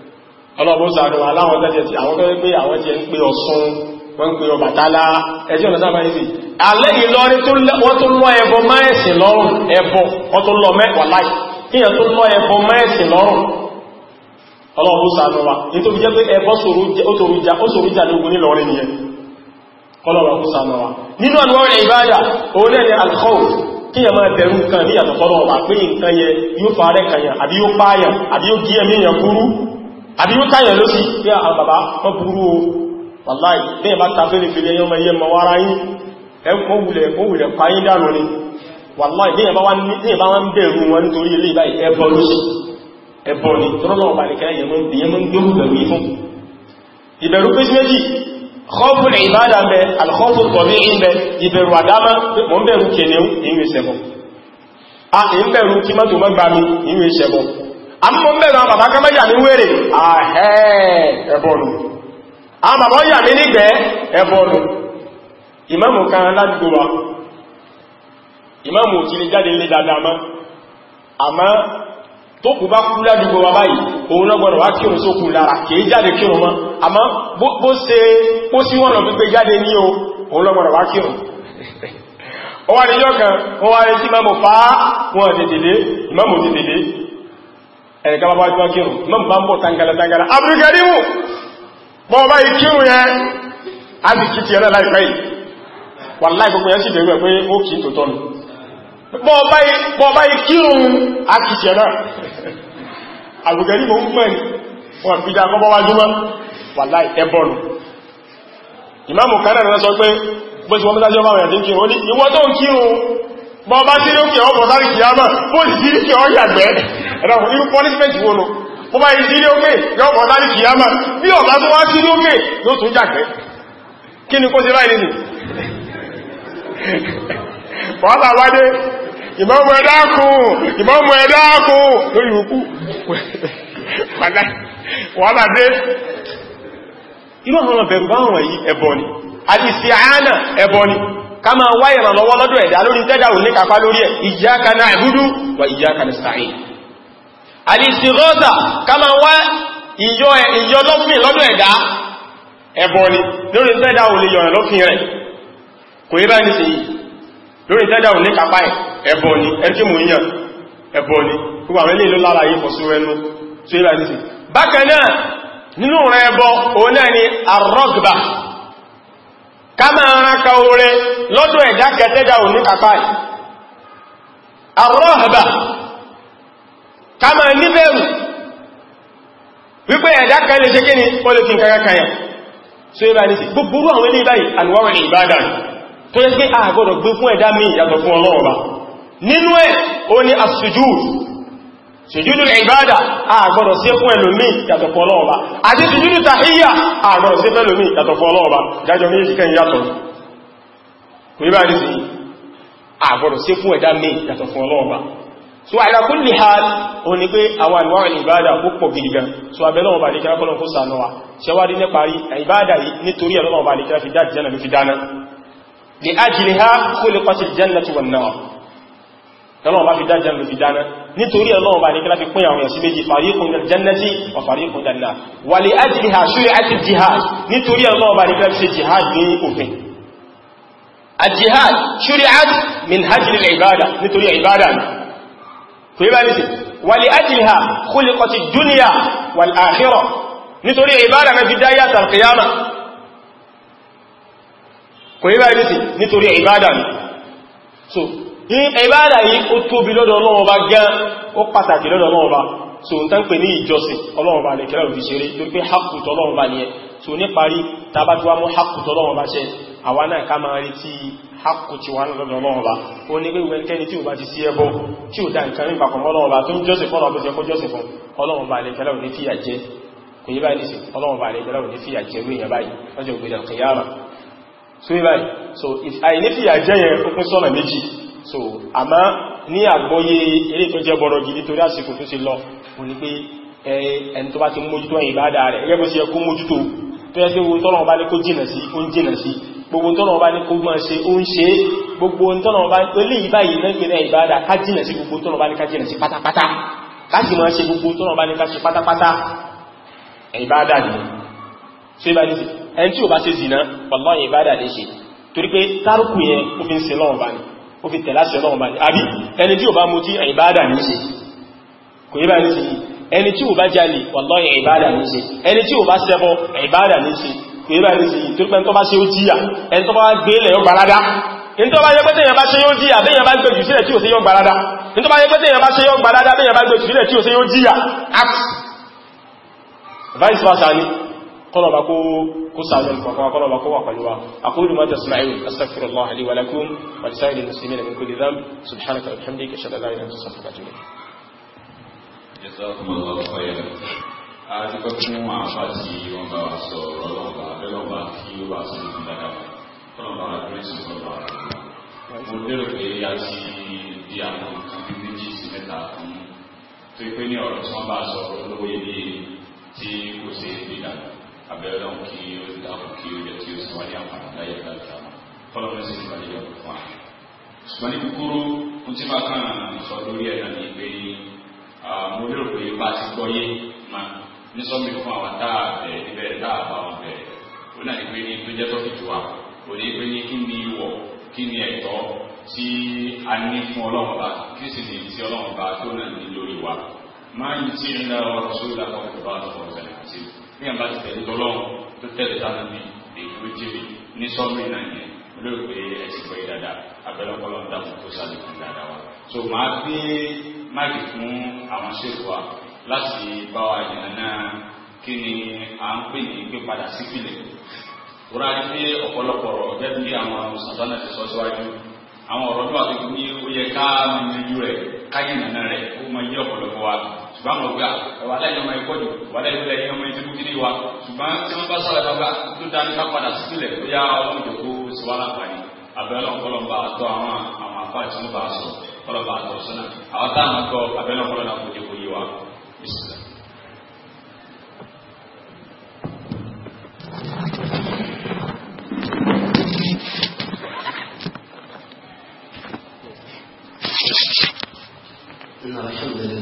ọlọ́bọ̀ sàánúwà aláwọn tẹ́jẹ̀ tí àwọn tẹ́jẹ̀ pé àwọn jẹ́ ń pè Ọ̀ṣun wọ́n ń pè Ọbàtálá ẹjọ́ ọ̀nà sáàmà ìsì alẹ́ Ìlọrin wọ́n tó lọ ẹbọ mẹ́ẹ̀sìn lọ́rùn ẹbọ wọ́n tó lọ mẹ́wàá láì kíyàn tó lọ ẹbọ mẹ́ẹ̀sìn lọ́rùn ọlọ́bọ̀ sàánúwà nítorí jẹ́ pé ẹbọ sòrújà lógún nílọrin nìyẹn ọlọ́bọ̀ sàánúwà nínú àwọn ìbádà òun ní al-khawf kíyàn máa bẹ̀rù kan ní àtọ̀kọ́lọ̀ wà pé nǹkan yẹ yóò farẹ́ kan yẹn àbí yóò àbí yóò káyẹ̀ ló sí pé àwọn bàbá wọ́n burú o wàláì bẹ́ẹ̀ bá ta fẹ́lẹ̀ fẹ́lẹ̀ ẹyọ́ mẹ́yẹ mọ́ wára yìí ẹkùn wùlẹ̀ pàáyí dànù ni wàláì bẹ́ẹ̀ bá wá ń bẹ̀rù wọn nítorí ilé ìbáyìí ẹbọ ló sí ẹbọ ni tọ́lọ́lọ́wọ́ bàlẹ̀ kẹ́yẹ̀ mọ́ ìyẹn mọ́ ń gbérù bẹ̀rù yìí fún ìbẹ̀rù pé sí méjì kọ́ọ̀fù ìbádà ń bẹ alkọ́ọ̀fù tọ̀bí ń bẹ ìbẹ̀rù àdámá mọ́ ń bẹ̀rù kènìyàn ìwé ṣẹbọ àmọ́ mẹ́rin bàbá ká mẹ́yà ní wèrè àhẹ́ ẹbọ̀nù àwọn bàbá yà mí nígbẹ́ ẹbọ̀nù ìmáàmù kan ládùgbò wa ìmáàmù tí lè jáde lè dáadáa mọ́ àmọ́ tó kù bá kú ládùgbò wa báyìí òun lọ́gbọ̀nà wá kírun sókù lára kìí jáde kírun mọ́ àmọ́ bó ṣe ó sí wọ́n lọ pípé jáde ní o òun lọ́gbọ̀nà wá kírun ó wá níjọ́ kan ó wá retí ìmáàmù fàá wọn tètèlé ìmáàmù tètèlé ẹ̀kọ́lá bá jọ kírùn náà bá ń tangala tangalatangala abúrúkẹ́dìmù bọ́ bá ya yẹn a ti kí ti ẹ̀rẹ́ láìpẹ́ yìí wà láìpẹ́ yẹn sì bẹ̀rẹ̀ pé ó kí bọ́ bá a kí ti ẹ̀rẹ́ abúrúkẹ́dìmù ń pẹ́ fi dá akọ́bọ́ wájú wà láì ẹbọ́ bọ́ bá sí lókè ọmọ sáré kìyàmà bó sí lókè ọ yàgbẹ́ ẹ̀rọ irú punishment wo nù bó bá yìí sí lókè yọmọ sáré kìyàmà bí ọ̀bá tó wá sí lókè yóò tún jàgbẹ́ kí ni kó sí láì nínú wọ́n àwádé ìmọ́mọ̀ ẹ̀dákùn ìmọ́mọ̀ ẹ̀dákùn lórí òkú wọ́n àdé inú àwọn ọ̀bẹ̀rù báwọn yìí ẹbọ ni àti ìsì àánà ẹbọ ni ká máa wá ìrànlọ́wọ́ lọ́dọ̀ ẹ̀dá lórí tẹ́dà ò ní kàpá lórí ẹ̀ iyyaka na'budu wa iyyaka nasta'in al-istighatha ká máa wá ìyọ lọ́fìn lọ́dọ̀ ẹ̀dá ẹ̀bọ̀ ni lórí tẹ́dà ò lè yọ̀rẹ̀ lọ́fìn rẹ̀ kò yí ni ẹ̀kí mú ni gbogbo àwọn ilé ìlú lára yìí fọ̀sú ẹnu tó yí bá ní sí bákan náà nínú rẹ̀ ẹbọ òun náà ni kama araka ore ka oore lọ́dọ̀ ẹ̀dá kẹtẹ́dà ò àrọ́hàbà kama níbẹ̀rù wípé ẹ̀dá lè ṣe kí ni ó lè fi nǹkan kanyà so ibà ní sí gbogbo àwọn ilé ibáyìí àlùwárẹ̀ ìbádà tó yẹ pé a gbé fún ẹ̀dá mi ìyàtọ̀ fún ọlọ́ọ̀ba nínú ẹ̀ ó ní as sùjúdù ìbádà àgbọ̀dọ̀ sí fún ẹlòmí yàtọ̀ fún ọlọ́ọ̀bá àti sùjúdù tàhíyà àgbọ̀dọ̀ sí fún ẹlòmí yàtọ̀ fún ọlọ́ọ̀bá dájọ́ ní ìṣìkẹ́ ìyàtọ̀ kò ní bá ní sí àgbọ̀dọ̀ sí fún ẹ̀dá mí yàtọ̀ fún ọlọ́ọ̀bá so ala kulli hal ó ní pé àwọn anwa ìbádà púpọ̀ gidigan so abe lohun ba le kira kolon ko sanu wa se wa di ne parí ìbádà yìí nítorí e lohun ba le kira fi da ọlọ́run bá fi dá jẹun fi dáná nítorí ọlọ́run bá ní kílá fi pín àwọn èèyàn sí méjì fàríkùn ní jannati wa fàríkùn dáná wà lè ájìlì ha ṣúrí àti jihad nítorí ọlọ́run bá ní kílá fi ṣe jihad ní òfin àjihad ṣúrí àti min hajjìlì ìbádà nítorí ìbádà ni kò yí bá ní sí ko yi lè ájìlì ha khuliqati dúníà wal akhirah nítorí ìbádà na fi dá sàrkìyàmà kò yí ní sí nítorí ìbádà ni so ìbádà yìí ó tóbi lọ́dọ̀ Ọlọ́run Ọba gan ó pàtàkì lọ́dọ̀ Ọlọ́run so n tán pè ní ìjọsìn Ọlọ́run Ọba lẹ́kẹ́lá òbí ṣeré tó pé hakùtọ̀ Ọlọ́run Ọba nìyẹn so ní parí tàbátúwá mú hakùtọ̀ Ọlọ́run Ọba ṣe àwa náà ká máa rí tí hakùtì wà lọ́dọ̀ Ọlọ́run ní pé wẹ́nkẹ́ni ti sí ẹbọ tí ò dá nǹkan nípa kan Ọlọ́run Ọba tó ń jọ́sìn fọ́nà ọbẹ̀ ẹkọ́ jọ́sìn fún Ọlọ́run Ọba lẹ́kẹ́lá òní fìyà jẹ kò yí báyìí nìsìn so yí so àìnífìyà jẹ́ yẹn ó pín sọ́nà méjì so àmá ní àgbọ́yé eré tó jẹ́ bọ̀rọ̀ gidi torí àsìkò tó ti lọ o ní pé ẹni tó bá ti mójútó ẹ̀yìn bá dáa rẹ̀ ẹgbẹ́ bó ṣe yẹ kó mójútó tó yẹ sí ohun tọ́nà ọba ní kó jìnà sí ó ń jìnà sí gbogbo tọ́nà ọba ní kó máa jìnà sí ni ṣe bá ní sí ẹni tí ò bá ṣe zìnà pọ̀lọ́ ìbáadà torí pé tárùkù yẹn ó fi ń ṣe lọ́wọ́ bá ní ó fi tẹ̀láṣẹ́ ọlọ́run bá àbí ẹni tí ò bá mutí ìbádà ní ṣe kò yí bá ní ṣe ẹni tí ò bá jalè wallahi ìbádà ní ṣe ẹni tí ò bá ṣẹbọ ìbádà ní ṣe kò yí bá ní ṣe tó pẹ́ tó bá ṣe ó jíyà ẹni tó bá gbé lẹ̀ yóò gbarada ní tó bá yẹ pé tẹ̀yàn bá ṣe yóò jíyà bẹ́yàn tí ò bá yẹ pé tẹ̀yàn bá ṣe قال باكو كسادن فقال قال باكو وقالوا أقول ما تسمعون أستغفر الله لي ولكم ولسائر المسلمين من كل ذنب سبحانك وبحمدك أشهد أن لا إله إلا أنت أستغفرك وأتوب إليك جزاكم الله خيرا àdúgbò fún àbá tí wọ́n bá wa sọ ọ̀rọ̀ ọba kí ó wà sí ìlú dáadáa fọ́nà bá àgbẹ̀rẹ́sì sọ̀rọ̀ mo lérò pé a ti di àwọn nǹkan méjì sí mẹ́ta fún tó pé ní ọ̀rọ̀ tí wọ́n bá sọ ọ̀rọ̀ lówó ibi tí kò ṣe é gbé dàgbà abẹ́rẹ́ lọ́wọ́ kí ó dákú kí ó jẹ́ tí ó sì wá ní àpàdé láyé ìgbàlùkà fọlọ́ ló sì balẹ̀ yọ fún wa. ṣùgbọ́n ní kúkúrú mo ti máa kàn sọ lórí ẹ̀ náà ní pé mo lérò pé bá a ti gbọ́ yé máa ní sọ́mi fún àwọn tá a bẹ̀ níbẹ̀ tá a bá wọn bẹ̀ ó náà ní pé ní tó jẹ́ tọ́kìtì wa kò ní pé ní kí ni ìwọ̀ kí ni ẹ̀tọ́ tí a ní fún ọlọ́run bá kí sì ní tí ọlọ́run bá tó bí wọn bá ti tẹ̀lé tọ́lọ́run tó tẹ̀lé sáré bí èyí ó jèrè ní sọ́mìrì náà yẹn olóòrò pé ẹ̀sìn bọ́ yìí dáadáa abẹ́lẹ́kọ́lọ́ ń dàbò tó sáré fún dáadáa wa. so màá gbé máàkì fún àwọn ṣèkù wa láti bá wa yàn náà kí ni à ń pè ní pé padà sípìlẹ̀. wúrà ní ọ̀pọ̀lọpọ̀ ọ̀gẹ́ bí àwọn sàtánà ti sọ síwájú àwọn ọ̀rọ̀ tó wà tó ní ó yẹ ká mọ̀nyẹ́jú rẹ̀ káyé nàná rẹ̀ ó mọ iye ọ̀pọ̀lọpọ̀ wa ṣùgbọ́n àwọn ọ̀gá ọ̀wà aláìyàn ọmọ ẹ̀kọ́ jù ọ̀wà aláìyàn ọmọ ìdíbò kiri wa ṣùgbọ́n tí wọ́n bá sọ̀rọ̀ ẹ̀ka tó dá nípa padà sílẹ̀ ó yá ọmọ ìjòkó sí wa láǹfààní abẹ́lẹ́ ọ̀pọ̀lọpọ̀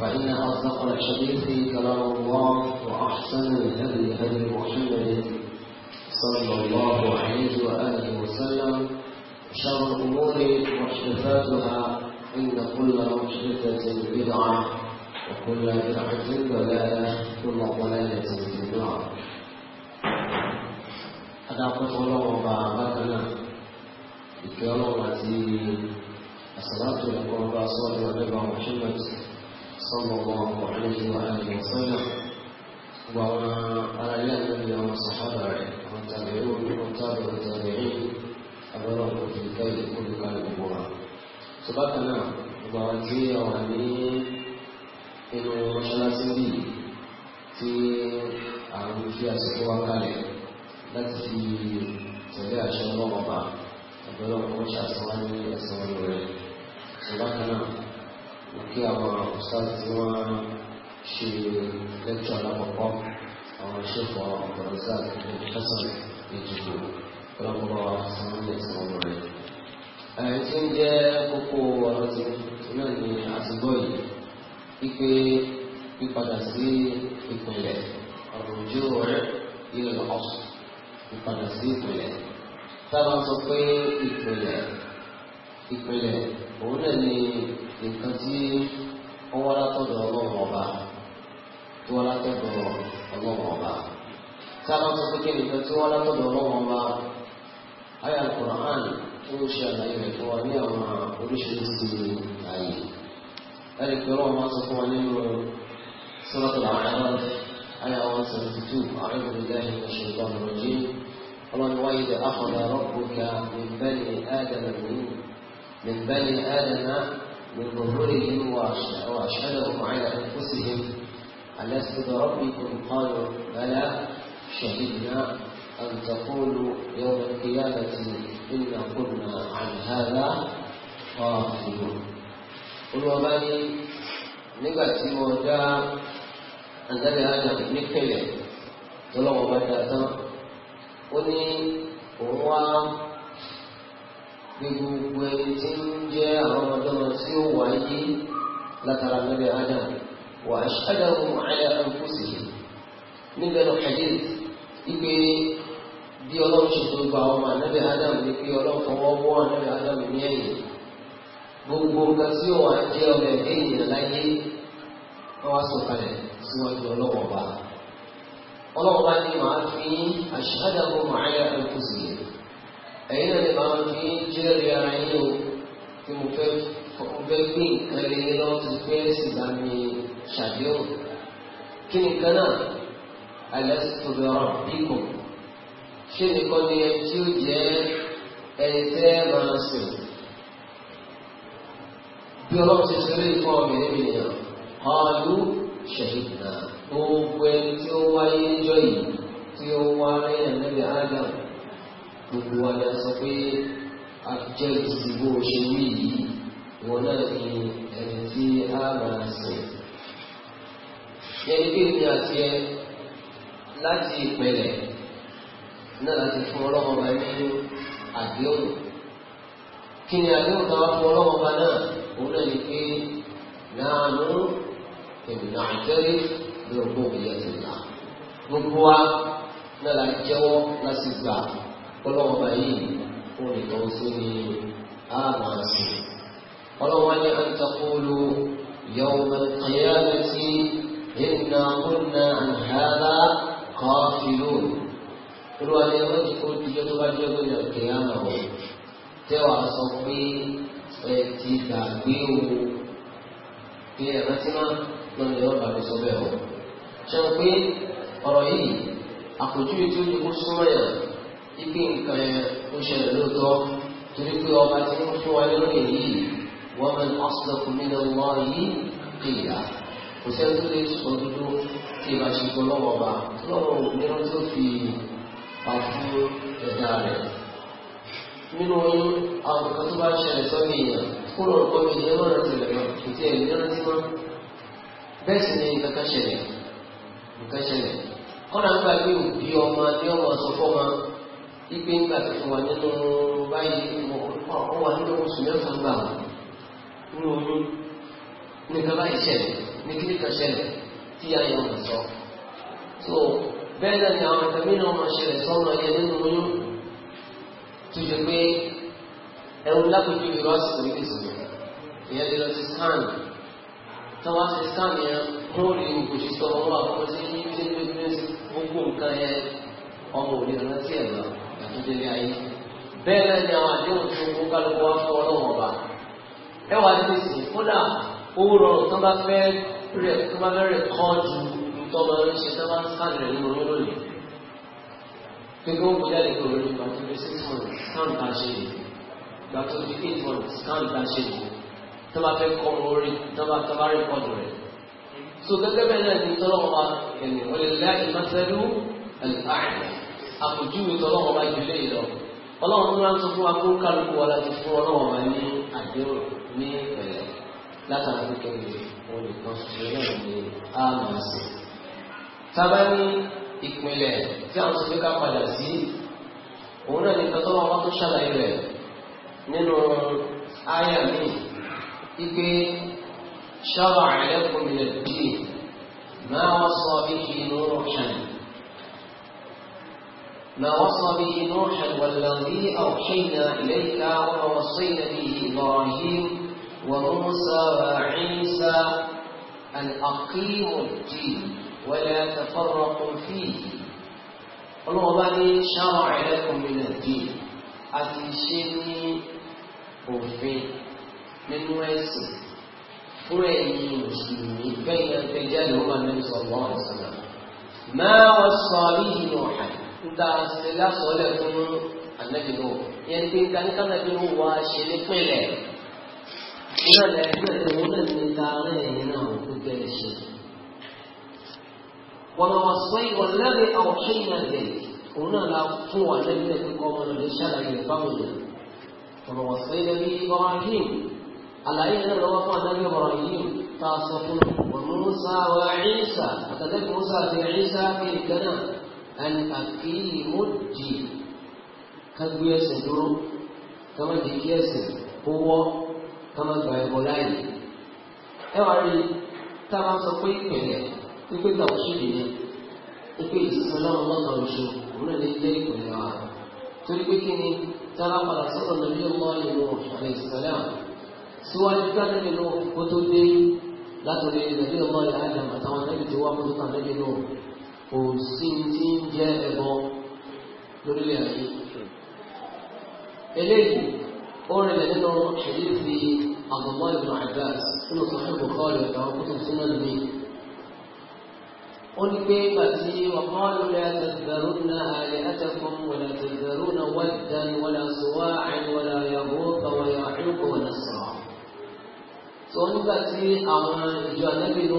فإن أصدق الحديث كلام الله وأحسن الهدي هدي محمد صلى الله عليه وآله وسلم شر الأمور محدثاتها إن كل محدثة بدعة وكل بدعة ضلالة كل ضلالة في النار أدعوكم الله وبركاته إكرام الصلاة والقربة صلى الله عليه وسلم صلى الله عليه وآله وسلم وعلى النبي والصحابة والتابعون والتابع التابعين أبرهم في كي كل قلبها سبقنا وعزية وعلي إنه مشلسل في àwọn ìfi àsìkò wa kalẹ̀ láti fi tẹ̀lé àṣẹ ọlọ́mọba ọ̀dọ́lọ́mọ ṣàṣọwá ní ẹ̀sán rẹ̀ ṣùgbọ́n náà kí àwọn ọ̀sán tí wọ́n ṣe lẹ́tọ̀ alákọ̀ọ́kọ́ àwọn ṣẹ́fọ̀ ọ̀dọ̀rọ̀zá ìfẹ́sàn ìdìbò ọlọ́pọ̀lọ́ àtàwọn ẹ̀sán ọmọ rẹ̀. ẹ̀yìn tí ń jẹ́ kókó ọ̀rọ̀ tí náà ni àtìgbọ́ yìí wípé pípadà sí ìpìlẹ̀ ọ̀rọ̀jú rẹ̀ ilẹ̀ ọ̀sùn pípadà sí ìpìlẹ̀ táwọn sọ pé ìpìlẹ̀ ìpìlẹ̀ òun náà ni nǹkan tí ó wá látọ̀dọ̀ ọlọ́run ọba tó wá látọ̀dọ̀ ọlọ́run ọba tí a bá sọ pé kí nǹkan tí ó wá látọ̀dọ̀ ọlọ́run ọba ayé alukur'an tó ń ṣe àlàyé rẹ̀ fún wa ní àwọn oríṣiríṣi ààyè ẹni pé ọlọ́run máa sọ fún wa nínú sọ́dọ̀tọ̀ àwọn ará ayé àwọn seventy two àwọn ìbùdó ìdáhìn ìṣẹ̀lẹ̀ ìgbà mọ̀rọ̀ ọlọ́run wáyé dẹ̀ afọ̀dà rọ́pò ga ìbẹ́ni ẹ̀ẹ́dẹ̀rẹ̀ lóyún من بني آدم من ظهورهم وأشهدهم على أنفسهم ألست بربكم قالوا بلى شهدنا أن تقولوا يوم القيامة إنا كنا عن هذا غافلون قلوا بني نبتي وجاء أن آدم نكلم tọ́lọ́wọ́ bá dáa tán ó ní bí gbogbo ẹni tí ń jẹ́ àwọn ọmọdọ́mọ tí ó wáyé látara lórí adam wà á ṣáàdáwò àyà àǹfóṣì níbẹ̀ lọ ṣàyè ìgbé bí ọlọ́run ṣe tó gba ọmọ ànábì adam ní pé ọlọ́run fọwọ́ wọ́ ànábì adam ní ẹ̀yìn gbogbo nǹkan tí ó wà jẹ́ ọmọ ẹ̀gbẹ́ ènìyàn láyé wọ́n wá sọ̀kalẹ̀ síwájú ọlọ́wọ́ ọba ọlọ́wọ́ bá ní màá fi àṣáàdáwò àyà àǹfóṣì ẹ̀yin náà lè bá wọn kí ń jẹ́rìí ara yín o kí mo fẹ́ gbé nǹkan lé yín lọ́wọ́ tó fẹ́ sì bá mi ṣàdéhùn kí ni kan náà alẹ́sítọ́dọ̀ bíkùn ṣé nìkan ni ẹ tí ó jẹ́ ẹni tẹ́ máa sìn bí ọlọ́run ti ṣe lé fún ọmọ ẹ̀mí nìyẹn ọlú ṣẹ̀yìn náà gbogbo ẹni tí ó wáyé níjọ́ yìí tí ó wá lẹ́yìn ẹ̀mí Ádámù gbogbo wa la sọ pé àjọ ìdìbò ṣe wí yìí wọn náà ni ẹni tí a máa sìn. yẹn kí ni àti ẹ láti ìpẹlẹ náà láti fún ọlọ́wọ́ bá ní àdéhùn kí ni àdéhùn tó wá fún ọlọ́wọ́ bá náà òun náà ni pé láàánú ìrìnà àjẹrí ní ogún ìyẹn ti là gbogbo wa náà la jẹ́wọ́ láti gbà ọlọ́wọ́n bá yìí fún nìkan tó ní àmà sí ọlọ́wọ́n ní an taqulu yawm al-qiyamati inna kunna an hadha ghafilun olúwa ní ẹgbẹ́ tó kó dijọ́ tó bá jẹ́ gbẹ́dẹ̀ kíyàmà o tẹ́wàá sọ pé ẹ ti gbàgbé o pé ẹ̀rọ tí wọ́n lọ́nà yọ̀ bàbá sọ bẹ́ẹ̀ o ṣe pé ọ̀rọ̀ yìí àpòjú ètò súnmọ́ yẹn ibi nǹkan yẹn ó ṣẹlẹ̀ lóòótọ́ torí pé ọba tí ó fún wa lórí yìí wọ́n mẹ́rin ọ̀sìlẹ̀kùn mi lọ wọ́ yìí kéèyà kò sẹ́ni tó lè sọ dúdú tí ìbá ṣe gbọ́ lọ́wọ́ ọba tí òmìnira tó fi pa fún ẹ̀dá nínú oyún àwọn nǹkan tó bá ṣẹlẹ̀ sọ́nà èèyàn kúrò ọ̀pọ̀ mi ní ẹ̀rọ tẹ̀lẹ̀ lọ kò tí ẹ̀mí rántí mọ́ bẹ́ẹ̀ sì ni nǹkan ṣẹlẹ̀ nǹkan ṣẹlẹ̀ kọ́nà nígbà òbí ọmọ ní ọmọ sọ fọ́mọ ipe ńgbà tó fún wa nínú báyìí ọ wà nínú oṣù mẹ́fà ń bà wọ́n nínú oyún nìkan báyìí ṣẹlẹ̀ ní kíní kan ṣẹlẹ̀ tí a yàn wọ́n sọ. so bẹ́ẹ̀ náà ni àwọn ìtàmì náà máa ṣẹlẹ̀ sọ́nà yẹn nínú oyún tó ṣe pé ẹ̀rù lápẹ̀jù lè lọ́sì kò ní lè sùn ìyẹn lè lọ sí scan tí wọ́n ṣe scan yẹn mú rí òkùnṣe sọ ọmọ àkọ́kọ́ sí ní ṣe gbogbo nǹkan yẹn ọmọ òní ọ̀nà tí ẹ̀ lọ ìdílé ayé bẹ́ẹ̀ náà ni àwọn àdéhùn tó kó kálukú wá fún ọlọ́wọ́n ọba ẹ wà ní ìsìn kódà owó rọrùn tó bá fẹ́ rẹ̀ tó bá fẹ́ rẹ̀ kọ́ ju ìtọ́mọ oríṣi tó bá ń sáàdì rẹ̀ nínú olóró gbogbo ń kọjá lẹ́kọ̀ọ́ lórí ìgbà tó fi six months scan tá ṣe lè ìgbà tó fi eight months scan tá ṣe lè tó bá fẹ́ kọ́ ọmọ tó bá tó bá rẹ̀kọ́dù rẹ̀ so gẹ́gẹ́ bẹ́ẹ̀ náà ni tọ́lọ́wọ́ wa ẹ̀mí wọlé láì má sẹ́lú àpòjúwe tọ́lọ́wọ́ bá ju léyìí lọ ọlọ́run tó máa ń sọ fún wa kó kálukú wa láti fún ọlọ́wọ́ bá ní àdéhùn ní ìpẹ̀lẹ̀ látara kékeré òun nìkan ṣoṣo náà ni a máa ṣe. sábà ní ìpìlẹ̀ tí àwọn sọ̀rọ̀ ká padà sí òun náà nìkan tó wọn tó ṣàlàyé rẹ̀ nínú àyà mi ipe ṣáwà àìlẹ́kùn ilẹ̀ bíi máa wọ́n sọ ìfi inú ما وصى به نوحا والذي أوحينا إليك وما وصينا به إبراهيم وموسى وعيسى أن أقيموا الدين ولا تفرقوا فيه الذي شرع لكم من الدين أتشني وفي من ويسر فريني مسلمين بين الرجال هما النبي صلى الله عليه وسلم ما وصى به نوحا da ṣe lásọ̀ọ́lẹ̀ fún ànábì náà yẹn pé kánikánàbí ń wá ṣe nípìnlẹ̀ nílẹ̀ nílẹ̀ wọn lè ní taara ẹ̀yìn náà tó bẹ̀rẹ̀ ṣe. wọn lọ sọ yìí wọn lẹ́rìí àwọn ṣẹ́yìn náà lè náà la fún wa lẹ́yìn náà kíkọ́ ọmọ náà lè ṣàlàyé rẹ̀ fáwọn wọn lọ sọ yìí lẹ́rìí Ibrahim àlàyé náà lọ́wọ́ fún ànábì Ibrahim tá a sọ fún wọn Musa wa Isa àtàlẹ́ Musa àti Isa fi ìkànnà ẹni àkíyí ó dì kágbé ẹsẹ̀ dúró kọ́mọ jẹ́ kí ẹsẹ̀ kó wọ́ kọ́mọ gba ẹ̀bọ láàyè. ẹ wá rí tá a bá sọ pé ìpìlẹ̀ pípé gbà ó ṣèlè ni pípé ìsinmi lọ́wọ́ lọ́nà oṣù òun náà lè jẹ́ ìpìlẹ̀ wa. torí pé kí ni tá a bá padà sọ̀rọ̀ lórí ọmọ ìlú ọ̀ṣọ́lẹ̀ ìsìnkálẹ̀ síwájú káàdé nínú kótó dé látòrí ìlẹ̀bí ọmọ ìlànà àtàwọn ẹlẹ́bí tó wá kò sí tí ń jẹ́ ẹbọ lórílẹ̀ ayé eléyìí ó rìnlẹ̀ nínú ṣèlérí àbọ̀mọ́ ibn Abbas nínú Sahih Bukhari àtàwọn kútù sínú mi ó ní pé pàtí وقالوا لا تذرون آلهتكم ولا تذرون ودا ولا سواعا ولا يغوث ويعوق ولا tó nígbà tí àwọn ìjọ ànábì náà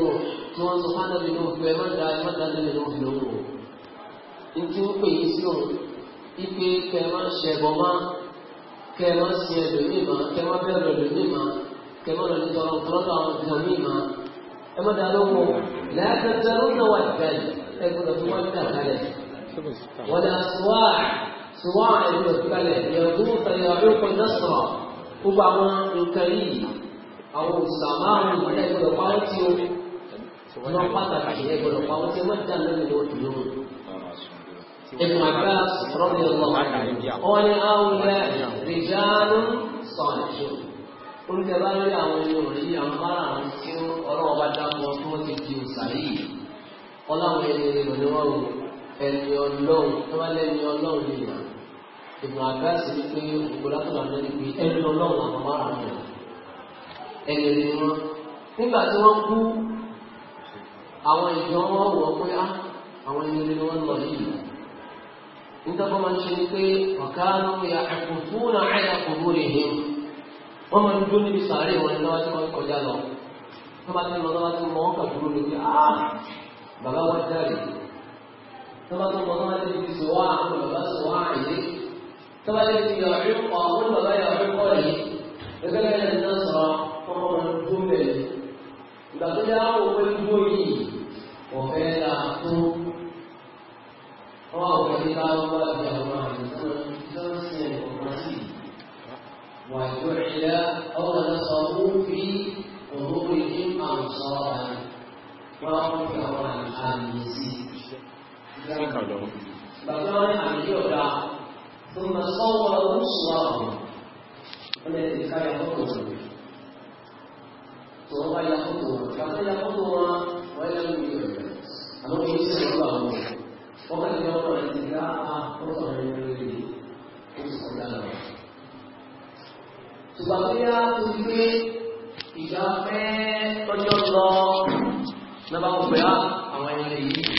tí wọ́n sọ fún ànábì náà pé ẹ má da ẹ má da ànábì náà fi lóhùn o ní tí wọ́n pè yín sí òun ipe kẹ má ṣẹbọ má kẹ má sin ẹlòmíì má kẹ má bẹ̀rù ẹlòmíì má kẹ má lọ nítorí ọ̀pọ̀lọpọ̀ àwọn ìjọ míì má ẹ má da lóhùn lẹ́ẹ̀kẹtẹ lóhùn wà ìgbàlẹ̀ ẹ gbọ́dọ̀ tó wọ́n dà kalẹ̀ wọ́n dà sùwà sùwà ẹ gbọ́dọ̀ tó kalẹ̀ yẹ àwọn òṣàmá àwọn ìmọ̀lẹ́ gbọ́dọ̀ pa wọ́n tí ó lọ pàtàkì ẹ gbọ́dọ̀ pa wọ́n tí wọ́n dá lórí lọ́wọ́ tó lóru. Ibn Abbas rọ́bì ọlọ́wọ́ wọn ni àwọn rìjálù sọ̀nṣù. Oúnjẹ bá lórí àwọn ẹni òrìṣì àwọn márùn-ún tí ọlọ́wọ́ bá dábọ̀ tí wọ́n ti di òṣà yìí. Ọlọ́run ẹni ìrìnàwó ẹni ọlọ́run tó bá lẹ́ni ọlọ́run nìyà. Ibn Abbas ní ẹni rí wọn nígbà tí wọ́n kú àwọn ìjọ wọn wọ̀ pé á ah, àwọn ẹni rí wọn lọ yìí nítorí wọ́n máa ń ṣe ni pé ọ̀gá ló ń ya ẹ̀kún fún àyà kòkó rè hìn wọ́n máa ń dúró níbi sàárè wọn lọ́wọ́ tí wọ́n kọjá lọ wọ́n bá ti lọ lọ́wọ́ tí wọ́n kà dúró níbi á ah, bàbá wọn jáde tọ́ba tó mọ̀ tọ́ba tó fi sọ̀wá àwọn bàbá sọ̀wá àyè tọ́ba tó fi yọ̀ ọ̀rẹ́ kọ́ àwọn bàbá yọ̀ ọ̀rẹ́ kọ́ yìí gẹ́gẹ́ bẹ́ẹ̀ ni náà sọ̀rọ̀ ọmọ ìgbà tó yá owó ìgbó yìí ọ̀fẹ́ la tó ọwọ́ àwọn ẹni bá wá bí àwọn àìsàn tó ń sin ọ̀pọ̀ sí wà ìjọ ìlẹ̀ ọwọ́ náà sọ fún fi òwúrò ní àwùsọ àyè wọ́n á fi àwọn àmì sí bàbá wọn ní àmì yóò dáa ثم صور صورهم الذي كان يقول ثم يخطوها كما يخطوها وإلى المدير أنا أريد أن أقول وقد يوم الانتفاع رفع من المدير Sebabnya mungkin ìjàpẹ́ lọ́jọ́ lọ lọ́ba ń pè á àwọn ilé yìí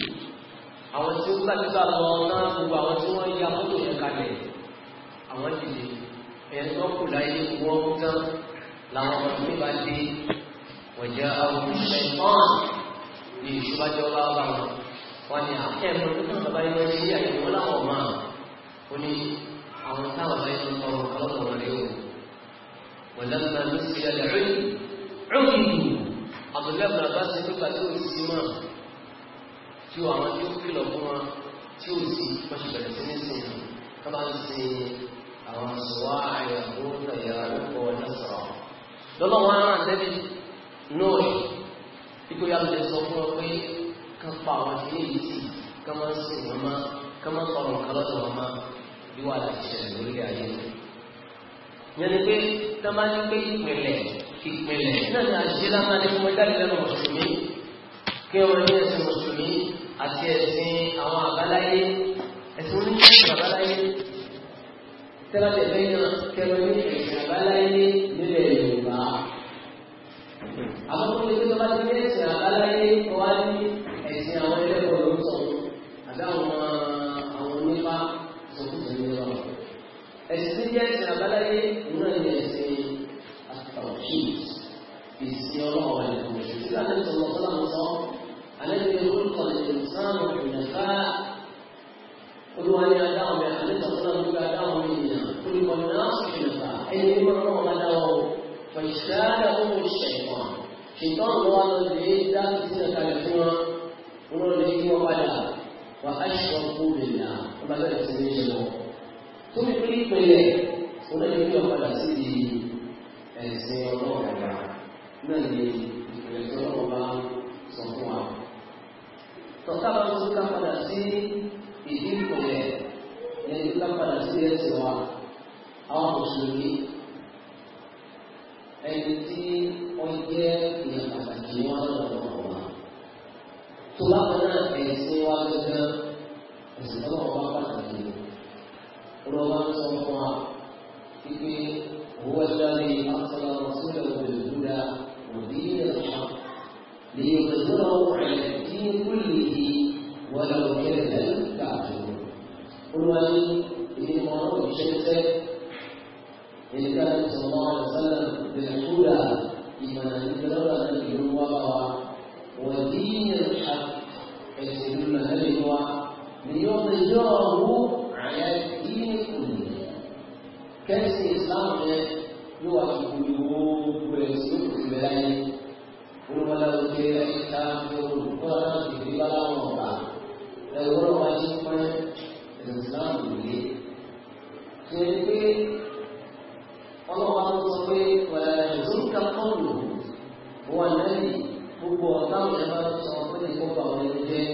àwọn tí ó gbàdúrà lọ náà gbogbo àwọn tí wọ́n ya mọ́tò yẹn kalẹ̀ àwọn dìde ẹ̀yìn tó kù láyé wọ́n tán làwọn ọmọ tó bá dé وجاءهم الشيطان من شبه الله wọ́n ní àkẹ́kọ̀ọ́ tó tán bàbá ilé ṣe àyẹ̀wò láwọn máa ó ní àwọn táwọn bá yẹn tọrọ ọlọ́wọ́ rẹ̀ o wọ́n lẹ́gbẹ̀ẹ́ ló sì rẹ̀ rẹ̀ rúùmù àbúlẹ́gbẹ̀ẹ́ bàbá ṣe pípa tí ó sì máa tí àwọn tí ó kìlọ̀ fún wa tí ó sì wọ́n ṣe bẹ̀rẹ̀ sí Nuh ikú ya lè sọ fún ọ pé kan pa àwọn ilé yìí sí kan máa ń sìn wọn máa kan máa ń sọ̀rọ̀ nǹkan lọ́dọ̀ wọn máa bí wà láti ṣẹlẹ̀ lórí ayé yẹn ni pé tá bá ní pé ìpìlẹ̀ ìpìlẹ̀ náà ni àṣìṣe lámà ní fún ẹgbẹ́ ìlẹ́nu mùsùlùmí kí wọ́n ní ẹ̀sìn mùsùlùmí àti ẹ̀sìn àwọn àbáláyé ẹ̀sìn oníṣẹ́ àbáláyé tẹ́lá tẹ̀lé náà tẹ́lá ní ẹ̀sìn àbáláyé nílẹ̀ Yorùbá àwọn tó ń lè tó bá ti ní ẹ̀sìn àbáláyé wá ní ẹ̀sìn àwọn ẹlẹ́kọ̀ọ́ ló ń sọ àbí àwọn àwọn onífá sọkùnrin ní ọ̀rọ̀ ẹ̀sìn tí jẹ́ ẹ̀sìn àbáláyé náà ní ẹ̀sìn àtàwọ̀ṣìt ìsìn ọlọ́wọ́ ẹ̀kọ́ ìṣòṣì láti sọ̀rọ̀ sọ́lá sọ alẹ́gbẹ̀ẹ́ olùkọ́ ìṣòṣàn ìdàgbà olúwa ní adáwọn ẹ̀ alẹ́gbẹ̀ẹ́ sọ́lá فاجتالهم الشيطان شيطان هو الذي ذاك سنة كالفوة هو الذي وبدا وأشركوا بالله وما ذلك سنجده ثم يقول لي هو الذي وبدا سيدي ẹ̀sìn ọlọ́run ọ̀gá náà ni ìpìlẹ̀ tí ọlọ́run bá sọ fún wa. Tọ́ta bá tún ká padà sí ìdí ìpìlẹ̀ ẹni ká padà sí ẹ̀sìn wa. Àwọn mùsùlùmí ẹni tí wọ́n jẹ́ ìyẹn pàtàkì wọn lọ́wọ́ wọn. tó bá kan náà ẹ̀sìn wa gẹ́gẹ́ ẹ̀sìn tó wọ́n wá pàtàkì ló wá ń sọ fún wa wípé owó ẹ̀dá lè lọ́sọ̀rọ̀ lọ́sọ̀rọ̀ òdòdó òdì ẹ̀sán lè gbẹ̀sọ̀rọ̀ rẹ̀ tí wúlì yìí wọ́n lọ kẹ́rẹ̀ lẹ́yìn káàkiri. olùwàlú ìdí mọ́ òṣèṣẹ́ لذلك صلى الله عليه وسلم بالهدى لمن يتدرب الجنوى ودين الحق يسلم الهدوى ليظهره على الدين كله كنس الاسلام يواجه اليوم ويسلم البلاي ولو كان الكافر قرأ في بلا مرة لو رأى الإسلام به ọlọ́wọ́ sọ pé ìzúnkà kọ́ọ̀lù wọn lẹ́yìn gbogbo ọ̀gáwọn ẹ̀ bá sọ pé ìgbọ́gbà wọn lè jẹ́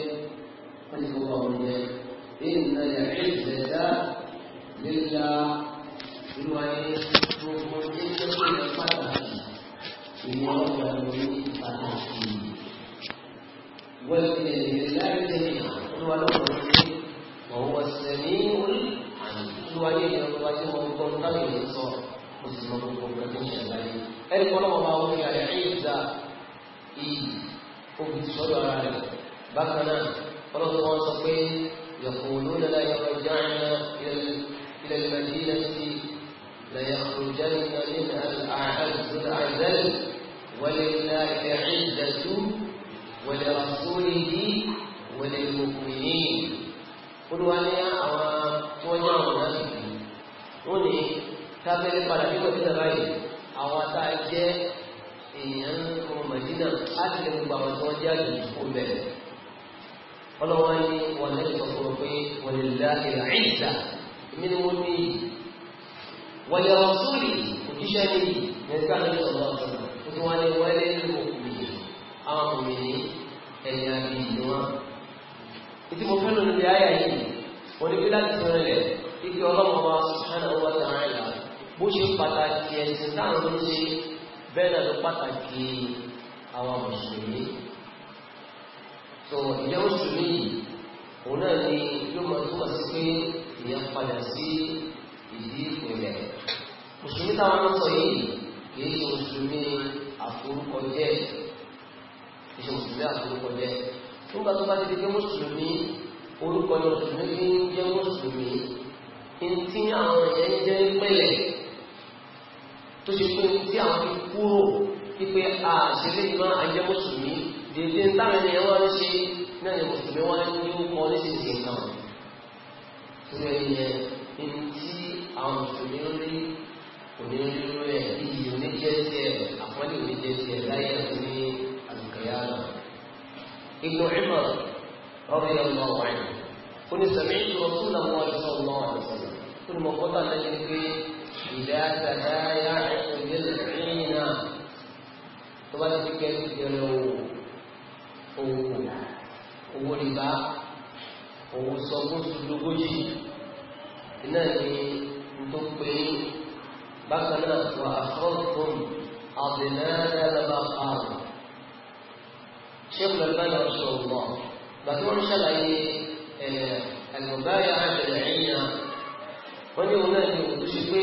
pé ìgbọ́gbà wọn lè jẹ́ ìnà ìrìnlẹ̀dá lílá ìwà ẹ̀ gbogbo jẹ́jẹ́ pé ẹ̀ pàtàkì ìwọ ọ̀gá lórí pàtàkì wọ́n ti lè láìpẹ́ olúwa lọ́wọ́ sí ọ̀wọ́ sẹ́ni orí ìwà yẹn lọ́wọ́ wájú ọgbọ́n táwọn èèyàn sọ̀rọ̀ ó sì mọ gbogbo nǹkan tó ń ṣẹlẹ̀ ayé ẹni kọ́ lọ́wọ́ máa wọlé ayé ẹ̀yìnza iyì òbí sọ́dọ̀ ara rẹ̀ bákan náà ọlọ́run wọn sọ pé يقولون لا يرجعن إلى المدينة لا يخرجن منها الأعز الأعزل ولله عزة ولرسوله وللمؤمنين قل ولي أعوى توجعنا فيه tábẹ́lẹ́ padà bí mọ̀dínà báyìí àwọn ata jẹ́ èèyàn ọmọ mọ̀dínà láti lè gbogbo àwọn tí wọ́n jẹ́ àjòjì fún bẹ̀rẹ̀ ọlọ́wọ́ ni wọ́n lè sọ fún un pé wọ́n lè la ìlà ìta èmi ni mo ní wọ́n yẹ wọ́n sórí òjíṣẹ́ ní nígbà tó sọ lọ́wọ́ sọ wọ́n ní wọ́n lè lò mí àwọn òmìnir ẹ̀yà bíi ìdúrà ìdí mo fẹ́ lónìí ayà yìí wọ́n ní bí láti sọ̀rọ̀ bó ṣe pàtàkì ẹ̀sìn táwọn ń ṣe bẹ́ẹ̀ náà ló pàtàkì àwọn mùsùlùmí tó ìjẹ́ mùsùlùmí yìí òun náà ni yóò máa túmọ̀ sí pé ìyẹn padà sí ìdí ìpìlẹ̀ mùsùlùmí táwọn ń sọ yìí kìí ṣe mùsùlùmí àforúkọjẹ́ kìí ṣe mùsùlùmí àforúkọjẹ́ nígbà tó bá ti di pé mùsùlùmí orúkọ ni mùsùlùmí fi ń jẹ́ mùsùlùmí ntí àwọn yẹn jẹ́ pẹ̀lẹ́ tó ṣe pé tí àwọn ti kúrò wípé àṣírí ìmọ̀ ajẹ́ mùsùlùmí dèdè táwọn ènìyàn wọn ń ṣe náà ni mùsùlùmí wọn ní ó kọ ní ṣèṣe náà tó rẹ̀ yẹn ní tí àwọn mùsùlùmí ń rí onírúurú ẹ̀ iyì oníjẹ́sẹ̀ àpọ́nlé oníjẹ́sẹ̀ láyé àti ní àlùkàyà náà. Ibn Umar radiyallahu anhu. Oníṣẹ̀mí ìṣòro tó làwọn àìsàn ọ̀nà àìsàn ìdá tàdáyà ìdílẹ̀ẹ́nà tó bá ti kẹ́ ìjẹrẹ owó owó owó rìbá owó sọgbóṣù lógójì iná ni tó pé bákan náà wà àkọ́kùn wọ́n ní òun náà ni òun ṣe pé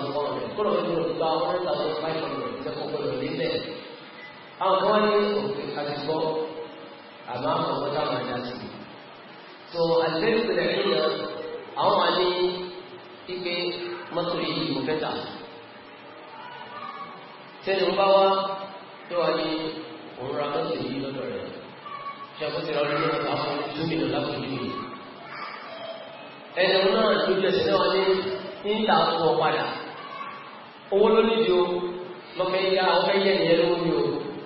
kọ́lọ̀ ẹni ò gba one thousand five hundred lẹ́kọ̀ọ́ gbọ́dọ̀ níbẹ̀. àwọn kan wá ní òfin àtìgbọ́ àmọ́ àwọn ọmọ táwọn àdá sí i. tó àlùbẹ́rù pẹ̀lẹ́ nínú àwọn máa ní pípé mọ́tò yìí mo fẹ́ tà. tẹ́lẹ̀ ń bá wá tó wá ní òun ra mọ́tò yìí lọ́dọ̀ rẹ̀. ṣé àkóso ìrọ̀lẹ́ ní ọ̀tá fún túmìnà lápòjú yìí. ẹ̀dùn náà lójú ẹsẹ̀ náà ní ní fún ọ padà owó ló níbi o lọ́fẹ́ yá ọfẹ́ yẹ ìyẹn lówó ni o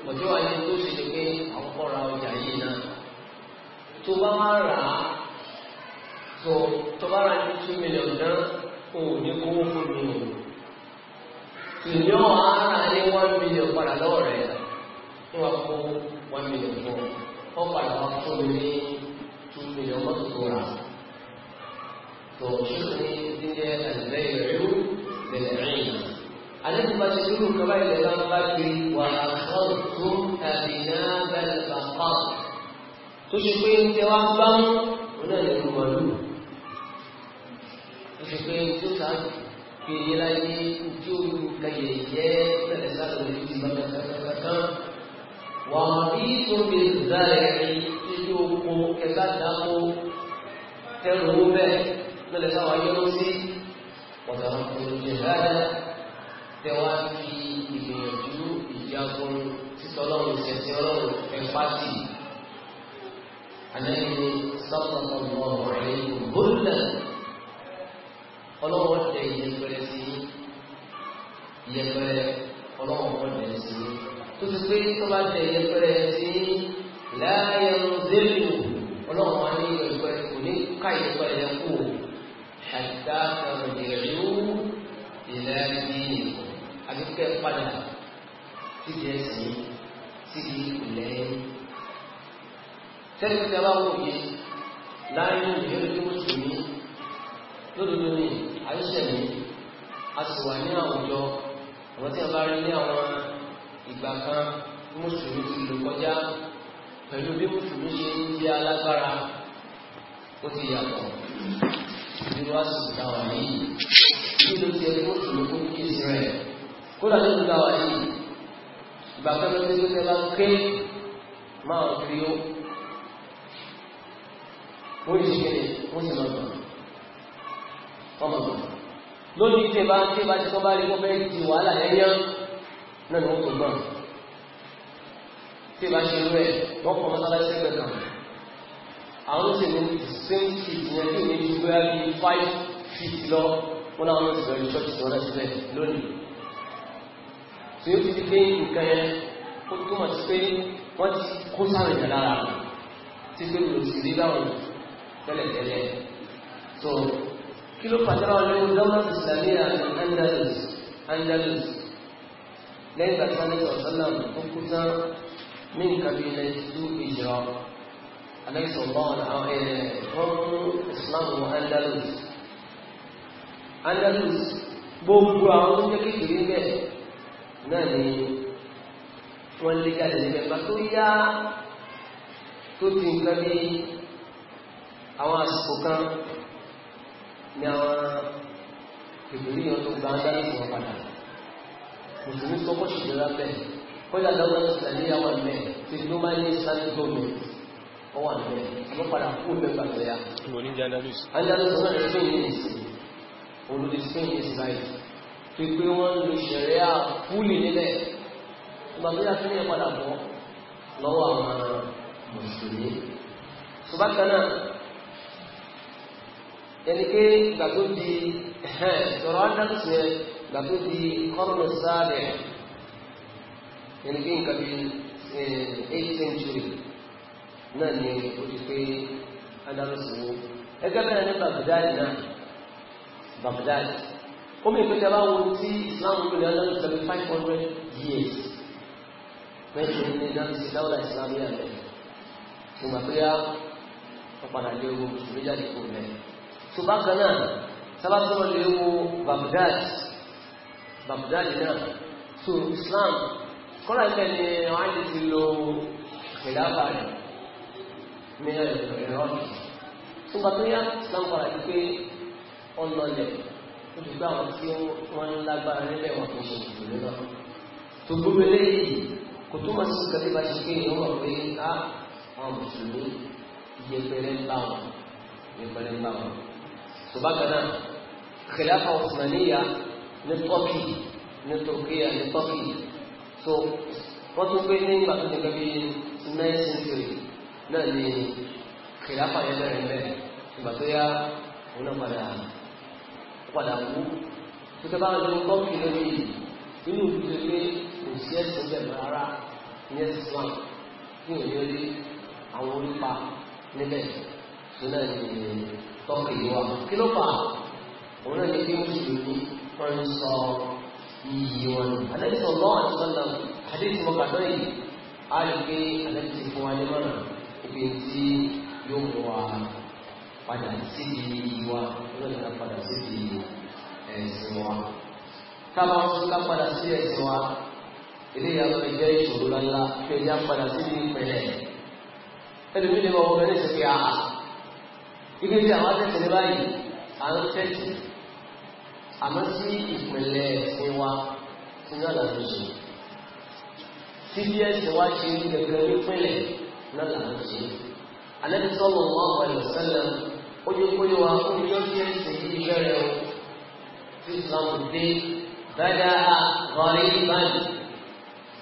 mọ̀jọ́ wa ni tó ṣe ni pé àwọn kọ́ ọjà yìí náà tó bá wá rà á tó tó bá ra ní two million náà o ò ní kówó fún mi o tìyàn ara ní one million padà lọ́wọ́ rẹ̀ ní wàá kó one million fún ọ padà wá fún mi ní two million mọ́tò tó rà á. وشغل دنيا البيع بالعين الذي ما تدل كما إلى قلبي وأخذت أبناب البقر تشكين توابا هنا يقول تشكين تسعد في إلهي تجوم كيجيت الإنسان الذي بكى ومبيت بالزرع تجوم كتدم تروبه من الإنسان ويوسي وتركت الجهاد tẹ wá fi ìgbìyànjú ìjagun títọ́lọ́run ṣẹṣẹ ọlọ́run ẹ̀pá sí i. Àlẹ́yìn sọ́kọ̀tọ̀ mọ ọ̀rẹ́ ìgbóná ọlọ́wọ́ tẹ ìyẹpẹrẹ sí i ìyẹpẹrẹ ọlọ́wọ́ kọ́ tẹ sí i. Tó ti pé tó bá tẹ ìyẹpẹrẹ sí láàyè ọ̀dẹ́lù ọlọ́wọ́ máa ní ìyẹpẹrẹ kò ní ká ìyẹpẹrẹ kú. Àìdá ọ̀rọ̀ ìrẹ̀lú ìlànà àti pípẹ́ padà síbi ẹ̀sìn síbi ìpìlẹ̀ ẹ̀yìn. tẹ́lifíṣẹ́ bá wò yé láàyè ìbéèrè tó mùsùlùmí lódodo ní àyíṣẹ́ mi a sì wà ní àwùjọ àwọn tí a bá rí ní àwọn ìgbà kan tí mùsùlùmí ti lò kọjá pẹ̀lú bí mùsùlùmí ṣe ń jẹ́ alágbára ó ti yàtọ̀ irú àsìkò táwọn yìí kí ló ti ẹni mùsùlùmí kó kí ìsirẹ̀ kódà ló ń gba wà yìí ìgbà kan ló dé pé bá ké máa ń fi ó wọ́n yìí ṣe wọ́n sì máa gbọ̀n wọ́n máa gbọ̀n lónìí tẹ bá ń ké bá ti kọ́ bá rí wọ́n fẹ́ẹ́ di wàhálà yẹ́yẹ́ náà ni wọ́n tó gbọ̀n tí bá ṣe rẹ̀ wọ́n kọ́ mọ́sálásí ẹgbẹ̀ kan àwọn sì ní same seat yẹn tí ìwé ju bóyá bíi five feet lọ wọ́n náà wọ́n ti bẹ̀rẹ̀ church lọ́rẹ́ sílẹ̀ lónìí tí ó ti di pé nǹkan yẹn ó túmọ̀ sí pé wọ́n ti kó sáré kan lára tí pé kò sì rí báwọn tẹ́lẹ̀tẹ́lẹ̀ so kí ló pàtàkì àwọn olówó dáwọn ìsìlámì àti Andalus Andalus lẹ́yìn ìgbà tí wọ́n ní sọ̀sọ́nà tó kú tán ní nǹkan bíi ninety two ìjọ alẹ́sọ̀gbọ́n àwọn ẹ̀rẹ̀ wọ́n mú Islam wọ Andalus Andalus gbogbo àwọn tó jẹ́ kékeré bẹ́ẹ̀ náà ni wọ́n lé jáde níbẹ̀ bá tó yá tó ti nǹkan bí àwọn àsìkò kan ní àwọn ìbòrí yẹn tó gba ńlá láti wọn padà mùsùlùmí tó kọ́ ṣèjọba bẹ́ẹ̀ kọ́jà dáwọn ìsàlẹ̀ àwọn ìmẹ̀ tí ló máa ní ìsàlẹ̀ gómìn ọwọ́ àmì àwọn padà kú bẹ́ẹ̀ gbàgbé ya. Ìwọ ní Jandalus. Jandalus náà ń pè ní ìsìn olùdí Spain is right fi pé wọ́n ń lo ṣẹ̀rẹ́ à fúlì nílẹ̀ ìgbà tó yàtọ̀ ní ìpadà bọ́ lọ́wọ́ àwọn mùsùlùmí. ṣùgbọ́n kan náà pé ìgbà tó di sọ̀rọ̀ ádámùsù yẹn ìgbà tó di kọ́rọ̀nù sáàbẹ̀ yẹni pé nǹkan bíi eight century náà ni ó ti pé ádámùsù wo. ẹgbẹ́ bẹ́ẹ̀ ní Baghdad náà Baghdad ó mẹ́ ìpínlẹ̀ bá wọn tí islam ń lò lọ́dún tẹ̀lé years mẹ́tò ní dáńtì dáwọ́lá islam yà lẹ̀ mo gbà pé yá wọ́n padà lé owó mùsùlùmí jáde kó lẹ̀ tó bá kan náà sábà sọ̀rọ̀ lé owó Baghdad Baghdad náà so islam kọ́lá ilẹ̀ ni wọ́n á lè ti lo ìlàbà rẹ̀ ní ẹ̀rọ tó gbà pé islam padà di pé ọ̀nà lẹ̀ ó ti gbá àwọn tí wọ́n ń lágbára nílẹ̀ wọn kò ṣe ìgbìmọ̀ náà tó gbogbo eléyìí kò tó máa sí nǹkan tí bá ṣe pé èèyàn wà pé á ah, wọn mùsùlùmí yẹpẹrẹ ń bá wọn yẹpẹrẹ ń bá wọn tó bá kan náà kìláfà Osmaniya ní tọ́kì ní turkiya ní tọ́kì tó wọ́n tún pé ní ìgbà tó ti gbẹ́bí nine century náà ni kìláfà yẹn bẹ̀rẹ̀ bẹ̀rẹ̀ ìgbà tó yá òun náà padà padà wú tó tẹ́ bá ń lo bọ́ọ̀kì lórí yìí nínú ìlú pé kò sí ẹ̀sìn bẹ̀rẹ̀ rárá ìyẹn ti sàn kí òye rí àwọn onípa níbẹ̀ tó náà ní tọ́kì yìí wà kí ló fà òun náà ní kí mùsùlùmí wọn ń sọ iyì wọn àdéhùn sọ̀rọ̀ àti sọ̀nà àdéhùn mọ̀kàdọ́ yìí á rí pé àdéhùn ti fún wa ní mọ̀nà ibi yóò mú wa padà síbi ìwà lọ́dọ̀ padà síbi ẹ̀sìn wa. Tábà ń sọ́ká padà sí ẹ̀sìn wa, eléyà ló lè jẹ́ ìṣòro lọ́la pé ẹ̀yà padà síbi ìpẹ̀lẹ̀. ini mi lè wọ ọmọ ẹni sèké àhà. Ibi tí àwọn akẹ́kọ̀ọ́ ní báyìí, à ń tẹ́tì. Àmọ́ sí ìpìlẹ̀ ẹ̀sìn wa ti náà làwọn ṣe. Síbi ẹ̀sìn wa ṣe ó jẹ́ kó yẹ wá kó ní lọ́sí ẹ̀sìn yìí bẹ̀rẹ̀ o tí Islam dé dada ọ̀rẹ́ ìbáyìí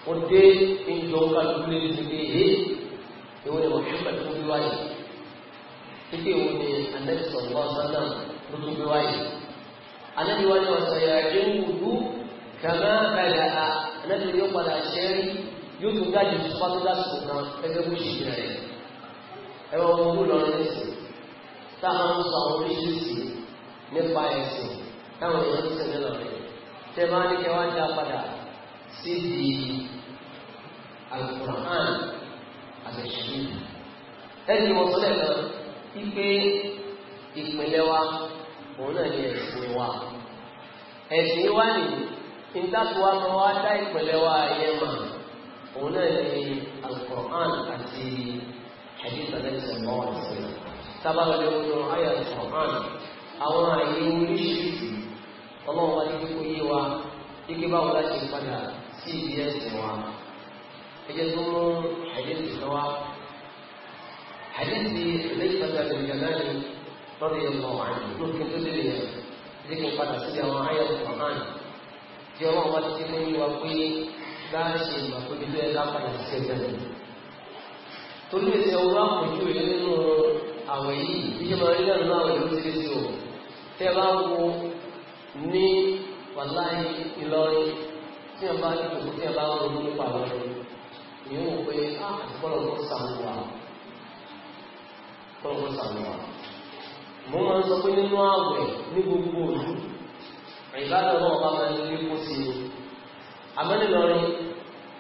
ó dé níjọ kálukú lé níbi èyí ìwé ni Muhammad tó bí wáyé títí ìwé ni Ànábì sallallahu alaihi wasallam ló tó bí wáyé Ànábì wáyé wọn sọ jẹ́ wùdú kàmá bẹ̀rẹ̀ a Ànábì yóò padà ṣẹ́rí yóò tún dájú fún fásitì lásìkò kan gẹ́gẹ́ bó ṣe rẹ̀ ẹ̀rọ ọmọ owó lọ́rọ̀ lẹ́sìn táwọn ń sọ àwọn oríṣiríṣi nípa ẹ̀sìn táwọn èèyàn ń sìn nínú rẹ̀ tẹ́ bá ní kẹ́ wá dá padà sí di alukur'an àtẹ̀sí ẹni wọ́n sọ lẹ́ẹ̀kan wípé ìpínlẹ̀ wa òun náà ní ẹ̀sìn wa ẹ̀sìn wa nìyí ìtàkùwà máa wá dá ìpínlẹ̀ wa ẹ̀yẹ mọ̀ òun náà ní alukur'an àti hadith sallallahu alaihi wasallam tábàlọ́dẹ wọnú àyà ìfọ̀hán àwọn àyè oríṣiríṣi ọlọ́run wa ní kíkó yé wa kíkí báwo la ṣe padà sí ìdí ẹ̀sìn wa ẹjẹ tó mú àdéhùn lọ́wọ́ àdéhùn lẹ́yìn padà lẹ́yìn náà ni lọ́dọ̀ yẹn lọ́wọ́ àyè lókè tó lè yẹn kíkí padà sí àwọn àyà ìfọ̀hán tí ọlọ́run wa ti ti mú yé wa pé bá a padà sí ẹgbẹ́ mi torí ẹsẹ̀ owó àpòjú ìlú nínú àwẹ̀ yìí bí ṣe máa rí lẹ́nu náà àwẹ̀ ló ti rí sí o tẹ́ bá wo ní wàláì Ìlọrin tí wọ́n bá ní kòkó tí wọ́n bá ń ronú nípa àwọn ni wọ́n pe àtìkọ́lọ̀ kó sàmùwà kọ́lọ̀ kó sàmùwà mo máa ń sọ pé nínú àwẹ̀ ní gbogbo òru ìbádọ̀ náà bá máa ń lé kó sí i àmọ́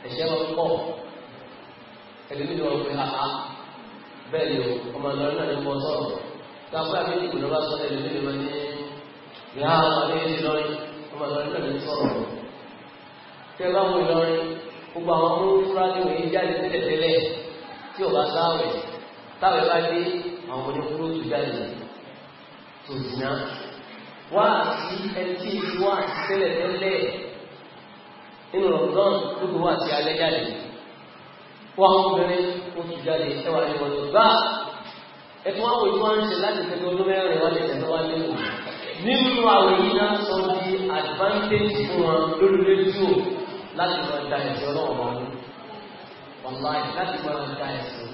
ẹ̀ṣẹ́ máa pọ̀ ẹ̀lẹ́mìnira ọ̀gbìn àá bẹ́ẹ̀ ni ọmọ ìlọrin náà ní bọ́ sọ̀rọ̀ gbàgbé àbíyí kò lọ́wọ́ sọ́dọ̀ ìlú ìlú ní ìhà ọmọdé ìlọrin ọmọ ìlọrin náà ní sọ̀rọ̀ tẹ́ bá mú ìlọrin gbogbo àwọn ọmọ fúra ní òye jáde ní tẹ̀tẹ̀lẹ̀ tí ò bá sáwẹ̀ táwẹ̀ bá dé àwọn oníkúrò tó jáde tó dìná wá sí ẹni tí ìlú wà tẹ́lẹ̀ tẹ́lẹ̀ nínú ọ̀gbọ́n tó wà sí alẹ́ jáde wọ́n obìnrin oṣù jáde ẹwà ní wọn ló bá ẹtún àwọn ìlú wọn ń ṣe láti pẹ̀lú olómẹ́rin wọn lè tẹ̀lé wọn lé wọn nínú àwọn èyí náà sọ di advantage fún wọn lórí rédíò láti máa da ẹ̀sìn ọlọ́wọ́ wọn online láti máa da ẹ̀sìn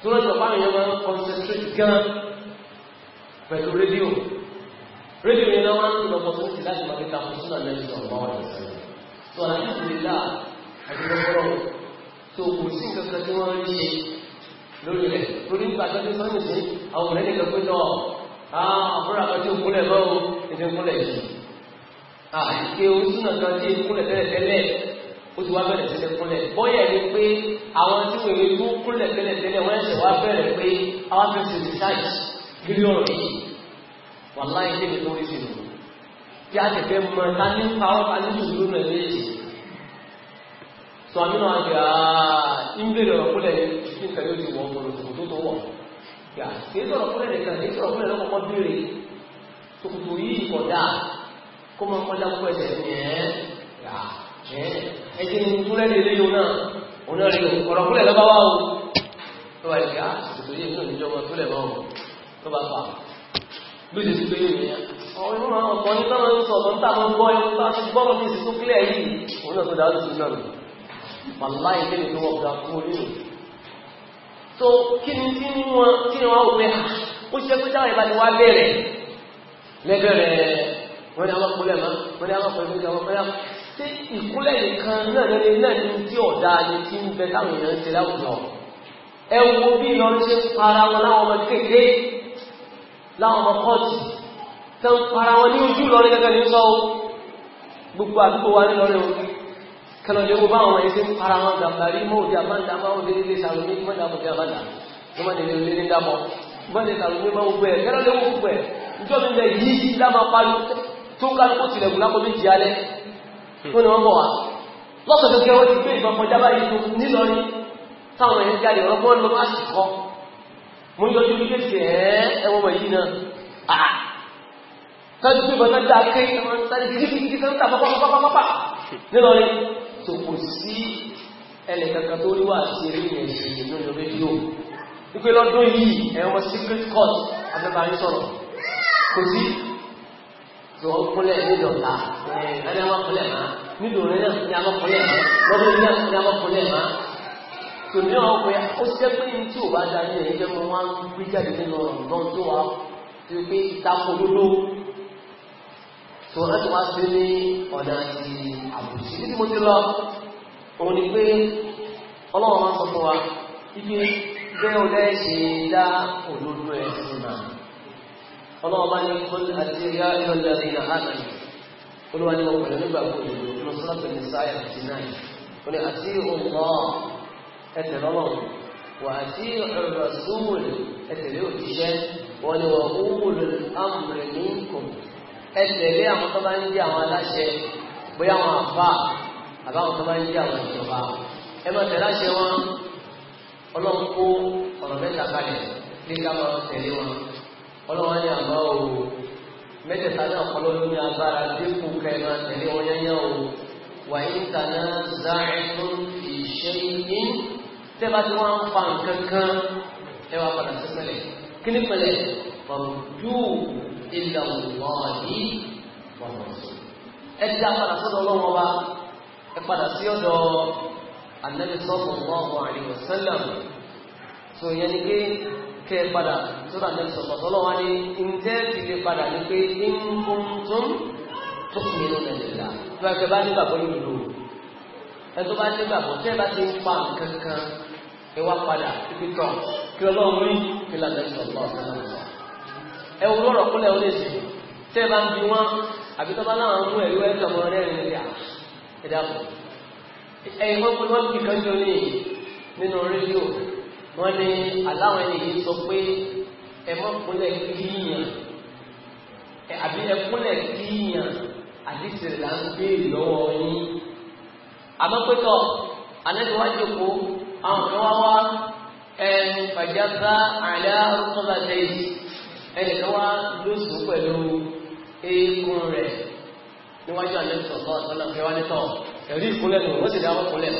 tó lọ́jọ́ báwọn yẹn máa ń concentrate gan pẹ̀lú rédíò rédíò yẹn náà wọ́n ń lọ bọ̀ sókè láti máa fi ta fún súnà lẹ́yìn ọ̀gbọ́n ọ̀dọ̀ sẹ́yìn tó àlàyé ìlú àti ọgbọ́n tó kò sí kankan tí wọ́n rí ṣe lórí rẹ̀ lórí nígbà tó ti sọ́nù sí àwọn ọ̀rẹ́ nìkan pé náà àbúrò àwọn tí ó kúnlẹ̀ mọ́ o èdè kúnlẹ̀ yìí àti oṣù náà kan tí kúnlẹ̀ tẹ́lẹ̀ tẹ́lẹ̀ ó ti wá bẹ̀rẹ̀ tẹ́lẹ̀ kúnlẹ̀ bọ́yẹ̀ ni pé àwọn tí wèrè mú kúnlẹ̀ tẹ́lẹ̀ tẹ́lẹ̀ wọ́n ẹ̀sẹ̀ wá bẹ̀rẹ̀ pé àwọn sọ nínú àti ìbéèrè ọ̀pọ̀lẹ̀ nípa yóò ti wọ ọ̀pọ̀lọpọ̀ tó tó wọ̀ kìí sọ̀rọ̀ fúnlẹ̀ nìkan kìí sọ̀rọ̀ fúnlẹ̀ lọ́kọ̀ọ́kọ́ béèrè tòkòtò yìí kọ̀dá kó máa kọjá púpọ̀ ẹ̀sẹ̀ ní ẹ̀ ẹ̀ ẹ̀sẹ̀ ní fúnlẹ̀ lè lé yóò náà òun náà rí ọ̀rọ̀ fúnlẹ̀ lọ́ba wá o lọ́ba ìgbà tòkòtò yìí fún ìjọba fúnlẹ̀ mọ́ o lọ́ba fà bí o ti gbé yìí nìyẹn àwọn ìmúra ọ̀pọ̀ nípa máa ń sọ̀tọ̀ ń tà máa ń gbọ́ ẹ̀ ń bá gbọ́ wàláì lè ní wọ́n gbà fún orí tó kí ni tí wọ́n tí wọ́n wọ́n wẹ́ ah, ó ṣe pé táwọn ìbáni wá bẹ̀rẹ̀ lẹ́bẹ̀rẹ̀ wọ́n ní àwọn kúlẹ̀ mọ́ wọ́n ní àwọn kúlẹ̀ mọ́ wọ́n ní àwọn tí ìkúlẹ̀ nìkan náà lẹ́ni náà ní tí ọ̀dà ni tí ń bẹ táwọn èèyàn ń ṣe láwùjọ ẹ wo bí lọ ṣe ń para wọn láwọn ọmọ kéde láwọn ọmọ kọ́ọ̀tì tó ń para wọn ní ojú lọ ní gẹ́gẹ́ ní sọ́ọ́ gbogbo àdúgbò wa ní lọ́rẹ́ òkè kẹlọ lè wọ́n bá wọn ẹsẹ̀ ń para wọn dàmbàrí mọ́ọ̀dì àbáńdà máwọn lè lè sàlùmí mọ́ọ̀dì àbọ̀dì àbáńdà wọ́n má lè lè lè ní dàbọ̀ mọ́ọ̀dì sàlùmí máa gbẹ kẹlọ lè wọ́n gbẹ ìjọ mi bẹ yí lámà palu tó kálù kó tilẹ̀kùn lápò méjì alẹ́ wọ́n ni wọ́n bọ̀ wá lọ́sọ̀ kẹkẹ wọ́n ti gbé ìbọn kọjá báyìí nílọrin táwọn ẹ̀yìn jáde ọ̀rọ̀ bọ́ọ̀lù lọ́wọ́ àsìkọ́ mo ń yọjú wípé sí ẹ̀ ẹwọ́n mọ̀ yìí náà tọ́jú pé ìbọn náà dáa ké ẹ̀wọ̀n sáré gidigidi kan tà pápápápápá nílọrin so kò sí ẹlẹ́kankan tó rí wà sí eré yẹn sí inú ìlú rédíò wípé lọ́dún yìí secret court abẹ́bà yín sọ̀rọ̀ kò sí tó kúnlẹ̀ nídọ̀ta ẹ̀ẹ́dẹ́ wọn kúnlẹ̀ mọ́ nídòrò náà ní àwọn kúnlẹ̀ mọ́ lọ́dún náà ní àwọn kúnlẹ̀ mọ́ tò ní àwọn ọkùnrin ó jẹ́ pé ní tí ò bá darí ẹ̀yẹ́ jẹ́ mo máa ń gbé jáde nínú ọ̀rọ̀ tó wà tó pé ìtakò lóló tó ẹ̀tọ́ wá sí ní ọ̀nà àti àbùsí ní mo ti lọ òun ni pé ọlọ́run máa sọ fún wa ibi bẹ́ẹ̀ ọdẹ ṣe dá òdodo ẹ̀ sí náà ọlọ́run bá ní kún àti rí ayọ̀ lẹ́rìí náà hàn mí olúwa ní wà àti ọ̀rọ̀ súnmùlù ẹ̀tẹ̀lẹ́ òjíṣẹ́ wọn ni wọ́n kúmùlù amúrẹ̀ ní kòmù ẹ tẹ̀lé àwọn tó bá ń jẹ́ àwọn aláṣẹ bóyá àwọn àfà àbáwọn tó bá ń jẹ́ àwọn ìjọba ẹ máa tẹ̀lé àṣẹ wọn ọlọ́run kó ọ̀rọ̀ mẹ́ta kalẹ̀ ní káwọn tẹ̀lé wọn ọlọ́run á ní àbá o mẹ́tẹ̀ẹ̀ta náà kọ́lọ́ ló ní agbára dínkù kẹ́ẹ̀mà tẹ̀lé wọn yányá o wà ní tàná záàtún ìṣe yìí tẹ́bà tí wọ́n ń fa nǹkan kan ẹ wá padà sí pẹ̀lẹ́ kí pẹ̀lẹ́ mọ̀jú ilẹ̀ wọ̀nyí wọ́n ẹ ti dá padà sọ́dọ̀ ọlọ́run ọba ẹ padà sí ọ̀dọ̀ anabi sọ́ọ̀bù ọ̀gbọ̀n àríwọ̀ sẹ́lẹ̀m tó yẹn ni pé kẹ́ ẹ padà sọ́dọ̀ anabi sọ̀tọ̀ sọ́lọ́ wa ni ǹjẹ́ ti lè padà ni pé ńkúntún tó kù nínú nàìjíríà tó ẹ fẹ́ bá nígbàgbọ́ nínú ìlú ẹ tó bá nígbàgbọ́ tẹ́ ẹ bá ti ń pa nǹkan kan ẹ wá padà títí kí ọlọ́run kí lànà ìṣọ̀tọ̀ ọ̀sán náà ẹwùn lọ́rọ̀ kúnlẹ̀ ó lè sí tẹ́ bá ń bi wọ́n àbí tọ́ bá láwọn mú ẹ̀rí wẹ́ẹ́ kàmọ́ rẹ́rìn ní ẹ̀dàpọ̀ ẹ̀yìn wọ́n pín wọ́n bí kan jọ ní nínú rédíò wọ́n ní aláwọn ènìyàn sọ pé ẹmọ́ kúnlẹ̀ kíyàn àbí ẹkúnlẹ̀ kíyàn àdìsẹ̀ là ń béèrè lọ́wọ́ yín àmọ́ pẹ́tọ̀ anẹ́tiwájú kó àwọn kan wá wá ẹ̀ fàjásá àlẹ́ àrùn tó bá tẹ̀yìn ẹnìkan wá lóṣù pẹ̀lú eékún rẹ̀ níwájú àlẹ́sọ̀ náà tọ́lá fẹ́ wá nítọ̀ ẹ̀rí ìkúnlẹ̀ nù wọ́n sì dáwọ́ kúnlẹ̀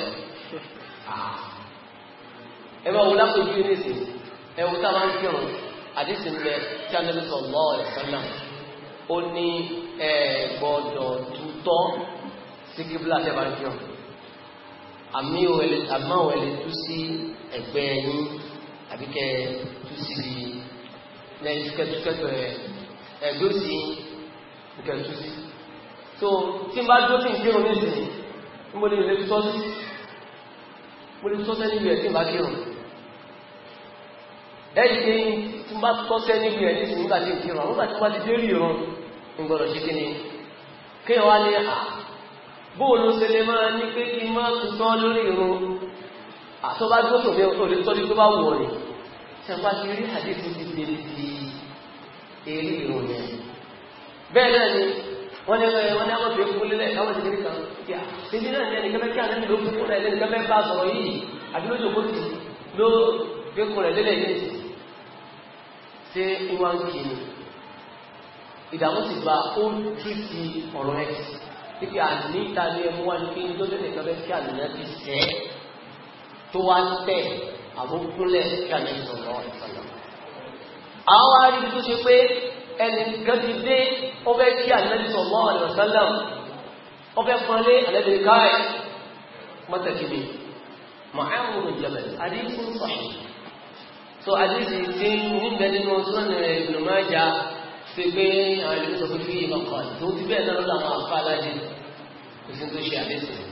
ẹ bá wo lápòjú ní ìsìn ẹ wo tá a máa ń kírun àdísìn bẹ tí àlẹ́sọ̀ náà ẹ̀sán náà ó ní ẹ gbọ́dọ̀ tutọ́ sí kíbla tẹ́ bá ń kírun àmì òwẹ̀lẹ̀ tú sí ẹ̀gbẹ́ yín àbíkẹ́ tú sí bíi lẹ ìkẹtùkẹtù ẹ ẹgbẹ́ òsì ìkẹtù sí so tí n bá dúró sí ìkírun nísìnyí mo lè lè tọ́ sí mo lè tọ́ sẹ́ níbi ẹ̀ tí n bá kírun ẹ̀yìn pé tí n bá tọ́ sẹ́ níbi ẹ̀ nísìnyí nígbà tí n kírun àwọn àti wọ́n ti dé rí irun ń gbọ́dọ̀ ṣe kí ni kí wọ́n á ní à bóòlù ṣe lè máa ní pé kí n máa tún tán lórí irun àtọ́bá dúró tòmí òlè tọ́jú tó tẹ̀wá ti rí àdéhùn ti dé ti eré ìròyìn bẹ́ẹ̀ náà ni wọ́n ní ọ̀rẹ́ wọn ní àwọn tó kú lélẹ̀ káwọn ti kiri kan kí a tèmi náà ní ẹnìkan bẹ́ẹ̀ kí àná ló kú rẹ̀ lẹ́nìkan bẹ́ẹ̀ bá sọ̀rọ̀ yìí àbí lójú òkú ti ló gbé kú rẹ̀ lélẹ̀ yìí ṣé ìwà ń kì ni ìdààmú ti gba ó ń tú ti ọ̀rọ̀ rẹ̀ ìta ni ẹmu wá ní kí n tó lẹ́nìkan àbókúnlẹ̀ kí àlejò sọ̀rọ̀ ìsọ̀rọ̀. àwọn arígbé tó ṣe pé ẹnì kan ti dé ó fẹ́ kí àlejò sọ̀rọ̀ ìsọ̀rọ̀ ó fẹ́ pọnlé àlejò káì mọ́tẹ̀kìlì mọ̀ẹ́mù ìjọba àdínkù sọ̀rọ̀. tó àdínkù ti níbẹ̀ nínú sọ́nà Ibn Majah ṣe pé àwọn ìlú sọ pé fíìmù kan tó ti bẹ́ẹ̀ náà lọ́dọ̀ àwọn àfáàlájì kò sí tó ṣe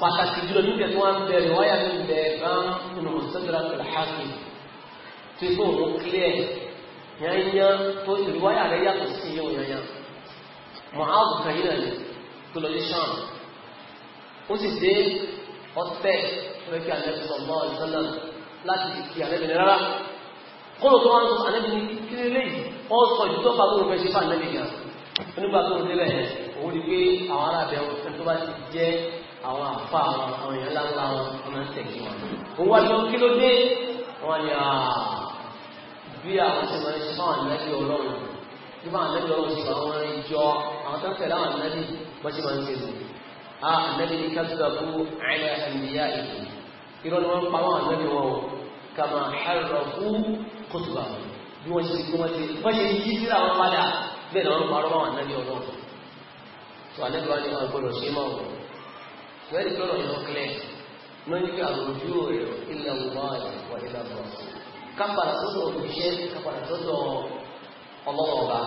pàtàkì jùlọ níbi tí wọ́n bẹ̀rẹ̀ wáyà ní ilẹ̀ bá nínú mùsùlùmí alhaki tí ó ń kílẹ̀ yányá tó ìlú wáyà rẹ̀ yàtọ̀ sí iye òyànyá mọ̀háàbù kàyínà ni tó lọ sí sàn ó sì dé ọtẹ rẹ̀kí àlẹ́sọ̀ mọ́ ìsọ́nà láti kí àlẹ́bìnrin rárá kọ́nà tó wọ́n sọ àlẹ́bìnrin kiri léyìí wọ́n sọ ìjọ́ bá gbọ́dọ̀ fẹ́ ṣe fà àlẹ́bìnrin nígbà tó ń délẹ̀ òun ni pé àwọn arábẹ̀ tó bá ti jẹ́ àwọn àfa àwọn àwọn èèyàn ńláńlá wọn wọn máa ń tẹ̀lé wọn. òun wá lọ kí ló dé wọn ni bí àwọn ṣe máa ń ṣe fáwọn ìlẹ́bí ọlọ́run bí fáwọn ìlẹ́bí ọlọ́run ṣe máa ń jọ àwọn tó ń tẹ̀lé àwọn ìlẹ́bí wọ́n ṣe máa ń ṣe lò. a ìlẹ́bí ni kájúdàbú àìlẹ́ ìyá ìlú irọ́ ni wọ́n pa àwọn ìlẹ́bí wọn o kàmá àìrọ̀ fún kótóbà bí wọ́n ṣe kí wọ́n ṣe wọ́n ṣe yí síra wọn padà bẹ́ẹ̀ ni wọ́n parọ́ wọ́n ti tọ́lọ̀ yọ kílẹ̀ wọ́n ti fi àròjú rẹ̀ ilẹ̀ wọn wà nílẹ̀ wọn. kápára sọ́dọ̀ òṣìṣẹ́ kápára sọ́dọ̀ ọlọ́wọ́ba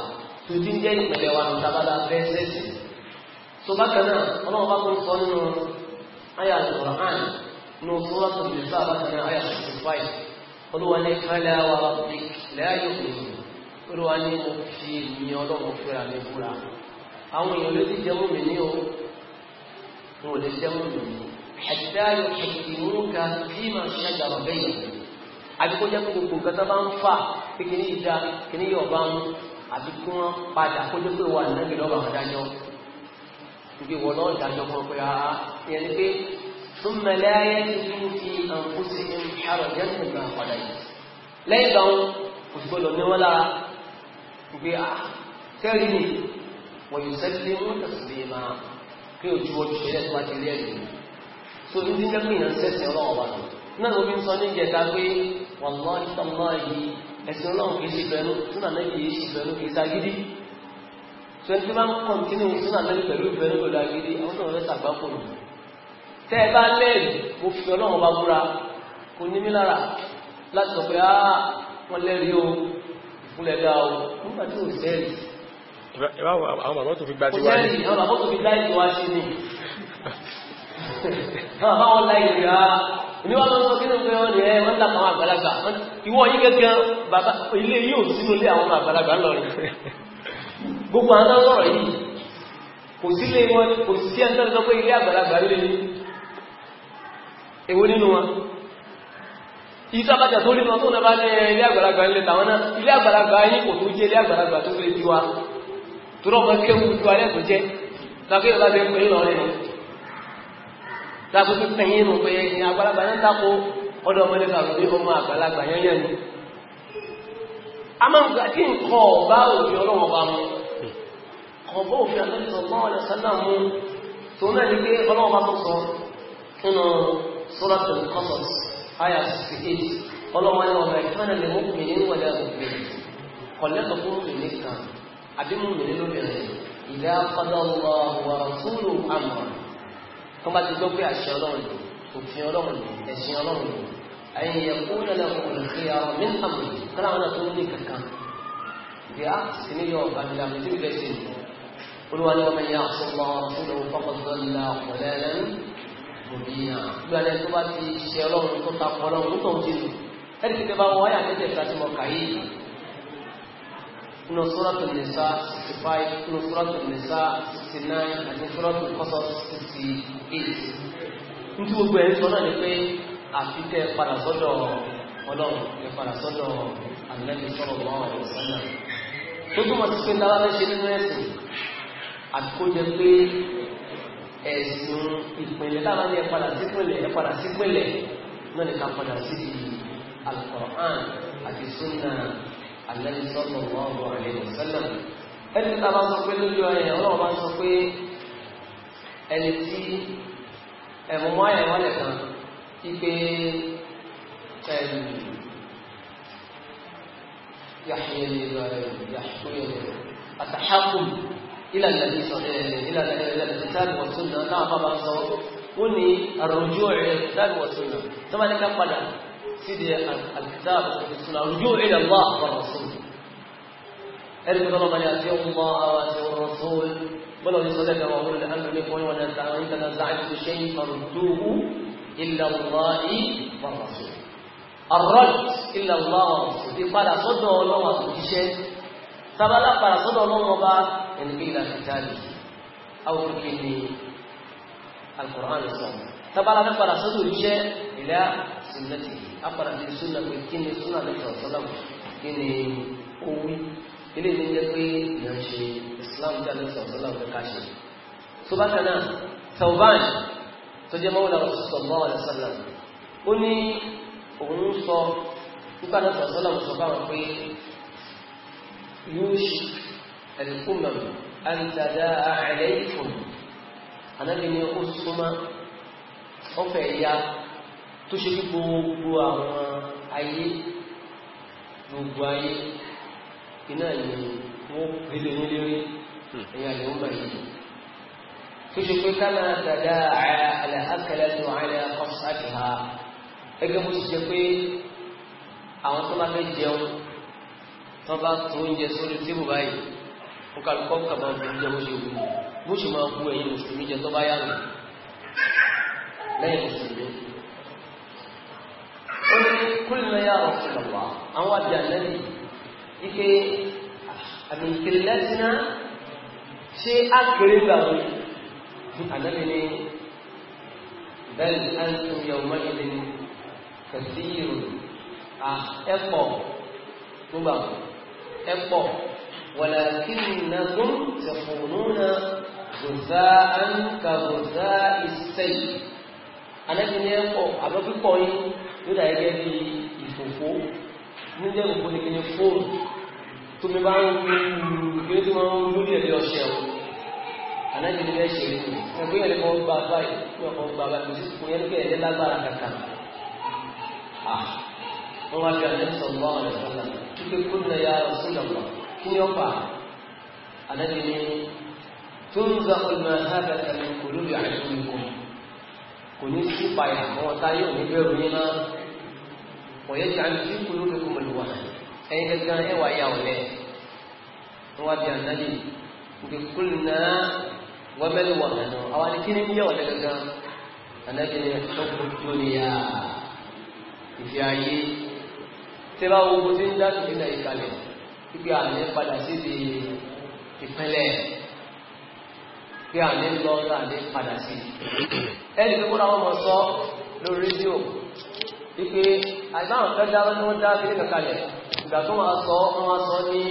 tó ti ń jẹ́ ìpìlẹ̀ wa ní tábàdà fẹ́ẹ́sẹ̀sì. tó bá kan náà ọlọ́wọ́ba kò sọ nínú àyà Al-Qur'an nínú sọ́dọ̀ tó lè sọ àbákan náà àyà sixty five olúwa ní kálá wa bí láàyò òní olúwa ní mo fi ìyẹn ọlọ́wọ́ fúra mi fúra àwọn èèyàn ló ti jẹ́ mọ́mí ní o wọn ò lè ṣe wọn lòdì ẹ̀dáyọ̀ ìmúrúka bí máa ṣàjà ọ̀bẹ yìí àdúgbò jẹ́ pé gbogbo nǹkan tó bá ń fà pé kí ní ìdá kí ní yọ̀ọ̀bá ń àti kí wọ́n padà kó pé wà nínú ìlọ́ba àwọn ibi wọ́n náà dájọ́ fún pé ara ìyẹn ni pé tún mẹ́lẹ́ ayé ti fún ti àǹkóṣe ní àrọ̀ jẹ́ ní ìgbà padà yìí lẹ́yìn ìgbà wọn kò sì gbọdọ̀ ní wọn lára gbé à tẹ́rì ni wọ́n yóò sẹ́lẹ̀ pé ojú ojú ṣẹlẹ̀ tó bá ti rí ẹ̀dùn tó ní ní lẹ́gbẹ̀ẹ́ yẹn sẹ́sẹ̀ ọlọ́wọ́ bá náà ló fi ń sọ ní ìjẹta pé wàláhì tàláhì ẹ̀sìn ọlọ́run kìí ṣe pẹ̀lú súnà náà kìí ṣe pẹ̀lú kìí ṣagídí tó ẹni tó bá ń kọ̀ǹtínú súnà náà pẹ̀lú pẹ̀lú pẹ̀lú agídí àwọn náà rẹ̀ sàgbákò nù tẹ́ ẹ bá lẹ́ẹ̀lì mo fi ọlọ́run bá búra kò ní mí lára láti sọ pé á wọ́n lẹ́rìí o ìfúnlẹ̀ dá o nígbà tí ò sẹ́ẹ̀lì àwọn bàbá tó fi gbá ti wá ní àwọn bàbá tó fi gbá ti wá sí ní àwọn bàbá wọn láì rí àá ní wọ́n lọ́sọ kí ní pé wọ́n ní ẹ wọ́n tàbí àwọn àgbàlagbà ìwọ yí gẹ́gẹ́ bàbá ilé yóò sínú lé àwọn àgbàlagbà lọ́rin gbogbo àwọn sọ̀rọ̀ yìí kò sí lé wọn kò sí ẹ̀ńtọ́ sọ pé ilé àgbàlagbà lé ní èwo nínú wọn ìsàbàjà tó rí wọn tó náà bá ní tọrọ ọmọ kéwù ju alẹ́ kò jẹ́ tàbí ọba bẹ pé lọrẹ ni tàbí tó tẹ̀yìn nù pé ẹ̀yìn àgbàlagbà náà tako ọ̀dọ̀ ọmọdé kan lórí ọmọ àgbàlagbà yẹn yẹn ni. a máa ń gbà tí nǹkan ọba òfin ọlọ́wọ́ bá mu ọba òfin àtọ́jú ọmọ ọ̀dọ̀ sánà mu tó náà ní pé ọlọ́wọ́ bá tó sọ nínú suratul Qasas àyà sixty eight ọlọ́wọ́ ni ọmọ ìtọ́nà lè mú kùnìyàn wọlé àgbègbè kọ̀lẹ́tọ̀ fún kùnìyàn àbí mú mi nínú bẹ̀rẹ̀ ìdá kọ́dọ̀lọ́ wọ̀rọ̀ fúlù àmọ̀ tó bá ti gbọ́ pé àṣẹ ọlọ́run òfin ọlọ́run ẹ̀sìn ọlọ́run ẹ̀yìn ẹ̀kú lọ́lẹ̀ òkè ọ̀rọ̀ ní àmì kọ́lá wọn tó ní kankan bí a sì ní yọ ọ̀gá mi lámì sí ni olúwa ni wọn yà fún wọn fún òun nínú sọ́rọ̀tù nìsá 65 nínú sọ́rọ̀tù nìsá 69 àti sọ́rọ̀tù kọ́sọ̀ 68 ní tí gbogbo ẹ̀ ń sọ náà ni pé àfikẹ́ padà sọ́dọ̀ ọlọ́run ẹ padà sọ́dọ̀ àlẹ́bí sọ́rọ̀ lọ́wọ́ ìsọ́nà tó túmọ̀ sí pé lára ṣe nínú ẹ̀sìn àkójẹ pé ẹ̀sìn ìpìnlẹ̀ lára ní ẹ padà sípìnlẹ̀ ẹ padà sípìnlẹ̀ náà ni ká padà sí Al-Qur'an àti sunnah àlẹ́ sọ́nà wọn wọ àlẹ́ ìṣẹ́lẹ̀ ẹni tí a bá sọ pé lójú ọyẹ ọlọ́wọ́ bá sọ pé ẹni tí ẹ̀mọ́mọ́ ayẹ̀ wọlé ti pé ẹni yàhìyẹ ni yàhìyẹ àtàhákùn إلى الذي إلى إلى الكتاب والسنة نعم طبعا صوت وني الرجوع إلى الكتاب والسنة ثم لك سيدي الكتاب والسنة الرجوع إلى الله والرسول ارجو الله من يأتيه الله ويأتيه الرسول ولو يصدق وأقول الأمر منكم ولا تعالى تنازعت في شيء فردوه إلا الله والرسول الرد إلا الله والرسول قال صدق الله وأخذ tabala para sọ́dọ̀ الله ọba ẹnìkí ìlànà ìjáde أو ni القرآن sọ tabala mẹ́pàdà sọ́dọ̀ ìṣẹ́ إلى sílẹ̀tì apàdà sí súnà pé kí ni súnà lẹ́yìn ọ̀sọ́lá kí ni ó wí ilé ní jẹ́ pé èèyàn ṣe islam jẹ́ lẹ́yìn ọ̀sọ́lá pé ká ṣe tó bá kanáà Tawban tó jẹ́ mọ́wọ́lá sallallahu alaihi wasallam ó ní òun sọ nípa lẹ́yìn ọ̀sọ́lá sọ fáwọn pé yóò ṣe al-umam an tadaa alaykum anábìnrin ó súnmọ́ ó fẹ́ tó ṣe ní gbogbo àwọn ayé gbogbo ayé iná ni wọ́n gbélé ní lérí hmm. ẹ̀yà ló ń bà yìí tó ṣe pé ká máa dàda àlẹ́ tó àlẹ́ ọ̀sáàdì ha gẹ́gẹ́ bó ṣe pé àwọn tó máa fẹ́ jẹun tó bá tó oúnjẹ sórí tébù báyìí ó kàlùkọ́ kàbọ̀ oúnjẹ bó ṣe wù bó ṣe máa kú ẹ̀yìn mùsùlùmí jẹ tó bá yà lọ lẹ́yìn mùsùlùmí ó ní kúlẹ̀ yà Rasulullah àwọn àjà lẹ́yìn ike ah, àmì ìkìlẹ̀ lẹ́sìnà ṣé àgbèrè gbà wọ́n ànábì ní bẹ́ẹ̀ antum yawma idin kathirun ah, ẹ̀pọ̀ gbogbo àwọn ẹ̀pọ̀ walakinnakum takununa غثاء كغثاء السيل alẹ́bí ní ẹ̀kọ́ àbọ̀ pípọ̀ yín yóò dà gẹ́gẹ́ bí ìfòfó níjẹ́ òfò ní kíni fóònù tó mi bá ń lu kí ló ń lórí ẹ̀dí ọ̀ṣẹ́ o alẹ́bí ní ẹ̀ṣẹ̀ rí mi ẹ̀kọ́ yẹn lẹ́kọ́ gba báyìí ní ọkọ̀ gba báyìí kò sí kò yẹn lókè ẹ̀dẹ́ lágbára kàkà wọ́n wá bí alẹ́ sọ̀rọ̀ bá wọn lẹ́sọ̀ náà kíkẹ́ kó lè ya ọ̀sùnlọ̀pọ̀ kí ni ọ̀pá alẹ́bí ní tó ń zàkùnmọ̀ kò ní sí payà àwọn táyé òní bẹ̀rù yín náà wọ́n yẹ ṣáà ń tí kúrú ní kúmọ̀lù wà ẹ̀yin gẹ́gẹ́ ẹwà ya ọ̀lẹ́ wọ́n wá bí ànáyè nké kúlù náà wọ́n mẹ́lẹ̀ wà nínú àwọn ni kí ni yẹ ọ̀lẹ́ gẹ́gẹ́ ànáyè ni ọkùnrin tó ní yá ìfi ayé tí bá wo bó ti ń dá sí ìlà ìkàlẹ̀ ibi àná padà sí ti ìpínlẹ̀ pé à ní lọ là ní padà sí ẹni pé kódà wọn mọ sọ lórí rédíò wípé àìbáwọn fẹ́ dá wọn ni wọ́n dá kíní kankalẹ̀ ìgbà tó wọn sọ wọn wá sọ ní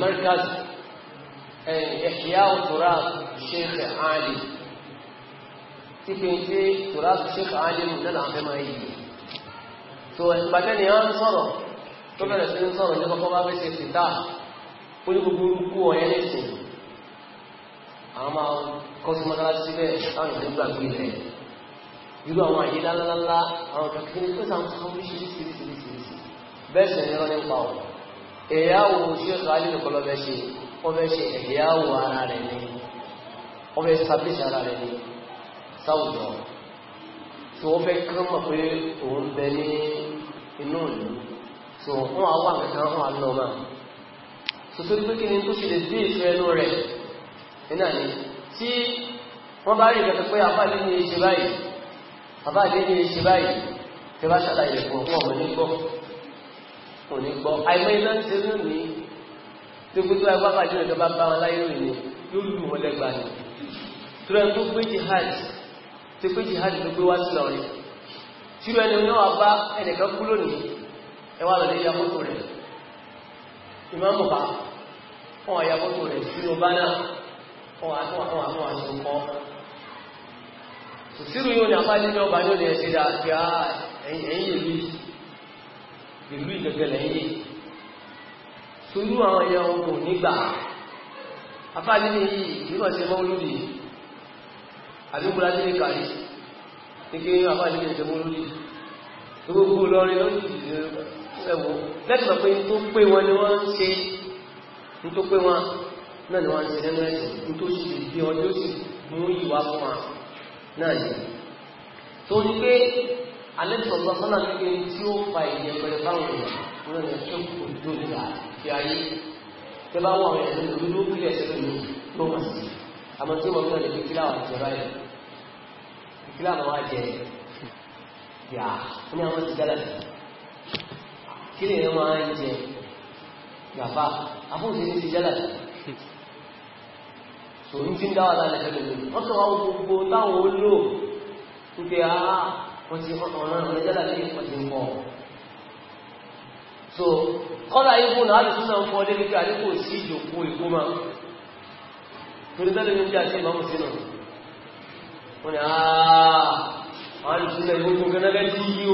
Markaz Ihya Turab Sheikh Ali tí kí n ṣe Turab Sheikh Ali mú náà fẹ́ máa yìí so ìgbàjẹ́ ni wọ́n sọ̀rọ̀ tó bẹ̀rẹ̀ sí ń sọ̀rọ̀ ní kọ́kọ́ bá fẹ́ ṣe fìtá ó ní gbogbo orúkú ọ̀yẹ́ lẹ́sìn àwọn máa kọ́ sí mọ́tàlá síbẹ̀ táwọn èèyàn gbàgbé rẹ̀ irú àwọn àyè lálálálá àwọn kàkiri tó sàn fún oríṣiríṣiríṣiríṣi bẹ́ẹ̀ sì ni wọ́n ní pa ọ̀ ẹ̀yáwó ṣíṣe alẹ́ nìkan lọ́bẹ̀ ṣe ọbẹ̀ ṣe ẹ̀yáwó ara rẹ̀ ni ọbẹ̀ ṣàbíṣe ara rẹ̀ ni sáwùjọ tí wọ́n fẹ́ kán mọ̀ pé òun bẹ ní inú ìlú tí wọ́n fún àwọn àkàkà wọn lọ́mà tuntun pé kí ni tó ṣe lè dé ìfẹ́ ẹnu rẹ̀ iná ni tí wọ́n bá rí ìgbẹ̀fẹ́ pé àbáyé ní ṣe báyìí àbáyé ní ṣe báyìí tí bá ṣàlàyé fún ọmọ ọmọ nígbọ́ kò ní gbọ́ àìmọ́ iná ń ṣe lónìí tó gbé tó wáyé wákà jùlọ tó bá bá wọn láyé lónìí yóò lù wọn lẹ́gbà ni tó rẹ̀ tó gbé jihad tó gbé jihad tó gbé wá sí lọ rẹ̀ tí rẹ̀ ni wọ́n bá ẹnìkan kú lónìí ẹ wá lọ lé yakótó rẹ̀ ìmọ̀ mọ̀ bá wọn yakótó rẹ̀ sínú bá náà ọwà tó wà tó wà tó wà tó kọ́ tòsírù yóò ní apá nílé ọba yóò ní ẹ̀ṣẹ́ dà kí á ẹ̀yìn ìlú ìlú ìgẹ̀gẹ̀ lẹ́yìn torú àwọn ẹ̀yà ọkọ̀ nígbà apá nílé yìí nígbà tí wọ́n lórí àbíkúra nílé kàrí ní kí apá nílé tí wọ́n lórí gbogbo lọrin lọ́rìn ẹ̀wọ̀ lẹ́tọ̀ pé tó pé wọn ni wọ́n ń ṣe tó pé wọn náà ni wọ́n ti nínú ẹ̀sìn ní tó ṣe bí ọjọ́ sì mú ìwà fún wa náà yìí tó ní pé alẹ́sọ̀gbọ́n sọ́nà nígbè tí ó fa ìyẹn pẹ̀lú báwọn èèyàn wọn lè ṣe òjò nígbà fi ayé tẹ bá wọn àwọn ẹ̀sìn lórí ló kílẹ̀ ẹ̀sìn lórí ló wà sí àmọ́ tí wọ́n fẹ́ràn lè fi kíláwà jẹ báyìí kíláwà wá jẹ yà ní ti dálà kílẹ̀ tòun ti ń dá wà lálẹ́ fẹ́lẹ̀ lórí wọ́n sọ àwọn gbogbo táwọn ó lò ń pe àá wọ́n ti fọ́n ọ̀rọ̀ náà lọ́jọ́ láti ní so kọ́lá yìí fún láti tún náà ń fọ́ ọdẹ wípé àdínkù sí ìjòkó ìkó máa torí bẹ́ẹ̀ ló ń bí àti ìmọ̀mù sínú wọ́n ni àá wọ́n á lè tún náà ìwọ́n gbọ́n gẹ́gẹ́ tí yí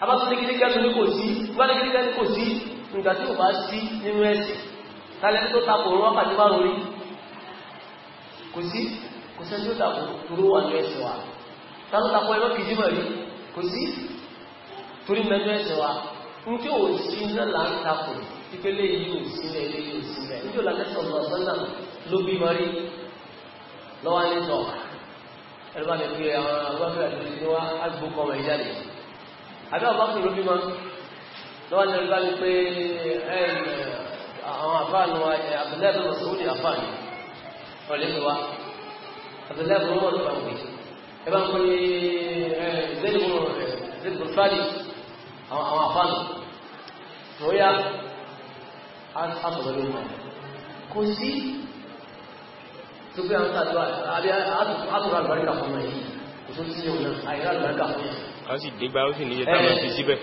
abátúndégídégá tó ní kò sí gbádégídégá ní kò sí nígbà tí ò bá sí nínú ẹ̀sìn tálẹ́ tó tapò rán pàdé bá rọrí kò sí kò sẹ́ tí ó tapò dúró wà ní ẹ̀sìn wa tálọ́ tapò ẹ̀rọ kìí jímọ̀ rí kò sí torí mẹ́nu ẹ̀sìn wa ní tí ò sí náà là ń tapò ìpele yìí ò sílẹ̀ ilé ẹ̀rọ bá lè fi àbí àwọn bákan ló bímọ lọ́wọ́ ní ọdún bá mi pé àwọn àfáànù àbẹ̀lẹ́bẹ̀ mọ̀sùlùmí àfáànù ọ̀lẹ́ mi wá àbẹ̀lẹ́bẹ̀ mọ̀ ló bá wù ẹ bá ń pè é zẹ́lì mọ̀ zẹ́lì mọ̀ fáàlì àwọn àfáànù tó yá àtọ̀lẹ́ mọ̀ kò sí tó gbé àwọn àtọ̀lẹ́ àlùbáríkà fún mi kò tó sí òun àìrá àlùbáríkà fún mi a sì dégbà ó sì níye táwọn eh, fi síbẹ̀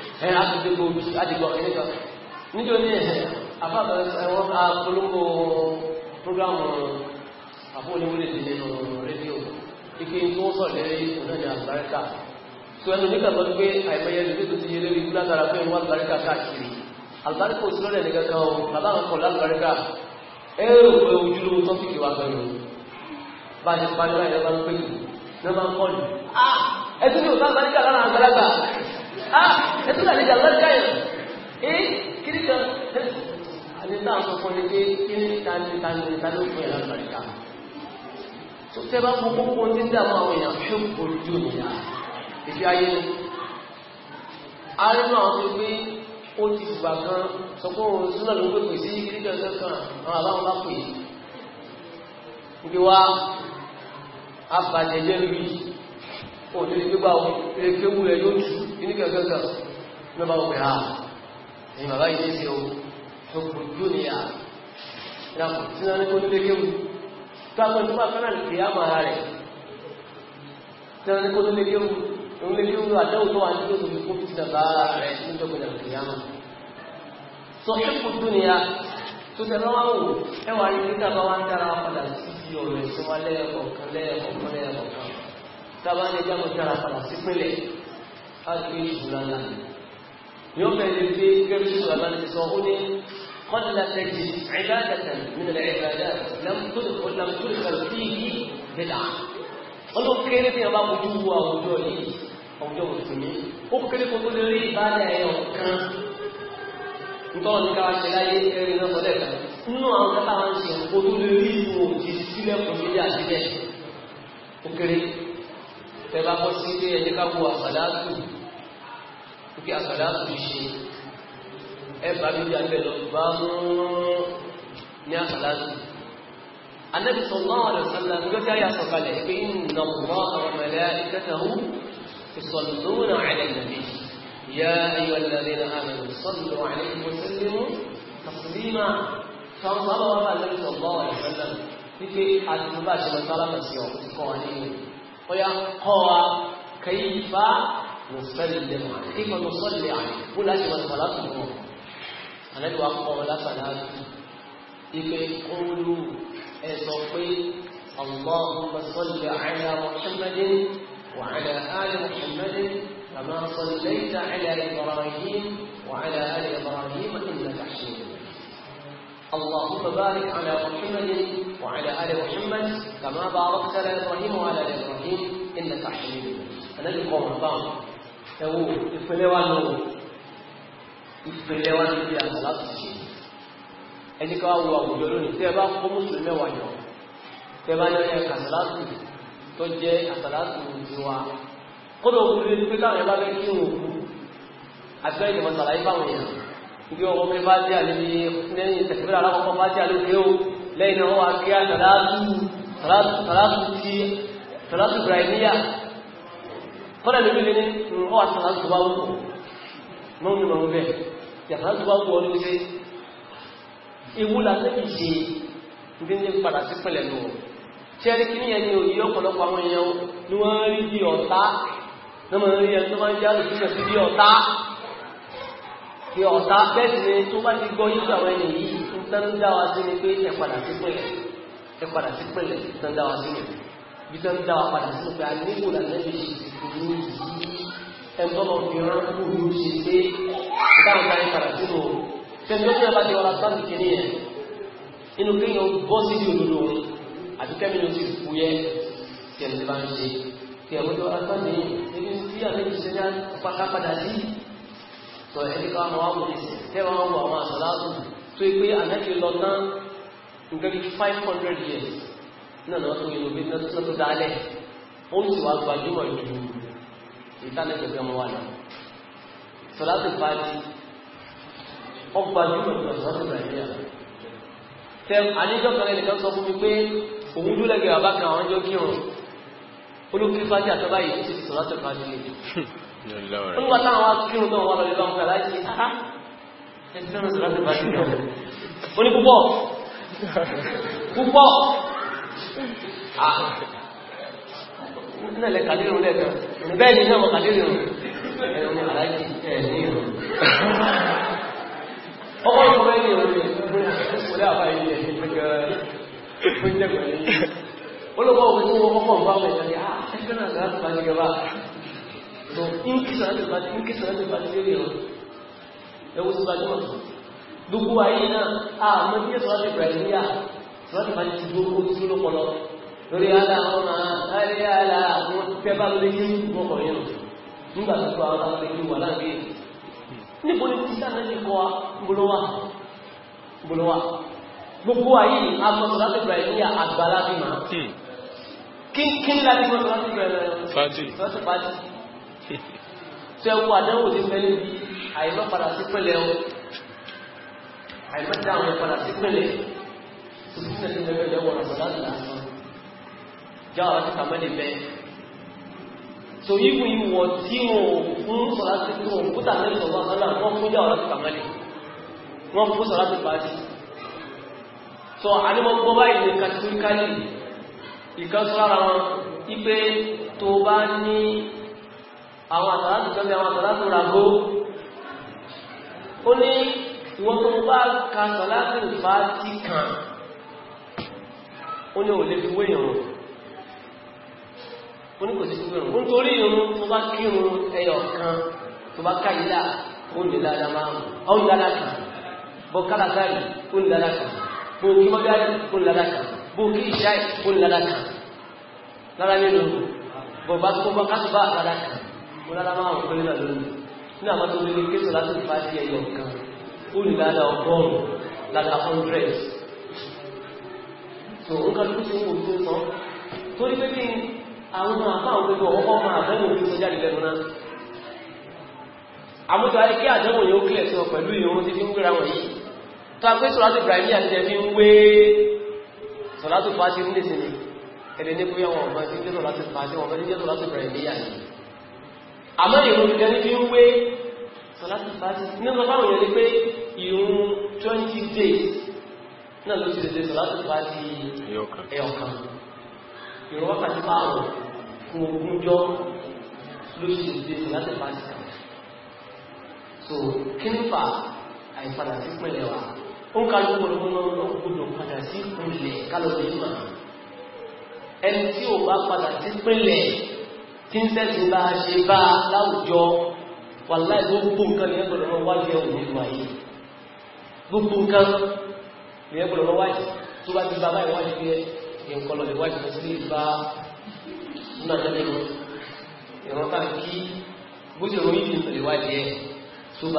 ike tí wọ́n sọ lẹ́rẹ́ ìkùnà ní àgbáríkà tí wọ́n ní kàtọ́ pé àìmọye lórí tó ti yẹ lórí látara pé wọ́n àgbáríkà káàkiri àgbáríkà òsì lọ́rẹ̀ nìkankan o bàbá àwọn kọ̀ lágbáríkà ẹ̀rọ ojúlówó tọ́fíìkì wa gan-an bá a ti parí láì lọ́ba ń pè ní ọmọ kọ́ ni ah, ẹtú ní òtá àgbàlẹ́jà lára àgbàlagbà ah, ẹtú ní àlejò àgbàlagbà yẹn ẹ kiri kan àlejò àwọn ọkọ ni pé kiri ta ni ta ni ta ni ó fún yàrá àgbàlagbà tó tẹ́ bá mú kókó tí ń dà mọ́ àwọn èèyàn fún olùjọ́ nìyà ìfi ayé ni arínú àwọn tó gbé ó ti fìgbà kan sọ pé òun súnà ló gbé pèsè kiri kan kankan àwọn àbáwọn bá pè é ìgbé apàtẹ̀jẹ́ lórí òtúrí gbígbà erékéwú rẹ̀ yóò tú inú kẹ̀kẹ́kẹ́ ló bá wọ́pẹ̀ àà ẹ̀yìn bàbá yìí ṣe o tó kù jù ní à ìràpọ̀ tí wọ́n ní kó nílé kéwú tábọ̀ tó bá fẹ́ràn lè á máa rẹ̀ tí wọ́n ní kó nílé kéwú òun lè kéwú àtẹ́wò tó wà ní tó tóbi kó ti dàbà rẹ̀ níjọba ìdàgbà ìyáma sọ tó kù jù ní à tó tẹ̀lé wọn wò ẹwà yìí nígbà bá wá ń dára padà sí fi ọ̀rọ̀ ẹ̀sìn wa lẹ́ẹ̀kọ̀ọ̀kan lẹ́ẹ̀kọ̀ọ̀kan lẹ́ẹ̀kọ̀ọ̀kan tábà ní ẹjá mọ̀tí ara padà sí pínlẹ̀ ágbé ìṣúlálá ni yóò bẹ̀rẹ̀ pé gẹ́gẹ́ ìṣúlálá ni sọ ó ní kọ́nìlá tẹ̀jì ìlàdàtà nínú ìlàdà lámtúrùkọ̀ sí ìdí nítorí ní káwà ṣe láyé ẹrin náà sọ́lẹ̀ kan nínú àwọn kátà wọn ṣe kó tó lè rí ìwò òjì sílẹ̀ fún ilé àṣìlẹ̀ ó kéré tẹ bá bọ́ sí ilé ẹjẹ́ ká wo àsàlátù kí àsàlátù ṣe ẹ bá mi bí abẹ lọ bá mú ní àsàlátù anabi sallallahu alaihi wasallam ló ti àyà sọ̀kalẹ̀ يا أيها الذين آمنوا صلوا عليه وسلموا تسليما كان النبي صلى الله عليه وسلم لكي المباشر الطلبة سيوم قوانين ويا قوى كيف نسلم عليه كيف نصلي عليه قل أجمل صلاة النور النبي وقال صلاة لكي قولوا أسوقي اللهم صل على محمد وعلى آل محمد كما صليت على إبراهيم وعلى آل إبراهيم إنك حميد اللهم بارك على محمد وعلى آل محمد كما باركت على إبراهيم وعلى آل إبراهيم إنك حميد مجيد أنا اللي قوم بام تو إفلوانو إفلوانو في الصلاة ẹni ká wo àwùjọ lónìí tẹ́ bá kó mùsùlùmí mẹ́wàá yọ tẹ́ bá yọ ẹ̀ kàṣàlátù tó jẹ́ àṣàlátù tiwa kódà obìnrin ní pé táwọn yẹn bá fẹ́ kí òun kú àti bẹ́ẹ̀ ìjọba sàlàyé fáwọn èèyàn ibi ọkọ̀ pé bá jẹ́ àlejò lẹ́yìn tẹ̀síbílà alákọ̀ọ́kọ́ bá jẹ́ àlejò o lẹ́yìn náà wà kí á sàlátù ti sàlátù ibrahimiya kódà lóbi lé ní ọ wà sàlátù bá wù mọ́ mi mọ̀ bẹ́ẹ̀ yà sàlátù bá wù ọ ní ṣe ewu la fẹ́ fi ṣe ní ní padà sí pẹ̀lẹ́ nù ṣẹ́ẹ́rì kí ni ẹni òyìn ọ̀pọ̀lọpọ̀ àwọn èèyàn ni wọ́n rí bí ọ̀tá náà mọ̀ rí ẹni tó máa ń jẹ́ àlùfíà sí bí ọ̀tá bí ọ̀tá bẹ́ẹ̀ ni tó bá ti gbọ́ yíṣọ́ àwọn ẹni yìí ń tán dá wa sí ni pé ẹ padà sí pẹ̀lẹ́ ẹ padà sí pẹ̀lẹ́ ń tán dá wa sí ni bí tán dá wa padà sí pé a nílò làlẹ́ bí ìlú yìí ẹ tọ́lọ̀ fi rán kú ní ṣe pé dáhùn táyé padà sí lò fẹ́mi ó bá ti wà lásán kìíní yẹn inú kéèyàn bọ́ sí ìdí òdodo Tiap itu orang tadi, jadi dia ni misalnya pakai pada si, so ini kalau mau apa ni? Tiap orang mau apa salah tu, so itu anak itu lontar, mungkin 500 years, na na tu itu business tu tu dah leh, orang tua baju baju, kita ni kerja mawana, salah tu pagi, orang baju baju salah tu dah leh. Tiap anak itu kalau ni kan so pun pun, orang tu lagi abang kawan jauh kiri olókìrí fájì àtọ́bá yìí títí ti sọ̀rọ̀ àtọ́bá sí ilé olúwa táwọn akírun náà wà lọ́lẹ́ bá ń fẹ́ láti aha ẹsẹ̀ náà sọ̀rọ̀ àtọ́bá sí ilé ó ní púpọ̀ púpọ̀ náà lẹ kàlérò lẹ́ẹ̀kan bẹ́ẹ̀ ni náà mọ̀ kàlérò ẹ̀rọ ni. aláìsí ẹ̀ ní ìrù ọmọ ìfọwọ́ ẹ̀yìn ìrù ní ìpínlẹ̀ àbáyé ẹ̀ olùkọ́ òun tó wọ́n kọ́ bá mẹ́ta ah, ní àṣẹ́gbẹ́ náà láti bá nígbẹ́ bá tó ń kìsà láti bá ń kìsà láti bá nílé rẹ̀ ẹwọ́ sí bá jọmọ̀ gbogbo ah, náà àmọ́ bí ẹ̀sọ́ láti bẹ̀rẹ̀ níyà láti bá ní ti gbogbo tí ló pọlọ lórí ala àwọn ayé ala àwọn tẹ́ bá lórí yín wọ́n kọ̀ yẹn nígbà tó kọ́ àwọn akẹ́kẹ́ yìí wà láàbí níbo ni títà náà ti láti bẹ̀rẹ̀ níyà àgbàlá bí kí kí láti gbọ́dọ̀ láti bẹ̀rẹ̀ fàájì lọ́sẹ̀ fàájì tí ẹ wo àdánwò ní mẹ́lẹ́ bí àìmọ́ padà sí pẹ̀lẹ́ o àìmọ́ dá àwọn padà sí pẹ̀lẹ́ tuntun náà ti mẹ́lẹ́ lẹ́wọ̀ rọ̀mọ̀dá ti láti lọ já àwọn ti kà so yíwu ìwọ̀ tí mo fún sọ̀rọ̀ sí pé òun kúta mẹ́lẹ́ sọ̀rọ̀ àkọ́lá wọ́n fún já àwọn ti kà mẹ́lẹ́ fàájì ìkan tó lára wọn wípé tó bá ní àwọn àtàlátù kan bí àwọn àtàlátù ràgó ó ní ìwọ́n tó bá ka sàlátù bá ti kàn ó ní ò lè fi wé ìrùn ó ní kò sí fífẹ́ ìrùn nítorí ìrùn tó bá kírun ẹyọ kan tó bá ká ìlà ó ní dáadáa márùn-ún ó ní kan bọ́ kálátà yìí ó ní dáadáa kan bọ́ kí mọ́gá yìí ó ní dáadáa kan bó kí ìṣá ìkó lára kan lára mélòó bó bá kó bá kásùbá lára kan mo lára máa ń pẹ́ náà lónìí ní àwọn tó lé kéṣọ láti fà sí ẹyọ kan ó ní lára ọgọ́rùn-ún lára hundred tó ń kálukú sí ń wò tó sọ torí pé kí àwọn àpá àwọn gbogbo ọkọ̀ máa bẹ́ẹ̀ òfin sọ jáde lẹ́nu náà àmójọ ayé kí àdánwò yóò kílẹ̀ sọ pẹ̀lú ìhun tí sọ̀látù fàájì ń lè sinmi ẹ̀lẹ́ ní bóyá wọn ọ̀gbọ́n sí ilé sọ̀látù fàájì wọn bẹ́ẹ̀ jẹ́ sọ̀látù bẹ̀rẹ̀ ní yàrá àmọ́ ìrùn ìjẹ́ ní fi ń wé sọ̀látù fàájì ní sọ fáwọn èèyàn pé ìrùn 20 days náà ló ti lè sọ̀látù fàájì ẹ̀ọ̀kan ìrùn wákàtí márùn fún ogún jọ ló ti lè sọ̀látù fàájì kan so kí ń fa àìpadà sí pẹ̀lẹ̀ wa ó ń kájú gbogbo ọgbọ̀dọ̀ padà sí ìpínlẹ̀ kálọ̀dé mà ẹni tí ò bá padà sí ìpínlẹ̀ tí ń tẹ́sí bá a ṣe bá a láwùjọ wà láì gbogbo nǹkan ní ẹgbẹ̀rún ọmọ wájú ẹ̀wọ̀n nínú ayé gbogbo nǹkan ní ẹgbẹ̀rún ọmọ wájú tó bá ti bá báyìí wájú pé ẹ̀ ń kọlọ̀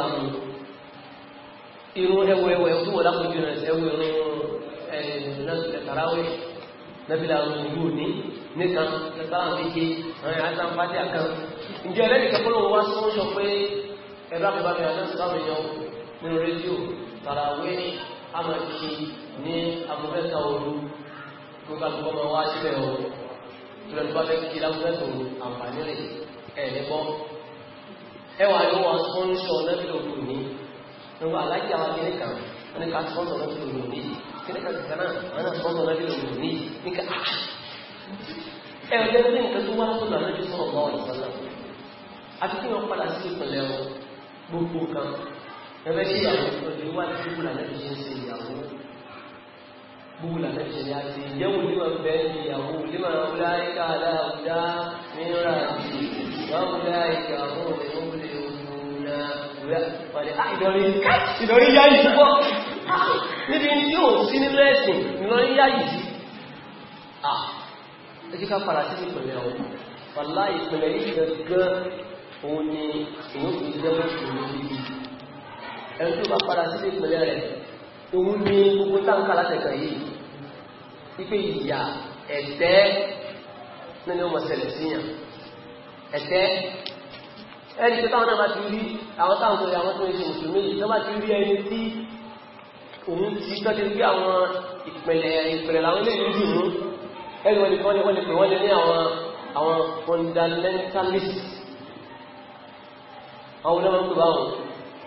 lè irun ẹwọ ẹwọ ẹwọ fún ọlápọ̀jú rẹ̀ ẹwọ irun ẹ̀tàráwé nẹ́bílá ìlú ní nìkan tẹ́tàrà méje àwọn àtàn pàdé àkàn ǹjẹ́ ẹlẹ́nìkan kọ́ lóun wá sọ́n sọ pé ẹ̀rọ àpòbámi àtẹ́sọ̀tàwọn èèyàn nínú rédíò tàràwé amọ̀kì ní amọ̀fẹ́ta òru tó bá gbọ́ máa wá síbẹ̀ o tó lẹ́nu bá fẹ́ kí lámúfẹ́tò àǹfààní rẹ̀ ẹ̀ lẹ́gbọ́n ẹwà ni wọ́n sọ́n sọ nẹ́bílá òru ní ẹwọ alájà wa kìnnì kan wọn ni ká sọ́ọ̀tọ̀ náà fi lòun ní kìnnì kan kìkan náà wọn náà sọ́ọ̀tọ̀ náà fi lòun ní ní ká ẹ ọjọ́ ní nǹkan tó wá sọ́dọ̀ àná ju sọ̀rọ̀ bọ́ọ̀ ìsọ́nà àti kí wọ́n padà sí ìpínlẹ̀ wọn gbogbo kan ẹgbẹ́ sí ìyàwó ọdún wà ní gbogbo làná fi ṣe ń ṣe ìdọ̀rí yáyì púpọ̀ níbi yóò sí ní lẹ́sìn ìlọrí yáyì sí ah, ẹjíká padà sí ìpìlẹ̀ ọ̀hún pàlá ìpìlẹ̀ ìgbẹ̀gbẹ̀ òun ni ìwòsàn ìgbẹ̀mọ̀sùn ẹni tó bá padà sí ìpìlẹ̀ rẹ̀ òun ni gbogbo táǹkà látẹ̀kẹ̀ yìí wípé ìyà ẹ̀tẹ́ nínú ọmọ ṣẹlẹ̀ síyàn ẹ̀tẹ́ ẹni tí táwọn náà bá ti rí àwọn táwọn tó yà wọ́n tó ṣe òṣèlú yìí tó bá ti rí ẹni tí òun ti tọ́ ti rí àwọn ìpìlẹ̀ ìpìlẹ̀ làwọn ilé ìlú dì mú ẹni wọ́n ni kọ́ ni wọ́n ni pè wọ́n lé ní àwọn àwọn fundamentalist àwọn olóòwò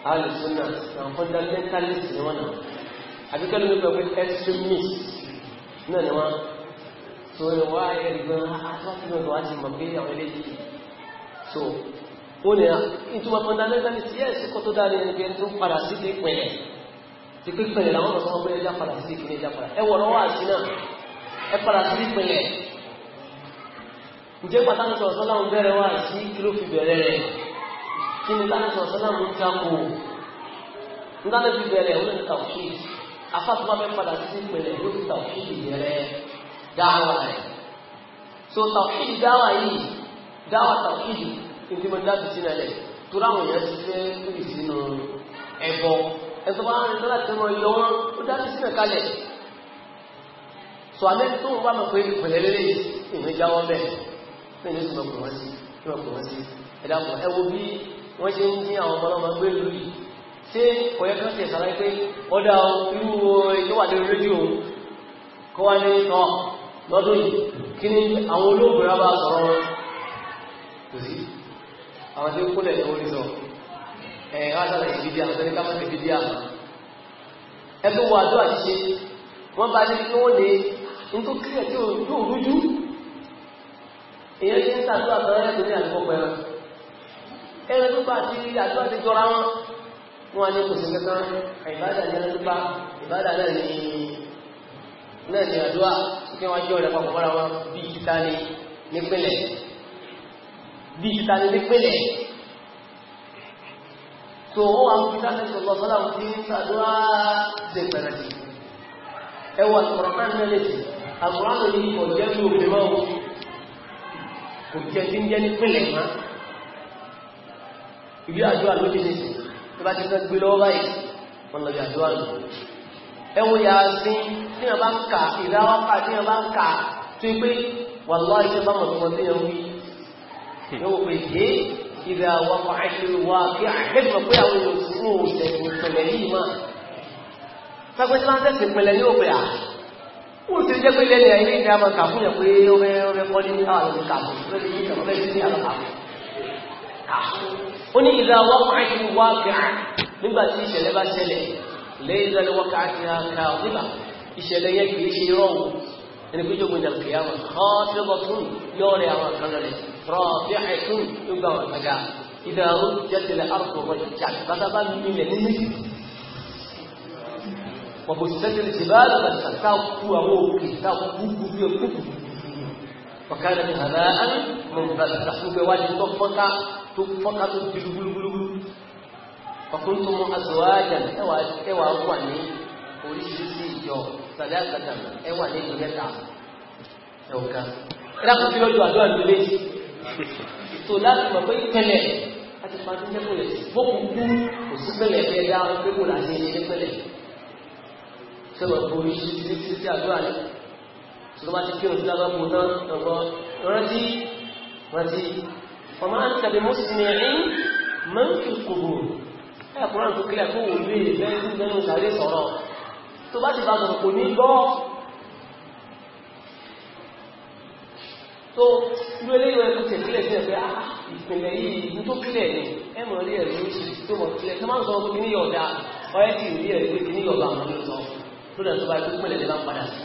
tó fundamentalist ni wọ́n náà àbíkẹ́ ló pẹ̀lú extremist náà ni wọ́n tó wá ẹ̀rí gan-an ah, ah, àti wọ́n ti mọ̀ so ó ní ìtumọ̀ fundamentalist yes kó tó dáa ní ẹni bíi ẹni tó ń padà sí ti pẹ̀lẹ̀ ti pé pẹ̀lẹ̀ làwọn ọ̀sán ọgbẹ́ ẹja padà sí ìpínlẹ̀ ẹja padà ẹ wọ̀rọ̀ wà sí náà ẹ padà sí ìpínlẹ̀ ǹjẹ́ pàtàkì sọ̀rọ̀ sọ́lá ń bẹ̀rẹ̀ wà sí kí ló fi tí mo dábì sí nílẹ̀ tó ráwọn èèyàn ti fẹ́ kúrì sínú ẹbọ ẹ̀sọ́ bá ń lọ́la tí wọ́n yọ wọn ó dábì sí nìkalẹ̀ sọ alẹ́ tó ń bá mọ̀ pé ìpìlẹ̀ lélẹ̀ ìwé jáwọ́ bẹ́ẹ̀ bẹ́ẹ̀ ni ó sì mọ̀ pọ̀ wọ́n sí mọ̀ pọ̀ wọ́n sí ẹ̀dàpọ̀ ẹ wo bí wọ́n ṣe ń ní àwọn ọmọ ọmọ gbé lórí ṣé ọ̀yẹ́ kan ti ẹ̀sà láì pé ọ̀dà irú ẹjọ́ wà lórí rédíò kọ́ wá ní ọ̀ lọ́dún kí ni àwọn olóògbé rábà sọ̀rọ̀ wọn kò sí àwọn tí ó kúlẹ̀ ní orí sọ ẹ̀rọ àtàlẹ̀ ìdídí àwọn tẹ́lẹ̀ káwọn ìdídí àwọn ẹgbẹ́ wo àdó àṣìṣe wọ́n bá ní kí wọ́n lè ní tó kílẹ̀ tí yóò rújú èèyàn ti ń sàdó àtọ́rẹ́ tó ní àdúgbò ẹran ẹran tó bá ti àdó àti jọra wọn wọn á ní kò sí kankan ìbádà ní ẹran tó bá ìbádà náà ní náà ní àdúrà kí wọ́n jọ rẹ̀ papọ̀ mọ́ra wọn bí kíta ní nípínlẹ̀ bí ìtàlélé pélẹ̀ tó ó wà fún ìtàlé sọ̀tọ̀ sọ́lá òfin ní sàdúrà ṣe pẹ̀lẹ̀ sí ẹwà sọ̀rọ̀kán mẹ́lẹ̀ sí àkùránù ní ọ̀jẹ́ ní òfin mọ́ kò jẹ́ tí ń jẹ́ ní pélẹ̀ má ibi àdúrà ló ti nìsí tó bá ti fẹ́ gbé lọ́wọ́ báyìí wọn lọ bí àdúrà lọ ẹwọ́n yà sí tí wọ́n bá ń kà ìdáwọ́pá tí wọ́n bá ń kà tó pé wà lọ́wọ́ iṣẹ́ bá mọ̀ tó wọ́n wí yóò pè é ìgbà àwọn ọmọ àṣírí wa kí àgbẹ̀gbẹ̀ pé àwọn olùsúrò ìṣẹ̀lẹ̀ ìpẹ̀lẹ̀ yìí mà tágbẹ́ tí wọ́n tẹ̀sẹ̀ ìpẹ̀lẹ̀ yóò pè à ó ti jẹ́ pé lẹ́lẹ̀ ayé ní àmọ́ kà fún yẹn pé ó fẹ́ ó fẹ́ kọ́ ní àwọn àlọ́ kà fún ó fẹ́ yíyàn ó fẹ́ sí ní àlọ́ kà àwọn ọmọ àṣírí wa kí ẹni pé jókòó ìjà kìí àwọn kọ́ọ̀tẹ́bọ̀ fún yọ́ọ̀rẹ́ àwọn kan lọ́lẹ̀ rọ́ọ̀bí àìkún ló gba àwọn ìgbàga ìdàrú jẹ́tẹ̀lẹ̀ àrùkọ̀ ọ̀rọ̀ ìjà bàtà bá mi nílẹ̀ nínú wọ̀bù sẹ́tẹ̀lẹ̀ ti bá lọ́gbà sàkàkú àwọn òkè sàkú gbogbo òkú ọ̀kadà ní àdá án mọ̀ bàtà gbogbo wájú tó fọ́ká tó fọ́ká tó di gbúlúgbúlúgbú ọkùnrin tó mọ àzọ̀wájà ẹwà wà ní oríṣiríṣi ìjọ sàlẹ̀ àgbàdà ẹ wà nínú mẹ́ta ẹ̀wọ̀ká ẹ̀dàkùn tí lọ́jọ́ àdúrà ló lé tó láti mọ̀ pé ìpẹ́lẹ̀ láti máa tún tẹ́kọ̀lẹ̀ bókun kú kò sí pẹ́lẹ̀ fẹ́ dá pé kò láti ẹni ní pẹ́lẹ̀ sọ̀rọ̀ borí títí títí àdúrà ní sọ̀rọ̀ bá ti kí òun dábàá mú náà lọ́gbọ́ rántí rántí ọmọ àǹtàbí mùsùlùmí ẹ̀rín máa ń fi kòbò tó bá ti bá sọ̀rọ̀ kò ní gbọ́ tó irú eléyìí ẹ̀kú tẹ̀ sílẹ̀ sí ẹ̀fẹ́ ah, ìpìlẹ̀ yìí ìlú tó kílẹ̀ ni ẹ mọ̀ rí ẹ̀rí tó mọ̀ kílẹ̀ tó máa ń sọ ọmọ kìíní yọ̀ọ̀dá ọyẹ́ sì rí ẹ̀rí pé kìíní yọ̀ọ̀dá àwọn ọmọ sọ tó dẹ̀ tó bá tó pẹ̀lẹ̀ lè máa padà sí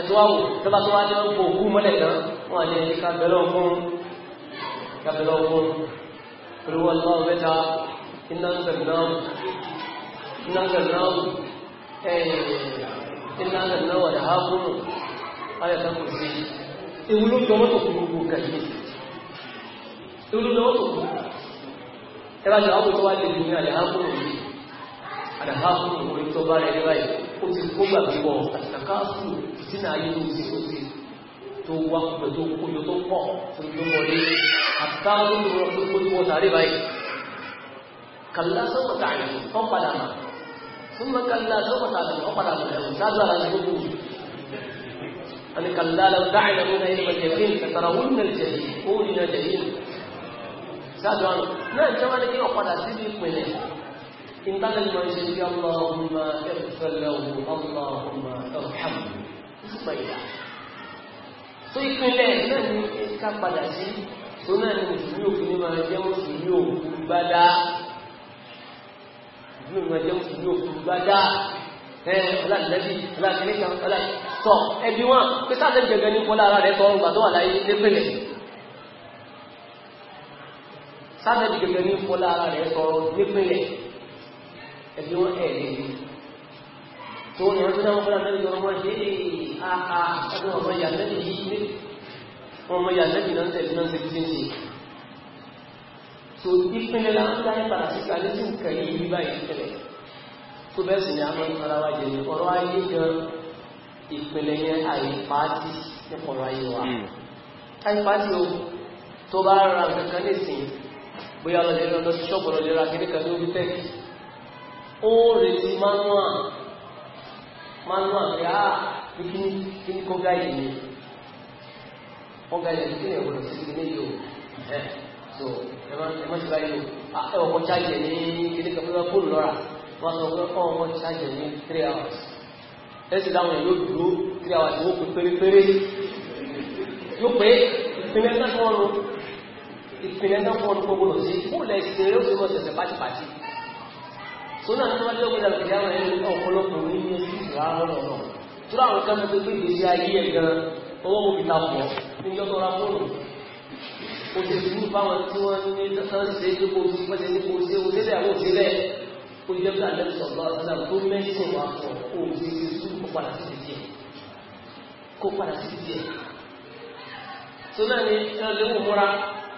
ẹ̀tọ́ wà wò tó bá tó wá jẹ́ ọkọ̀ òkú mọ́lẹ̀ kan náà iná lọ́wọ́ da hákùnù ayàtàkù sí ìwúlò jọmọ́tò gbogbo kàṣí ìwúlò jọmọ́tò gbogbo ẹbá jọ hákùnù tó wá lè ní àdáhákùnù yìí àdáhákùnù orí tó bá rẹ̀ níwáyé ó ti kó gbàgbọ́ àtàkáàkù sínú ayé tó sí ó ti tó wá pẹ̀ tó kójọ tó pọ̀ tó jọ wọlé àtàkáàkù tó rọ̀ tó kójọ wọ́n tàrí báyìí kàlá sọ́kọ̀tà àyè ثم كلا سوف تعلمون وقد تعلمون سأزال عن الوجود أن كلا لو تعلمون علم اليقين لترون الجحيم قولنا جحيم سأزال عنه ما جوانا كنا وقد أسيبك منه إن قال المنزل اللهم اغفر له اللهم ارحمه ثم إلى tó ìpínlẹ̀ náà ní ká padà sí tó náà ní mùsùlùmí òfin ní máa jẹ́ mùsùlùmí òfin gbádá ìdílé wọn jẹ́ mùsùlùmí òkúrú gbádá ẹ ọlàdìlẹ́bí ọlàdìlẹ́bí ọlàdìlẹ́bí tọ ẹbí wọn pé sáà lẹ́bí gẹ́gẹ́ ní kọ́lá ara rẹ̀ tọrọ gbàdọ́ àlàyé lépèlẹ̀ sáà lẹ́bí gẹ́gẹ́ ní kọ́lá ara rẹ̀ tọrọ lépèlẹ̀ ẹbí wọn ẹ̀ lè rí tó ní ọdún náà fúnra lẹ́bí ọmọ ìyàlẹ́bí náà ń tẹ̀lé náà ń tẹ̀lé tó ìpínlẹ̀ láwọn dáyé padà sí kalẹ̀ tí ń kẹ̀lé yìí báyìí tẹ̀lẹ̀ tó bẹ́ẹ̀ sì ni a máa ń fara wa jẹ ọ̀rọ̀ ayé gan ìpínlẹ̀ yẹn àìpáàtì ẹ̀kọ̀rọ̀ ayé wa hmm. àìpáàtì o tó bá ra kankan lè sìn bóyá lọ́lẹ̀ lọ́lọ́ sí ṣọ́ọ̀bù lọ́lẹ̀ ra kéde kan lórí tẹ́kì ó retí manua manua pé ah, ni so ẹmọ ìṣẹ́ báyìí ọkọ̀ ṣáàjẹ̀ ní ilé kẹfẹ́ fóònù lọ́ra wọ́n sọ pé kọ́ ọkọ̀ ṣáàjẹ̀ ní 3 hours ẹ̀sì láwọn èèyàn dúró 3 hours ó kù pérépéré yóò pé ìpínlẹ̀ náà fọ́ọ̀nù ìpínlẹ̀ náà fọ́ọ̀nù gbogbo lọ sí fúnlẹ̀ ìṣẹ́ ó sì mọ̀ ṣẹ̀ṣẹ̀ pátipàti so náà tó wájú ọgbẹ́dà lọ́kẹ́ àwọn ẹni ọ̀pọ̀lọpọ̀ ní ní oṣù ìṣòro lọ́nà tó láwọn kan tó gbé ìgbésí ayé ẹ̀ gan owó mo ó ṣe sùúrù fáwọn tí wọ́n ní tán ṣe é kó sí pẹ́sẹ̀ ní kó sí òṣèlè àwọn òṣèlè ó jẹ́ bí àlẹ́ sọ̀rọ̀ ọ̀sán tó mẹ́sìn wà fún ọ kó ṣe é sùúrù kó padà sí ìdíyẹ kó padà sí ìdíyẹ. tó náà ni ẹran lè mú múra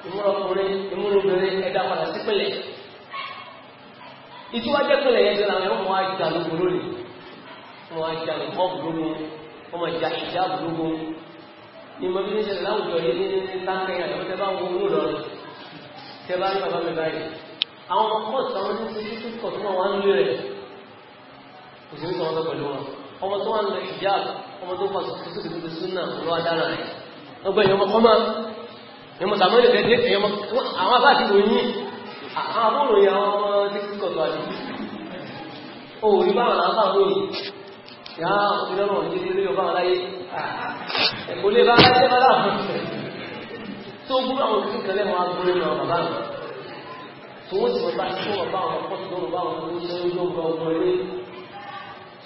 ìmúra ọkùnrin ìmúra obìnrin ẹ̀dá padà sí pẹ̀lẹ́ ìtúwájẹ́ pẹ̀lẹ́ yẹn ti làwọn ọmọ ajá lóko lónìí ọmọ ajá lóko ọmọ ìjà ìjà lóko ni mo bí ní ṣẹlẹ̀ láwùjọ yìí ní ní tákẹ́yà lọ́wọ́ tẹ́ bá wọn owó lọ tẹ́ bá ní bàbá mi báyìí àwọn ọmọ kọ́ọ̀tù àwọn ní ṣe títí kọ̀ tí wọ́n wá ń lé rẹ̀ kò sí ní sọ wọn pẹ̀lú wọn ọmọ tó wà ń lọ ìjáàbù ọmọ tó fà sùkúrú tó ti sún náà lọ́wọ́ dára rẹ̀ ọgbẹ́ ìyọmọ kọ́mọ ìyọmọ tàbí ìyọmọ tẹ́lẹ̀ ìyọmọ àwọn abá àti ìròyìn àwọn abúròyìn àwọn ọmọ títí kọ̀ tó àdúgbò yà á ìdílọ́rùn òjìlé lórí ọba aláyé ẹ̀kọ́ lè bá aláyé bá láàbùn tó gbúrú àwọn òfin kan lẹ́wọ̀n agbóre náà bàbá rẹ̀ tó wọ́n ti wọ́n bá tí wọ́n bá wọn kọ́ tó wọ́n bá wọn tó ṣe ń lọ́gbà ọgbọ́n ilé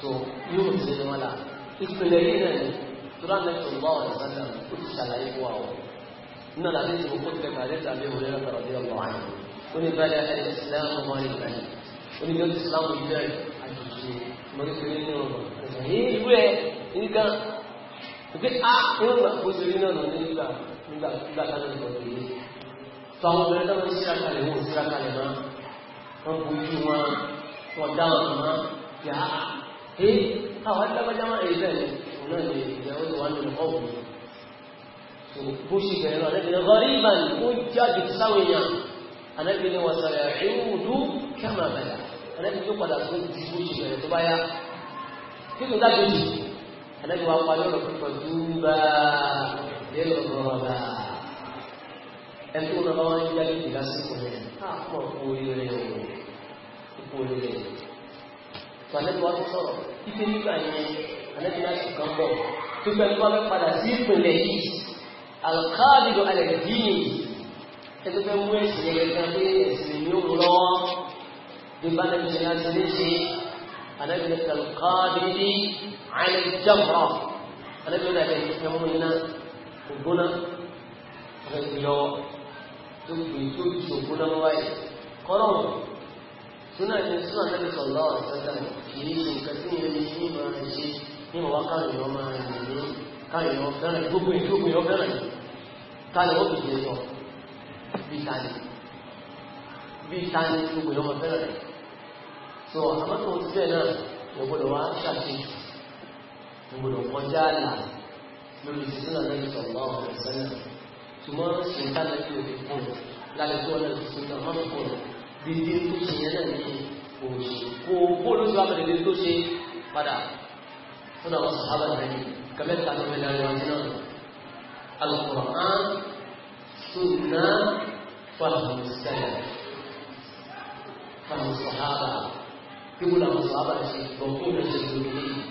tó yóò ti ṣe wọn la ìpìlẹ̀ yìí náà ni tó rà ní tó bá wọn sáńdà ó ti ṣàlàyé fún wa o náà làbí ti wọ́n kó tẹ̀ kàdé tàbí òwúrẹ́ náà tọ̀rọ̀ bí ọmọ wa ni ó ní bẹ́ẹ̀ ẹ̀ ìsìlámù wọn ni ìgbà yìí ó ní bí ó ti ìsìlámù yìí bẹ́ẹ̀ àjòjì mọ̀rí èyí ìlú ẹ nǹkan ìpé a yóò gbà kó sí iná nù nígbà nígbà nígbà táwọn ìbọn tó yé tó àwọn obìnrin táwọn síra kalẹ̀ wọn síra kalẹ̀ mọ́ wọn bu ojú wọn wọn dáhùn mọ́ yà á ẹ àwọn adágbájáwá èyí bẹ́ẹ̀ ni òun náà lè ìyàwó ìwà nínú ọ̀gbìn bó ṣe bẹ̀rẹ̀ lọ lẹ́gbẹ̀ẹ́ gọ́ríbà ní ó jáde sáwọn èèyàn alẹ́gbẹ̀ẹ́ ni wọ́n sọ̀rọ̀ kí ló dá lójì àlejò wa wá yọ̀rọ̀ pípọ̀ dúró lérò rọ̀bà ẹni tó lọ́wọ́ ń jáde kì lásìkò rẹ̀ àpọ̀ kú oríire o kú oríire o tó àlejò wa tó sọ̀rọ̀ títí nígbà yẹn àlejò lásìkò kan bọ̀ tó gbẹ́ nípa fẹ́ padà sí ìpìlẹ̀ yìí alkaadido alẹ́dìní ẹgbẹ́ fẹ́ mú ẹ̀sìn yẹn ni ó anabi kalqaabidi ala jamra anabi wọn dàbẹ ìfẹ́ mú iná ògbóná ọkọ ìlọ tó gbé tó ju ògbóná wáyé kọrọ suna ní suna anabi sọlọ ọsẹsẹ kìí ṣe nǹkan tí ìyẹn ní ní máa ń ṣe ní màá káàrin yọ máa ń yẹ káàrin yọ fẹ́ràn gbogbo yìí gbogbo yọ fẹ́ràn yìí káàrin wọn kò jẹ yọ bí tani bí tani gbogbo yọ máa fẹ́ràn yìí so àmọ́ tó ti bẹ́ẹ̀ náà mo gbọ́dọ̀ wá ṣàṣe mo gbọ́dọ̀ kọjá àlà lórí ìṣẹ́ náà lẹ́yìn sọ̀rọ̀ àwọn ọ̀rẹ́ sẹ́yìn tùmọ̀ ṣe ń dáná sí òfin fún un lálẹ́ tó ọ̀nà ìṣẹ́ náà má fún un dídí tó ṣe yẹn náà ní òṣì kó kó ló sọ àbẹ̀lẹ̀ tó ṣe padà fún àwọn sàhábà lẹ́yìn kẹmẹ́ta tó fẹ́ darí wájú náà Al-Qur'an Sunnah fún àwọn sàhábà kíkó làwọn sàábà ṣe gbọ̀kún náà ṣe lórí yìí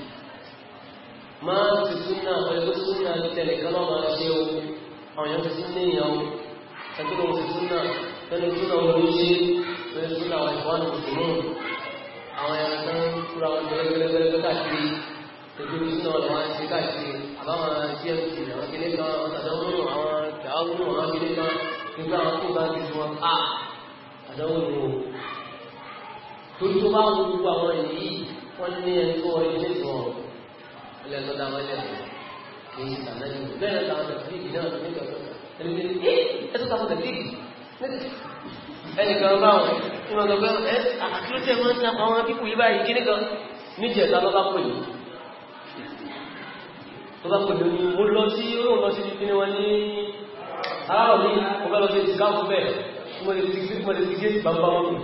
máa ti súnà ẹgbẹ́ súnà tẹ̀lé kánà máa ṣe o àwọn èèyàn ti sún ní ìyàn o ẹgbẹ́ wọn ti súnà ẹni súnà wọn ló ṣe ẹni súnà àwọn ìwọ́n ti sùn mú àwọn èèyàn tó ń kúra wọn gẹ́gẹ́gẹ́gẹ́ káàkiri ẹgbẹ́ mi súnà wọn ti káàkiri àbáwọn tmc àwọn kílé kan àwọn tàdánwó àwọn kan nígbà a àdánwó Tuntun tó bá wo gbogbo àwọn èyí wọ́n ní ẹni tó wọlé ilé ìtàn ọ̀rọ̀ ilé ẹ̀tọ́ dáwọn ilé ẹ̀tọ́ kì í ṣe àlẹ́ yìí bẹ́ẹ̀ làwọn tẹ̀síìkì náà ní ìjọba ẹni pé ẹ ẹ tó tàwọn tẹ̀síìkì ẹnì kan bá wọn ní wọn lọ pé ẹ àkíyèsí ẹ máa ń ta àwọn pípù yìí báyìí kí nìkan níjẹ̀ta lọ́ bá pè yìí tó bá pẹ̀lú ní mo lọ sí oòrùn lọ sí ibi ní wọ́n ní aráwọ̀ ní ọgbẹ́lọ́sẹ̀ ìsìnká fún bẹ́ẹ̀ mo lè ti gbé bàbá wọn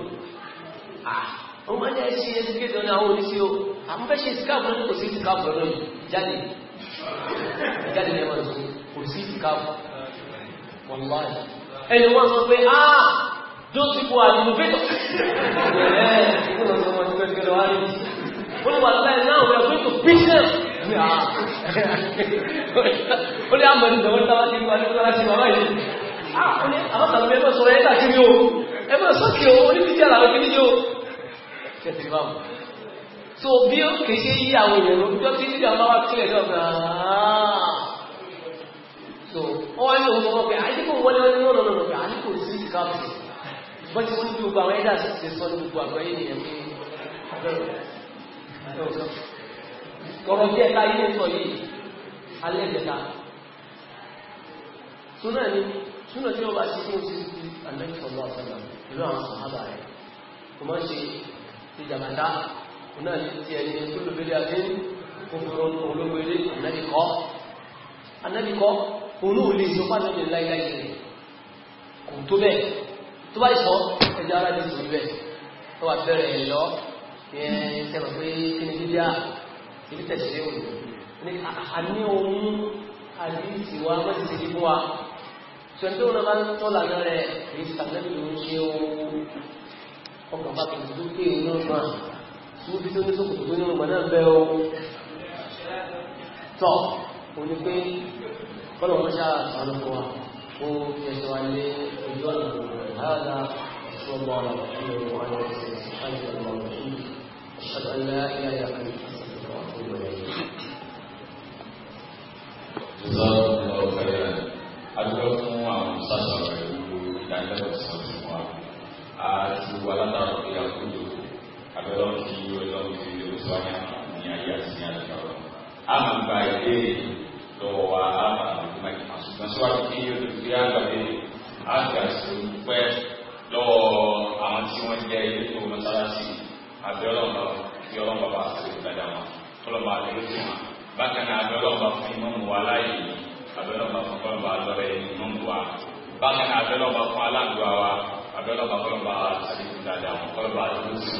wọ́n máa ní ẹ̀ṣí ẹ̀ṣíkéṣọ́ ní àwọn oníṣẹ́ o àwọn fẹ́ ṣe ìsìkáàbù lọ́nà kò sí ìsìkáàbù lọ́nà yìí jáde jáde ní ẹ̀mọ̀ tó kò sí ìsìkáàbù Online. ẹni wọ́n sọ pé ah those people are innovators ẹ̀ẹ́ ìgbọ́n sọ wọn ti fẹ́ kẹ́lọ́ wá rí wọ́n wà láì náà we are going to beat them ó ní àmọ́ ah. ah, ìdánwò táwọn ti wá nípa láti wá wáyé ah ó ní àwọn tàbí ẹgbẹ́ sọ̀rọ̀ ẹ̀ tẹ̀sí bá wọn. so bí ó kì í ṣe yí àwọn èèyàn ló jọ tí níbi àwọn bá tilẹ̀ náà so wọ́n wá ní òun fọwọ́ pé àdínkù wọlé wọlé náà lọ́nà lọ́nà àdínkù sí ti káàpù. wọ́n ti wọ́n ju gbogbo àwọn ẹ̀dá ṣe sọ ní gbogbo àgbáyé nìyẹn pé ọ̀rọ̀ díẹ̀ ká ilé sọ yìí alẹ́ ìjẹta. so náà ni súnà tí wọ́n bá ṣe fún òṣèlú àlẹ́ ìfọ̀lọ́ ọ̀sán ìlú àwọn sọ̀hábà rẹ̀ kò má ṣe ti jàmàtá náà ní ti ẹni tó lóbele àti kòkòrò olóbele ànábìkọ́ ànábìkọ́ olú òlè tó bá lóde láíláí rẹ̀ kò tó bẹ́ẹ̀ tó bá ìsọ ẹja ara ti tòun bẹ́ẹ̀ tó wà bẹ̀rẹ̀ ẹ̀ lọ sẹ́nà pé kí ni bíbí à ti fi tẹ̀sí òun ní àní ọkàn bá tòkòtò tó pé òun náà máa mú bí tó ní tòkòtò tó ní ọgbà náà bẹ́ o tọ́ o ní pé kọ́lọ̀ wọ́n ṣáà sàánú fún wa ó tẹ̀sọ́ wa ní ojú ọ̀nà láàdá ọgbà ọ̀nà ìlú wọn ní ọ̀sẹ̀ láti ọ̀nà ọ̀nà ìlú ọ̀ṣọ́dọ̀ ńlá ìyá ìyá kan Ìjọba ọ̀gbọ̀n ọ̀gbẹ̀rẹ̀ àdúgbò fún àwọn ìsáṣà rẹ̀ gbogbo ìdánilẹ́kọ̀ọ́ àti wàlátàrọ̀ pé àkójọ abẹ́lọ́ kí ọlọ́run fi lè sọ ní àmì ayé àti ní àjọrọ̀ a máa gba ilé lọ́wọ́ wa a máa lè máa kí àṣùgbọ́n síwájú kí yóò tó do àgbàdé a fi àṣìṣe pẹ́ lọ́wọ́ àwọn tí wọ́n jẹ́ ilé tó mọ́sálásí abẹ́lọ́ kí ọlọ́run bàbá àti ìgbàdà wọn kọlọ́ba àdéhùn wọn bákan náà abẹ́lọ́ bá fún ìmọ̀mù wa láàyè abẹ́lọ́ bá fún kọlọ́ba àlọ́rẹ̀ ìmọ̀mù wa àbẹ́lọ́pàá kọlọ́pàá àdìkù dáadáa kọlọ́pàá àdìkù sí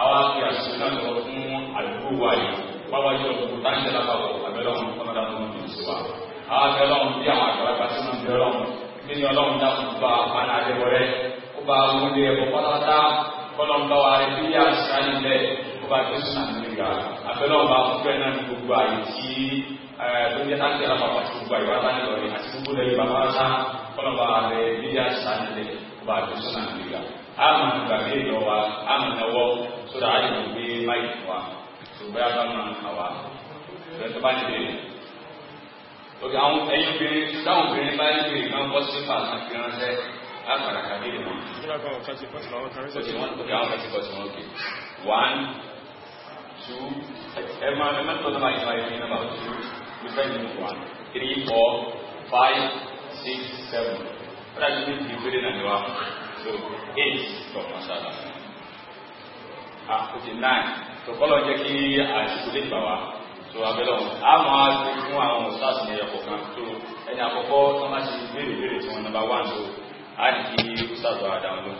àwọn àti àṣìṣe lánàá fún àdìkù wa yìí wáwájú ọ̀dùnkù táǹjẹ́ lápapọ̀ àbẹ́lọ́pàá kọlọ́pàá tó ń bìí sí wa àwọn àbẹ́lọ́pàá bí àwọn àgbàlagbà sí máa ń bẹ̀rọ̀ nínú ọlọ́run dákun bá àpáná adébọ̀rẹ́ ó bá wọlé ẹ̀kọ́ pátápátá kọlọ́pàá wa rẹ̀ bí àṣìṣe nílẹ̀ ó bá tó sùn àmìlíga àbẹ́lọ́pàá fúnfẹ́ náà ní gbogbo àyè tí tó ń jẹ́ táǹjẹ́ lápapọ̀ àti gbogbo àyè wá táǹjẹ́ lọ́rẹ̀ àti gbogbo lẹ́yìn bàbá bá a ti súnà nígbà a mọ̀ nígbà bí èèyàn wa a mọ̀ náwó sódà a lè mọ̀ gbé máyì fún wa ṣùgbọ́n a bá mọ̀ àwa bẹ́ẹ̀ tó bá ní bèrè. Òkè àwọn ẹyin obìnrin táwọn obìnrin bá ń bèrè máa ń bọ́ sí fàlà fi ránṣẹ́ lápàdà kàdé lè mọ̀. Òkè àwọn kan ti bọ́ sí wọn òkè. One, two, ẹ máa ẹ máa tọ́ nọ́mbà yìí báyìí ní nọ́mbà two, you fẹ́ nínú one, three, four, five, six, seven láti ní ti ìwéré náà lọ́wọ́ so eight tọ̀ masala àkókò nine tó kọ́lọ̀ jẹ́ kí àìsíkò lè gbà wá so abẹ́lẹ̀ ọ̀hún a máa ti fún àwọn stars ní ẹ̀kọ́ kan tó ẹni àkọ́kọ́ tó máa ti béèrè béèrè tí number one so a ní kí stars wà dáhùn lọ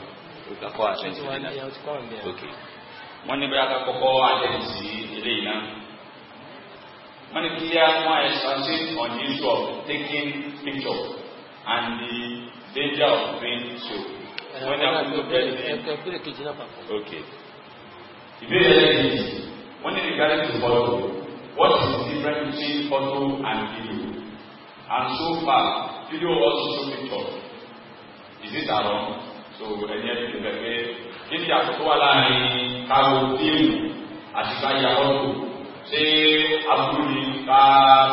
ìkàkọ́ àtẹ̀sí náà ok wọ́n ní bí akọ́kọ́ àtẹ̀sí eléyìí náà wọ́n ní kí á wọ́n ẹ̀ something on the issue of taking picture and the danger of being so. When I will go Okay. Ìbéèrè yìí, wọ́n ní regarding to bottle, what is the difference between photo and video? And so far, video also show picture. Is it wrong? So ẹni ẹni ti bẹ̀rẹ̀ kí ni àkókò wà láàrin káwọ fíìmù àti káyà bọ́tò ṣé abúlé ká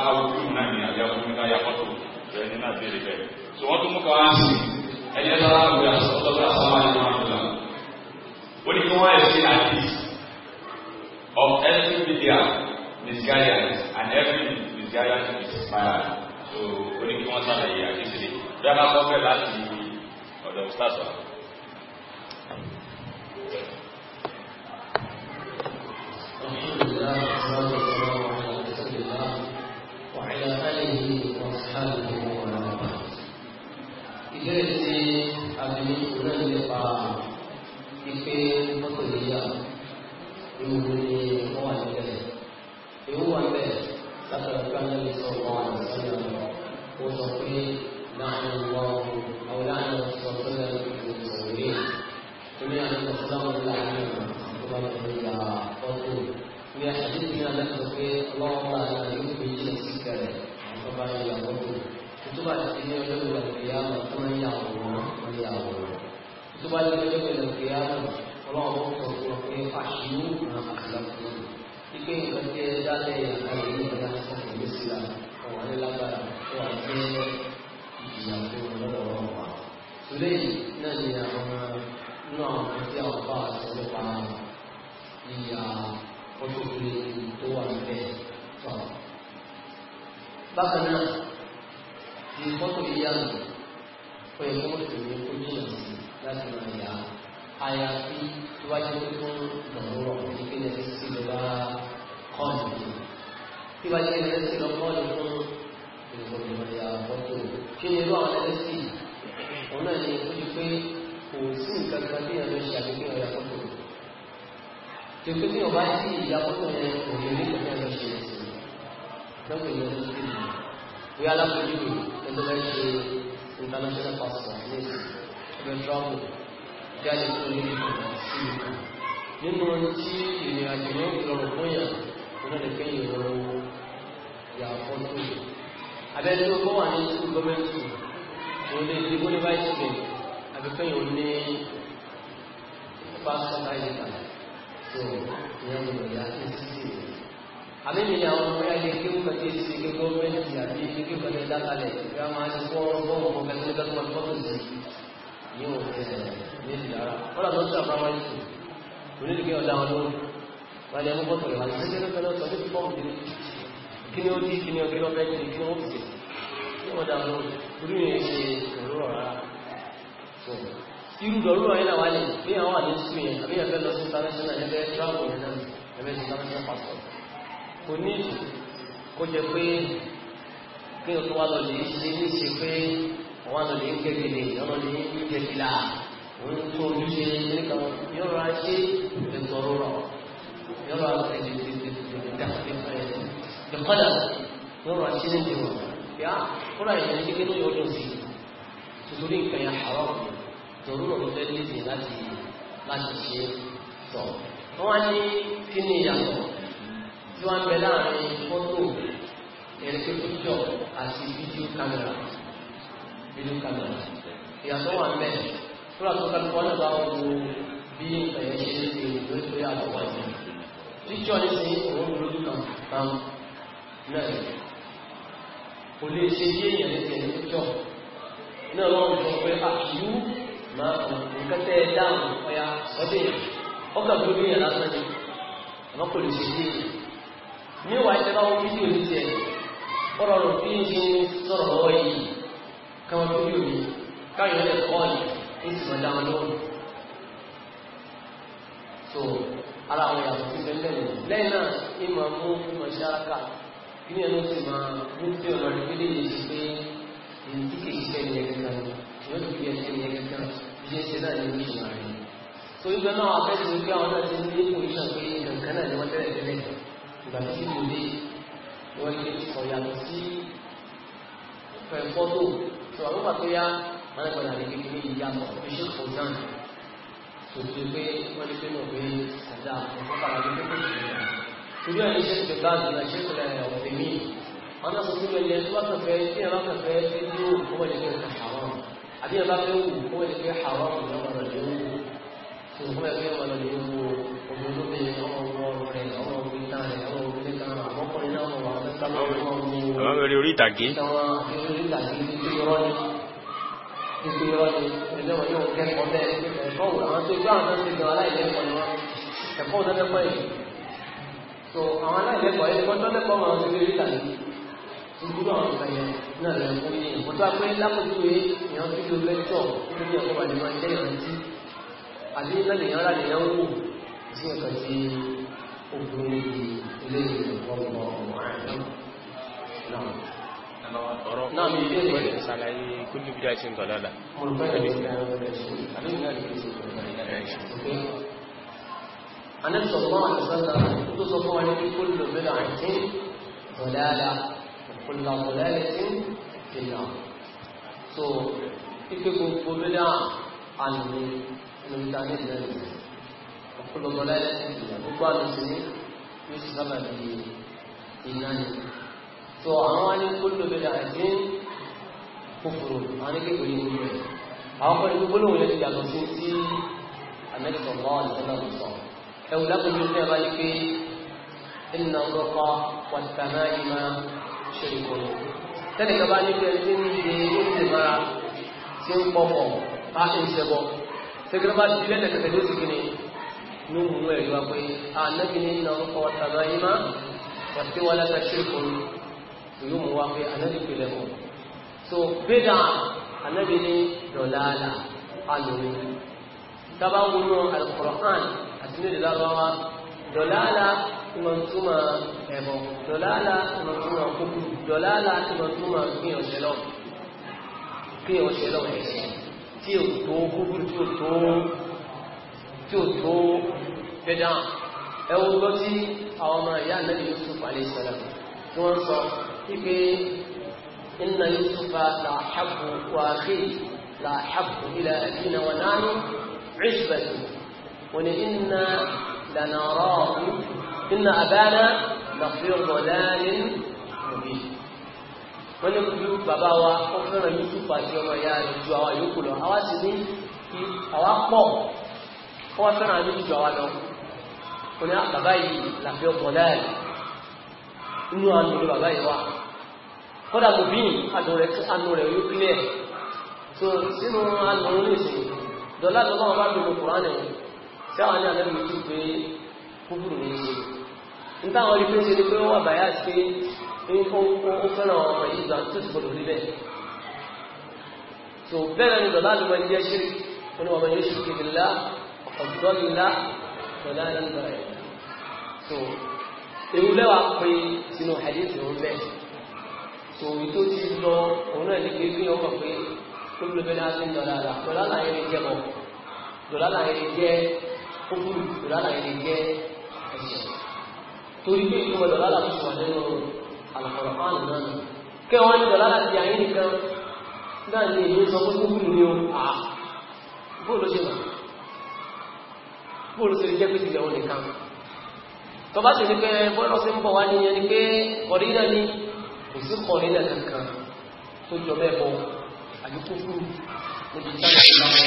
káwọ fíìmù náà ní àbí abúlé káyà bọ́tò rẹ̀ nínú àbẹ̀rẹ̀ bẹ̀rẹ̀ to wọ́n tó mú kàwá sí ẹ̀yẹ́ tó láwọn ìgbà sọ́tọ́ sábà ní wọn àgbà ó ní kí wọ́n yẹ sí àdìs of every media misguidance and every misguidance is inspired so ó ní kí wọ́n sàlàyé àdìs rẹ̀ bí a bá kọ́ fẹ́ láti ọ̀dọ̀ start up. الحمد لله والصلاه ìbéèrè tí àbí òun nípa pípé mọ́tò yíyà ewu ni wọ́n wà níbẹ̀ ewu wà níbẹ̀ látara pé àwọn ẹni sọ wọn àti sọ́yà lọ ó sọ pé láàrin wọn àwọn láàrin wọn sọ pé lẹ́nu ìlú ìwé ilé àwọn ọ̀sán láàrin wọn tó bá lọ ya ọkọ ní àṣàjì ní alẹ́ sọ pé tó bá ti ní ọjọ́ ìwà ìgbéyàwó tó ń yà wọ́n wọ́n yà wọ́n tó bá ti ní ọjọ́ ìwà ìgbéyàwó ọlọ́run tó sọ fún ọ pé àṣìwò náà àṣìlọ́kùn ipe nǹkan tí ẹ dálẹ̀ ìyàwó yìí ní ọjọ́ ìwé síra ọ̀wà ní lágbára tó wà ní ìyàwó lọ́wọ́ wọn wà. Tùlé yìí náà ni àwọn nínú àwọn tí àwọn bá sọ nípa ìyà ọjọ́ ìwé tó wà níbẹ̀. Bákan náà, ìfọ́tò ìyàwó fún ẹgbẹ́ mùsùlùmí kó jìnà sí láti máa yà á àyàfi tó bá jẹ́ pé fún ìpínlẹ̀ sí ìjọba kọ́ọ̀nù yìí tí bá jẹ́ ìrẹsì sí lọ́kọ́ọ̀nù fún ìgbọ̀nà ìyà fọ́tò kí ni irú àwọn ẹlẹ́sì òun náà ni ó ti pé kò sí nǹkan kan bí ẹ̀rọ ṣe àgbégbé ọ̀yà fọ́tò tó pé bí ọba sí ìyà fọ́tò yẹn òun ní ìgbọ̀nà bí alákòójú ẹgbẹ́ ṣe international passport ní ẹgbẹ́ travel bí a lè tó ní ìgbà sí ìgbà nínú tí ìrìn àjò yóò lọ́rùn fún yà nínú ẹ̀kẹ́ ìrọ̀rùn yà fún tó yẹ abẹ́ni tó wà ní school gọ́ọ̀mẹ́ntì òun lè dìbò ní vice chair abẹ́fẹ́ yóò ní passport ID card so ìyẹn lọ́rùn yà ní títí àmìlì ni àwọn ọmọ ilé kí wọ́n ti ṣe kí gọ́ọ̀mẹ́ntì àti ìgbégbé pẹ̀lú ìdákalẹ̀ kí a máa ń kọ́ bọ́ọ̀mù ọmọ ẹgbẹ́ tó máa tọ́tù sí ní òfin méjì lára wọ́n làbọ́ sí àbámá yìí onídìgbé ọ̀dà wọn lórí wọ́n lè mú bọ́tò ìwà sí kí ló sọ fún fọ́ọ̀mù kí kí ni ó di kí ni ó kí ló fẹ́ kí wọ́n ti kí wọ́n dà lórí orí mi ṣe òróró rárá irú dọ̀rú ọ̀yẹ́ làwọn àlè bí àwọn àlè sùn yẹn àbí ẹ̀fẹ́ lọ sí international ẹ̀fẹ́ travel ẹ̀fẹ́ international passport kò ní kó jẹ pé kí o tó wá lọ lè ṣe ní ṣe pé wọn lọ lè ń kẹ́kẹ́lẹ́ ìyọ́nà lè ń kẹ́kẹ́lá òun tó ojú ṣe nígbà wọn yóò ṣe ètò ọ̀rọ̀ yóò rà ṣe ìdíkọ́dà yóò rà ṣe ní ìdíwọ̀ yá kúrò ìyẹn ní kí ló yọ ọdún sí nítorí nǹkan yẹn àwọn tòun náà ló fẹ́ léde láti láti ṣe tọ̀ wọ́n á ní kí ni ìyàtọ̀ tí wọ́n ń bẹ láàrin fọ́tò ẹ̀rẹ́sẹ̀ píjọ àti fídíò kámẹ́rà fídíò kámẹ́rà ìyàtọ̀ wà mẹ́ tó lọ́tọ́ kálukú wọn bá wo bí ẹ̀yẹ ṣe ń ṣe ìwé pé àbọ̀wọ̀ ẹ̀yẹ píjọ ní sin òun lójú kan kan náà kò lè ṣe yé èèyàn ní ẹ̀yẹ píjọ náà wọ́n sọ pé àkìyú máa nǹkan tẹ́ ẹ dáhùn ọ̀ya ọdẹ ọkà gbogbo yẹn lásán ni àmọ́ kò lè ṣe yé èèyàn ní wàá ṣe báwọn fídíò ní tiẹ̀ ó rọrùn bí n ṣe sọ̀rọ̀ lọ́wọ́ yìí káwọn fídíò mi káwọn yẹn lè kọ́ ọ̀yìn ní ìsìnkú ọ̀dà wọn lọ́wọ́ so ara àwọn ìyàtọ̀ ti bẹ̀rẹ̀ lẹ́yìn lẹ́yìn náà ní máa mú fún ọmọ ṣáàkà ní ẹnu sì máa mú sí ọ̀nà ìpínlẹ̀ yìí ṣe pé èyí tí kìí ṣe ẹni ẹgbẹ́ kan yóò ti fi ẹsẹ̀ ẹni ẹgbẹ́ kan bí ṣe ṣe náà ní ìlú ìṣẹ̀lẹ̀ so ìgbẹ́ náà afẹ́sẹ̀ wípé àwọn pé nǹkan náà ni wọ́n ìgbàlẹ̀ sí mi lé wọ́n lè sọ̀yàtọ̀ sí fẹ́ fọ́tò tó àwọn pàtó yá wọ́n lè padà ní kékeré ìyàtọ̀ fi ṣe kò náà tó ti pé wọ́n lè pínlẹ̀ pé àdá ọ̀pọ̀ padà ní kékeré ìyàtọ̀ torí ẹni ṣe ti bá àdúrà ṣe kò lẹ́yìn ọ̀pẹ̀ mí wọ́n náà sọ fún ẹni tó bá kẹfẹ́ tí ẹ bá kẹfẹ́ tí ó kó wọ́n lè pé àwọn àbí ẹ ọmọ àwọn eré orí ìtàgé so أدري إليه والله أعلم نعم ọ̀rọ̀ ìṣàlàyé kúlù bídá tí ń tọ̀lọ́lá anẹ́sọ̀lọ́ àtìsọ́lá tó sọ fún wa ní kúlù bídá tí tọ̀lọ́lá kùlọ̀kùlọ̀ tí ìlà so ipé gbogbo bídá àmì ẹnumta ní ìlẹ́lẹ̀ olùgbọ́lá ìyà gbogbo àlùsíní yóò ti sábà di iná ni tó àwọn wá ní kólóbẹ̀lẹ̀ àti kòkòrò àwọn ní kékeré ní rẹ̀ àwọn kan ní gbogbo lóhun yẹn ti yàtọ̀ sí sí amẹ́ríkà mọ́ àlùsọ́nà lọ́sọ̀ ẹ̀wù lápẹ̀lú ní ẹ̀bá ní pé ẹnìna ọlọ́pàá wàtàmá ìmá ṣe ìkọlù tẹ́lẹ̀kẹ́ bá ní pé ẹni ní ṣe oúnjẹ mara tí ń pọ̀ pọ̀ á ń ṣẹbọ tẹ́lẹ̀kẹ́ bá ti lẹ́lẹ̀kẹ́ ló mú ẹ̀rí wa pé ànábì ní ìnà orúkọ tàbí ayímá wàtí wà láta ṣírkù yóò mú wa pé ànábì pèlè mọ́ so bídà ànábì ní dọ̀láàlà alòmí tábà wọnú alkùrọ̀án àti ní ìlàlọ́wọ́ dọ̀láàlà ìmọ̀túnmọ̀ ẹ̀bọ̀ dọ̀láàlà ìmọ̀túnmọ̀ kúkú dọ̀láàlà ìmọ̀túnmọ̀ kí ọ̀ṣẹ́lọ́ ẹ̀ṣẹ̀ tí ò tó kúkú tí ò tó tí ó tó fẹ́dá ẹwọ gbọ́ tí àwọn ọmọ ìyá Ànábì Yusuf alẹ́sọ̀rọ̀ tí wọ́n sọ wípé inna Yusufa làhábù wa akhi làhábù ila abina wa nahnu isbatun wọ́n ni inna lanarahu inna abana lafi dhalalin mubin wọ́n ní kú bàbá wa ó fẹ́ràn Yusuf àti ọmọ ìyá rẹ̀ ju àwọn yòókù lọ àwa sì wọ́n fẹ́ràn àbí jù àwa lọ wọ́n ní ah, bàbá yìí làfẹ́ ọkọ̀ láàrín inú àánú ni bàbá yìí wà kódà kò bí àánú rẹ̀ àánú rẹ̀ yóò kílẹ̀ tó sínú àánú rẹ̀ nìsín dọ̀lá tó bá wọn bá dùn kùránì tí àwọn ní àlẹ́ mi tún pé kúkúrú ní ṣe n táwọn rí pé ṣe ni pé wọ́n wà báyà sí pé ó fẹ́ràn ọmọ yìí gbà tó sì gbọdọ̀ rí bẹ́ẹ̀ tó bẹ́ẹ̀ ni dọ̀lá tó bá ń jẹ́ ṣírí wọn bá yẹ ṣírí kébìlá ọ̀dọ́lélá pẹ̀lá nígbà so ewu lẹ́wà pé sínú hadith ló ń bẹ̀ so èyí tó ti lọ òun náà ní pé kí ọkọ̀ pé tó ló bẹ́ẹ̀ láti dọ̀là àlà dọ̀là àlà yẹn jẹ́ bọ̀ dọ̀là àlà yẹn jẹ́ kókùrù dọ̀là àlà yẹn jẹ́ ẹ̀ṣẹ̀ torí pé ìtumọ̀ dọ̀là àlà tó sọ nínú àlàkọ̀rọ̀ fáàlù náà kí wọ́n ní dọ̀là àlà ti àyè nìkan náà ní èyí sọ pé kókùrù ni ó à bóòlù ṣe wà bóòlù sí jẹ́ pé ti lẹ̀wọ̀n nìkan tó bá sì ní pé bọ́ọ̀lù sí ń bọ̀ wá nìyẹn ni pé kọ̀rínà ni kò sí kọ̀rínà kankan tó jọ bẹ́ẹ̀ bọ̀ àbí kó fún níbi táyà ìlànà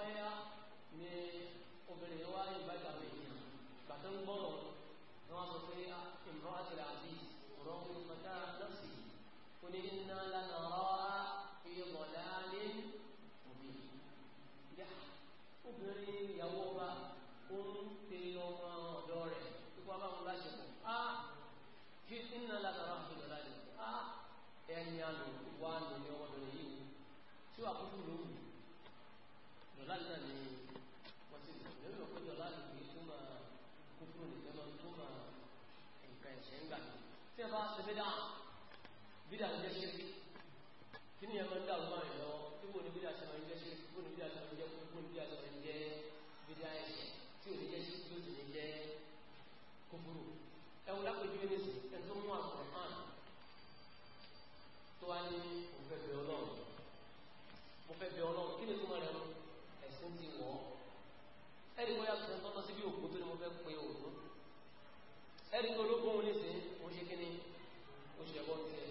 ọ̀yá ni obìnrin yẹn wá ní ìbájà àwọn èèyàn gbàtọ́ ń gbọ́rọ̀ ni wọ́n sọ pé ìmọ̀ àtìrà àti ọ̀rọ̀ ń pàtà lọ́sì ó ní iná lánà mọ̀lá ní òbí. obìnrin ìyàwó ọba ó ń pe ọmọ ọ̀dọ́ rẹ̀ kíkọ́ bá wọn láṣepọ̀ á ah, fi iná lánà rọ́ra fi mọ̀lá ní á ẹni àná wà lórí ọmọdé yìí tí wàá kúkú ọ̀la ni wọ́n ti sọ lórí ọ̀pẹ́jọ láti fi tó máa nìkan máa tó nǹkan ẹ̀ṣẹ̀ ń gbà tí ẹ bá ṣe bídà bídà ń jẹ́ ṣírí kí ni ẹ máa ń dà ọgbà rẹ̀ lọ kí wo ni bídà ṣe máa ń jẹ́ ṣírí kí wo ni bídà ṣe máa ń jẹ́ kúkú kí wo ni bídà ṣe máa ń jẹ́ bídà ẹ̀ṣẹ̀ tí ò ní jẹ́ ṣírí tí ó sì ní jẹ́ kúkúrò ẹwù lápẹjú ní sí ẹtú mú àkùnfàn tó wá ní òfẹ́fẹ́ ọlọ́run mo bẹ ọlọ́run kí ni tó máa rẹ̀ mú ó ti wọ̀ ọ́ ẹ̀rí wọ́n yàtọ̀ sẹ́ni tọ́tọ́ sí bí òkú tó ní mo fẹ́ pé òòrùn ẹ̀rí wọ́n ológun òun nísìn mo ṣe kíní mo ṣe ẹ̀bọ́ tiẹ̀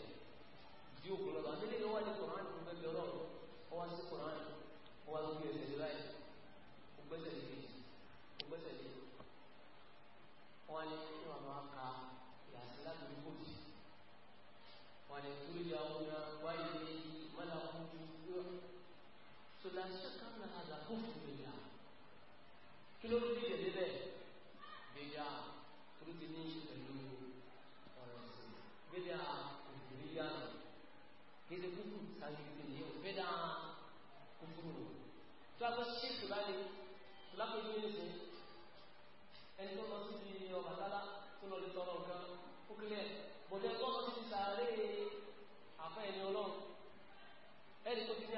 bí òkú lọ́dọ̀ àtẹ́lẹ́ ni wọ́n ní kòránì fún bẹ́ẹ̀ ọlọ́run wọ́n wá sí kòránì wọ́n wá lókè ẹsẹ̀ ní láì ògbẹ́sẹ̀ ní ògbẹ́sẹ̀ ní wọ́n ní wọ́n máa ka yàtí láti ní kòtì wọ́n ní kúrú yà wọ́n wáyé mọ́nà kúrú so la ṣe kan na ala kó fún mi yá kí ló dé ìdè débẹ̀ gbéra tó ti ní ṣe pẹ̀lú ọ̀rọ̀ sí gbéra òfìrí yá lọ gbéra kúkú sàgbègbè ní òfìdá kúkúrú lọ tó a bọ́ ṣe tó bá lè lápẹ̀lú ilé ṣe ẹni tó lọ síbi Ọbàtálá tó lọ lè tọrọ nǹkan ó kílẹ̀ bọ̀dẹ̀ tó lọ síbi sàárè àfẹ́ ẹni ọlọ́run ẹni tó fi ní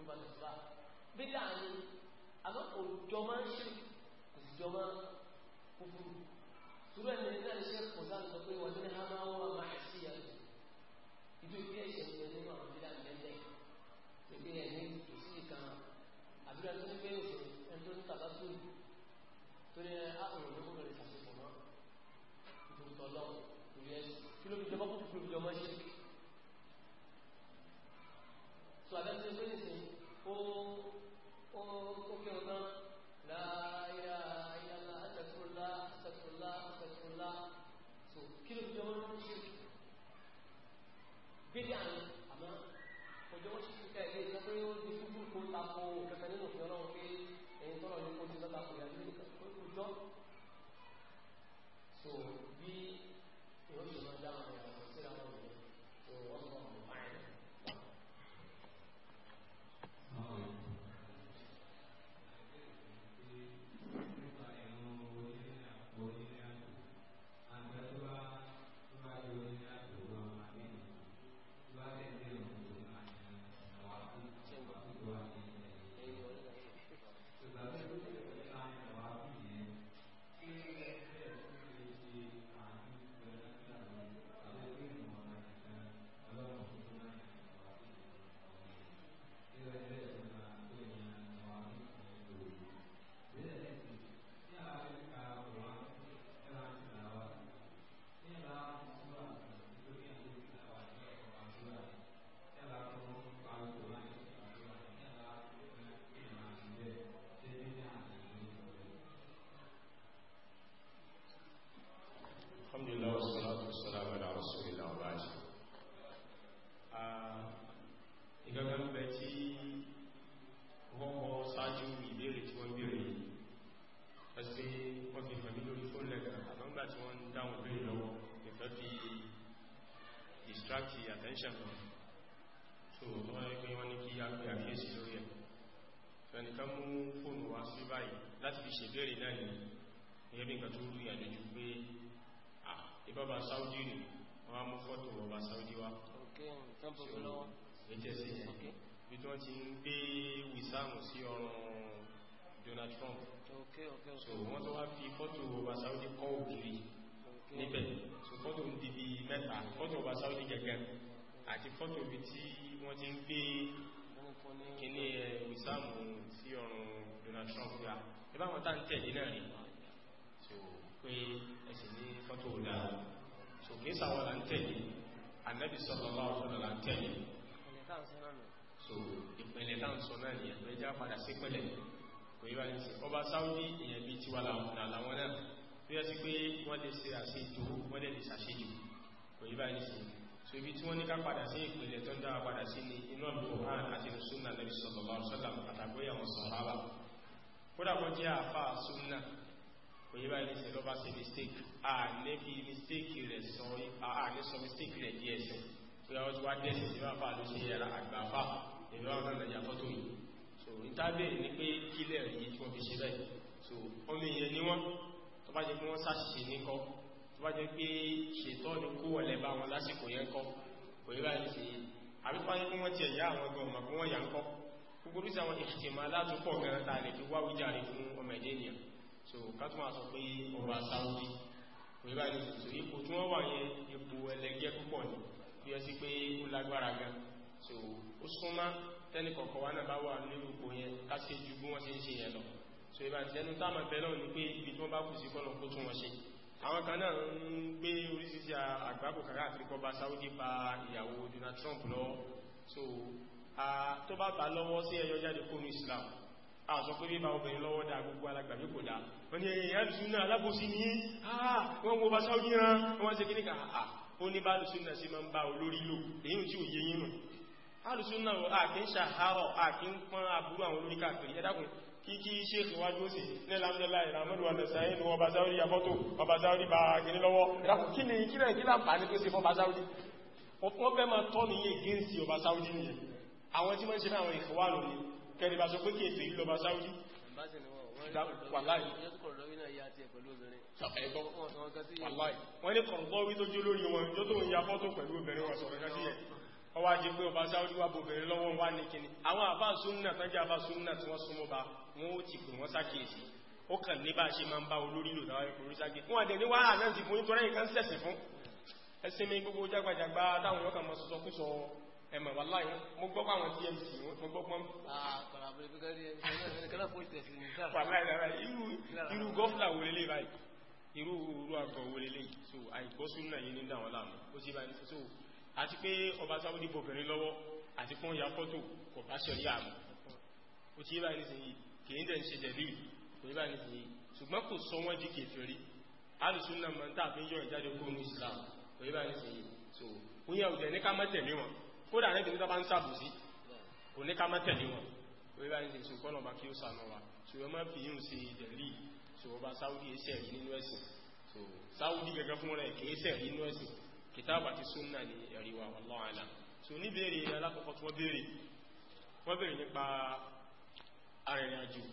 tó bá tuntun bá bí dáàni àmọ́ òjò máa ń ṣe kò sì jọ máa kúkúrú sùúrù ẹni náà ṣe kò sáà sọ pé wọ́n ní ha máa wọ́n máa ṣí ya lò ìjọ ìbí ẹ̀ṣẹ̀ ń bẹ nínú àwọn bí dáàni lẹ́lẹ̀ ìbí ẹ̀ ní tòsí kan àbí ẹni tó ní pé òṣèlú ẹni tó ní tàbá tó tó ní àwọn òṣèlú rẹ̀ ṣàṣepọ̀ mọ́ ìdòtọ̀ lọ kí ló fi jọmọ́ kó fi jọmọ́ ṣe tó àbẹ́sí pé nìsín ó ó ó kí wọn tán láyà ìyàlá àtẹ̀kùnlá àtẹ̀kùnlá àtẹ̀kùnlá tó kí ló jẹ́ wọn ṣe gbéde àná àmọ́ òjò wọn ṣe kíkà ìgbé ìjọ pé ó di fúfú kó tako kẹfẹ nínú òfin ọlọ́run pé ẹ̀yin tọrọ ní kó ti lọ́ta kò yàrá ní òjò so bí ìrọ̀lẹ́ máa dáhùn ẹ̀rọ attract attention wọn so tó wọ́n pé wọ́n ní kí a pè àkíyèsí lórí ẹ̀ fẹ́nìkan mú fóònù wá sí báyìí láti fi ṣèbéèrè náà ní ẹgbẹ́ nǹkan tó rí àlejò pé ìbába Saudi ni wọ́n á mú fọ́tò bàbá Saudi wá bí tí wọ́n ti ń gbé wìsáàmù sí Donald Trump so wọ́n tó wá fi fọ́tò bàbá Saudi kọ́ ògiri níbẹ̀ so fọ́tò ń di bí mẹ́ta fọ́tò ọba Saudi gẹ̀gẹ̀ àti fọ́tò bí tí wọ́n ti ń gbé kíní ẹ̀ ìsáàmù sí ọ̀rùn Donald Trump ya ẹbá wọn tá ń tẹ̀lé náà rí so pé ẹ̀sìn ní fọ́tò ọ̀dá so kìí sàwọn là ń tẹ̀lé Ànábì sallallahu alaihi wasallam là ń tẹ̀lé ni ẹ̀gbẹ́já padà sí pẹ̀lẹ̀ kò tó yẹ sí pé wọ́n lè ṣe àṣejò wọ́n lè lè ṣàṣejò kò yí báyìí sí so ibi tí wọ́n ní ká padà sí ìpìlẹ̀ tó ń dára padà sí ni inú Al-Qur'an àti sunna Nabi sallallahu alaihi wasallam àtàgbéyà wọn sàhábà kódà wọ́n jẹ́ àfà sunna kò yí báyìí sí lọ́ba sí mistake àlẹ́ fi mistake rẹ̀ sọ àlẹ́ sọ mistake rẹ̀ díẹ̀ sí tó yà wọ́n ti wá náà nàìjà so ìtàbẹ̀rẹ̀ ni pé kílẹ̀ yìí so ọmọ èèyàn ni wọ́n tó bá jẹ́ pé wọ́n ṣàṣìṣe ní kọ́ tó bá jẹ́ pé ṣètọ́ ni kó wọlé bá wọn lásìkò yẹn kọ́ kò yẹ báyìí sí àbí tó bá jẹ́ pé wọ́n ti ẹ̀yà àwọn ẹgbẹ́ ọmọ kó wọ́n yà ń kọ́ gbogbo orí àwọn ìṣèmọ̀ alátúpọ̀ gan ta lè fi wáwí jáde fún ọmọ ẹ̀dẹ́ ènìyàn so ká tún wá sọ pé ọba sáwọ́dí kò yẹ báyìí sí so ipò tí wọ́n wà yẹn ni bí ẹ sí pé ó so ìbá ti ẹnu táàmà bẹ̀rẹ̀ ní pé ibi tó bá kù sí kọ́nà kó tún wọ́n ṣe àwọn kan náà ń gbé orísìí àgbákò kàrà àfirikọ́ bá Saudi bá ìyàwó Donald Trump lọ so tó bá bá lọ́wọ́ sí ẹyọ jáde kó ní Islam àṣọ pé bíbá obìnrin lọ́wọ́ dá gbogbo alágbàbí kò dá wọ́n ni ẹ̀yẹ̀ ìyá lùsùn náà alábòsí ní wọ́n wo bá Saudi rán wọ́n ṣe kíníkà àà ó ní bá lùsùn náà sí máa ń bá olórí lò èyí tí ò yẹ yínú alùsùn náà àkíń ṣàhárọ̀ àkíń pọ́n aburú kíkí ṣéèkì wájú sí ní lámdọ́lá ìràmọ́lù ọ̀nàṣáyé ní ọba sáórí àbọ́tò ọba sáórí bá gini lọ́wọ́ kí ni kílẹ̀ kílà bá ní pèsè fún ọba sáórí wọ́n fẹ́ máa tọ́ níye gẹ́ǹsì ọba sáórí nìyẹn àwọn tí wọ́n ṣe láwọn ìfọwà lónìí kẹrì bá sọ pé kí ètò ìlọba sáórí wọ́n ní tó jó lórí wọn tó tó ń ya fọ́tò pẹ̀lú obìnrin wọn sọ̀rọ̀ ọwá jẹ́ pé ọba sáwọ́dí wà bòbẹ̀rẹ̀ lọ́wọ́ wà ní kíni àwọn àbá súnnà tán jẹ́ àbá súnnà tí wọ́n súnmọ́ bá wọ́n ó ti pè wọ́n sákèèsí ó kàn ní bá ṣe máa ń bá olórí lò láwọn ìkòrí sákèèsí wọ́n àdẹ̀ ní wàhálà náà ti fún nítorí nǹkan sẹ̀sì fún ẹsẹ̀ mi gbogbo jágbàjàgbà táwọn yọkàn mọ́ sọ kúsọ ẹmọ̀ wà láì mo gbọ́ pàwọn tmc mo gbọ́ pọ́n. so àìgbọ́sùn náà yìí ní dáwọn láàmú ó àti pé ọba sáwọ́dí bòbìnrin lọ́wọ́ àti fún ìyá fọ́tò kò bá ṣẹ̀rí àmù ó ti yé báyìí nísìnyí kìí dẹ̀ ń ṣe dẹ̀bí kò yé báyìí nísìnyí ṣùgbọ́n kò sọ wọ́n di kèfèrí alùsùn náà ń yọ ìjáde kúrò so ó yẹ òjẹ̀ ní ká má tẹ̀lé wọn kódà ní tẹ̀lé tó bá ń sàbòsí kò so kọ́nà bá kí ó sànà wa so ẹ má fi yín ṣe dẹ̀lí so ọba Saudi kìtàbù àti súnnà ní ẹ̀rí wa wallahu a'lam so ní bèèrè ní alákọ̀ọ́kọ́ tí wọ́n bèèrè wọ́n bèèrè nípa arìnrìnàjò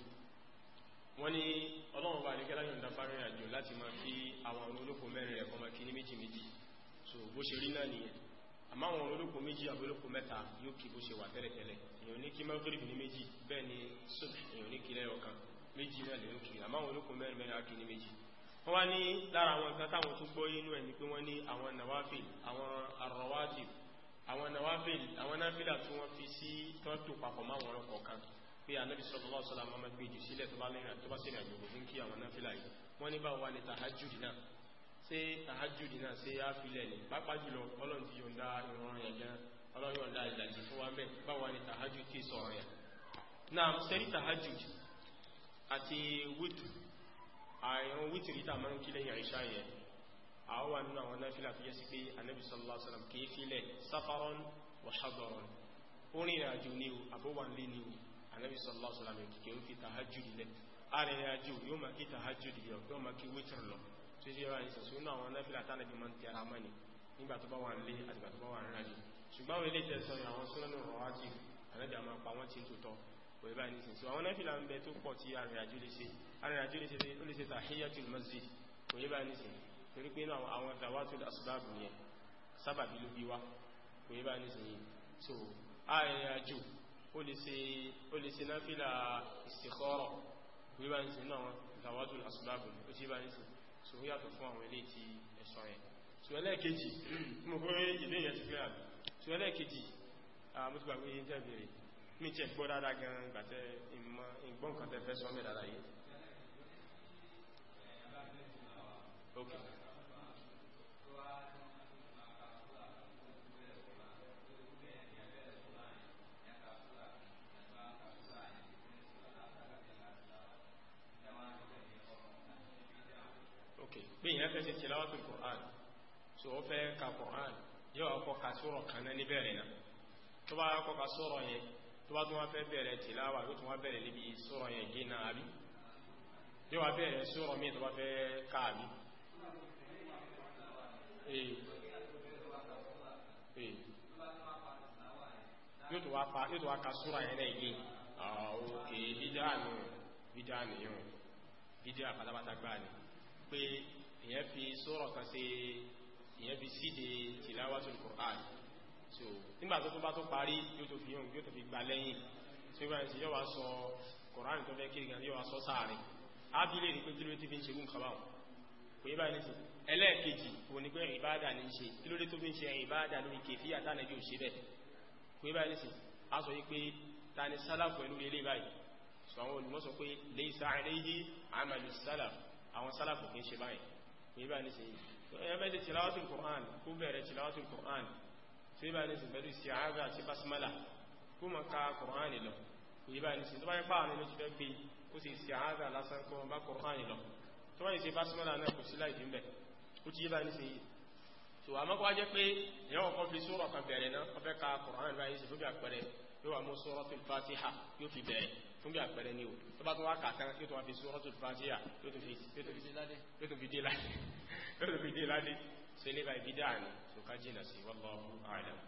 wọ́n ní ọlọ́run bá nígbẹ́ láyọ̀ ìdáfà arìnrìnàjò so bó ṣe rí náà nìyẹn àmá àwọn olóko méjì àbí olóko mẹ́ta yóò kí bó ṣe wà ni sùn èèyàn ní kí lẹ́yọ̀kan méjì náà lè wọ́n wá ní lára àwọn nǹkan táwọn tún gbọ́ inú ẹ̀ ni pé wọ́n ní àwọn nawafil àwọn arrawatib àwọn nawafil àwọn náfìlà tí wọ́n fi sí tọ́tò papọ̀ máwọn ọ̀rọ̀ kọ̀ọ̀kan pé anabi sallallahu alaihi wasallam máa gbé jù sílẹ̀ tó bá lẹ́yìn tó bá sẹ́yìn àjòkò fún kí àwọn náfìlà yìí wọ́n ní báwo wá ní tahajjud náà ṣé tahajjud náà ṣé á filẹ̀ ní pápá jùlọ ọlọ́run ti yọ̀ǹda ìrọ̀rùn yẹn àyàn wítìrí tàà mọ́ kí lẹ́yìn àìṣà yẹn àwọn wà nínú àwọn náfílà tó yẹ sí pé anábì sallallahu alaihi wasallam kìí fílẹ̀ safaron wa hadaron orin àjò ní o àbówàn lé ní o anábì sallallahu alaihi wasallam kìí ó fi tahajjud lẹ̀ arìnrìn àjò yóò máa kí tahajjud lọ yóò máa kí wítìr lọ tó ṣe ra ìsẹ̀sọ́ nínú àwọn náfílà tánàbì mọ́ ti ara mọ́ ni nígbà tó bá wà ń lé àtìgbà tó bá wà ń rìn arìnrìnàjò ó lè ṣe tahiyatul masjid kò yé bá ní sí torí pé náà àwọn dawatul asbabu yẹn sábàbí ló bí wá kò yé bá ní sí so arìnrìnàjò ó lè ṣe náfílà istikhara kò yé bá ní sí náà dawatul asbabu ó ti bá ní sí so ó yàtọ̀ fún àwọn ilé ti ẹ̀sọ́ yẹn so ẹlẹ́ẹ̀kejì *clears throat* mo kọ́ ilé yẹn ti fẹ́ àbí so ẹlẹ́ẹ̀kejì mo ti gbàgbé okay okay bí ìyẹn fẹ́ ṣe tilawatul Qur'an so ó fẹ́ ka Qur'an yóò ọkọ̀ ka sura kan náà níbẹ̀rẹ̀ náà tó bá ọkọ̀ ka sura yẹn tó bá tún wá fẹ́ bẹ̀rẹ̀ tìláwà yóò tún wá bẹ̀rẹ̀ níbi sura yẹn gínà àbí yóò wá bẹ̀rẹ̀ sura míì tó bá fẹ́ ká yóò tó wá ka súra ẹ̀rẹ́ ilé òkè ah, bídáànù bídáànù yóò bídáà pátápátá gbáà ni pé èyàn fi sọ́rọ̀ kan sí èyàn fi síde tilawatul Qur'an so nígbà tó tó bá tó parí yóò tó fi yóò yóò tó fi gbà lẹ́yìn tí ó bá ń sí yóò wá sọ Qur'an tó fẹ́ kiri gan yóò wá sọ sáàrin ábílẹ̀ ní pé kí ló ti fi ń ṣe gún kàbáwọn kò yí ẹlẹ́ẹ̀kejì òun ni pé ìbáàdà ní ṣe kí ló dé tó fi ń ṣe ìbáàdà lórí kèfí àtànàbí ò ṣe bẹ̀ pé báyìí nìsín a sọ wípé ta ni sálàfù ẹlú ilé báyìí sọ àwọn olùmọ̀ sọ pé lè sáré yí àmàlù sálàfù àwọn sálàfù kì í ṣe báyìí pé báyìí nìsín ẹgbẹ́ ti tìláwàtì kùrán kó bẹ̀rẹ̀ tìláwàtì kùrán pé báyìí nìsín pẹ̀lú ìsìára àti basmala kó náà kò sí láì ó ti yé báyìí nísìnyí tó àmọ́ kó wá jẹ́ pé èèyàn kọ́kọ́ fi sóòrà kan bẹ̀rẹ̀ náà ó fẹ́ ka Kùránì báyìí sí fún bí àpẹẹrẹ yóò wá mú Suratul Fatiha yóò fi bẹ̀rẹ̀ fún bí àpẹẹrẹ ni o tó bá tó wá kà tán yóò tó wá fi Suratul Fatiha yóò tó fi dé ládé *laughs* yóò tó fi dé ládé ṣe ní báyìí bídà ni tó ká jìnà sí wallahu a'lam.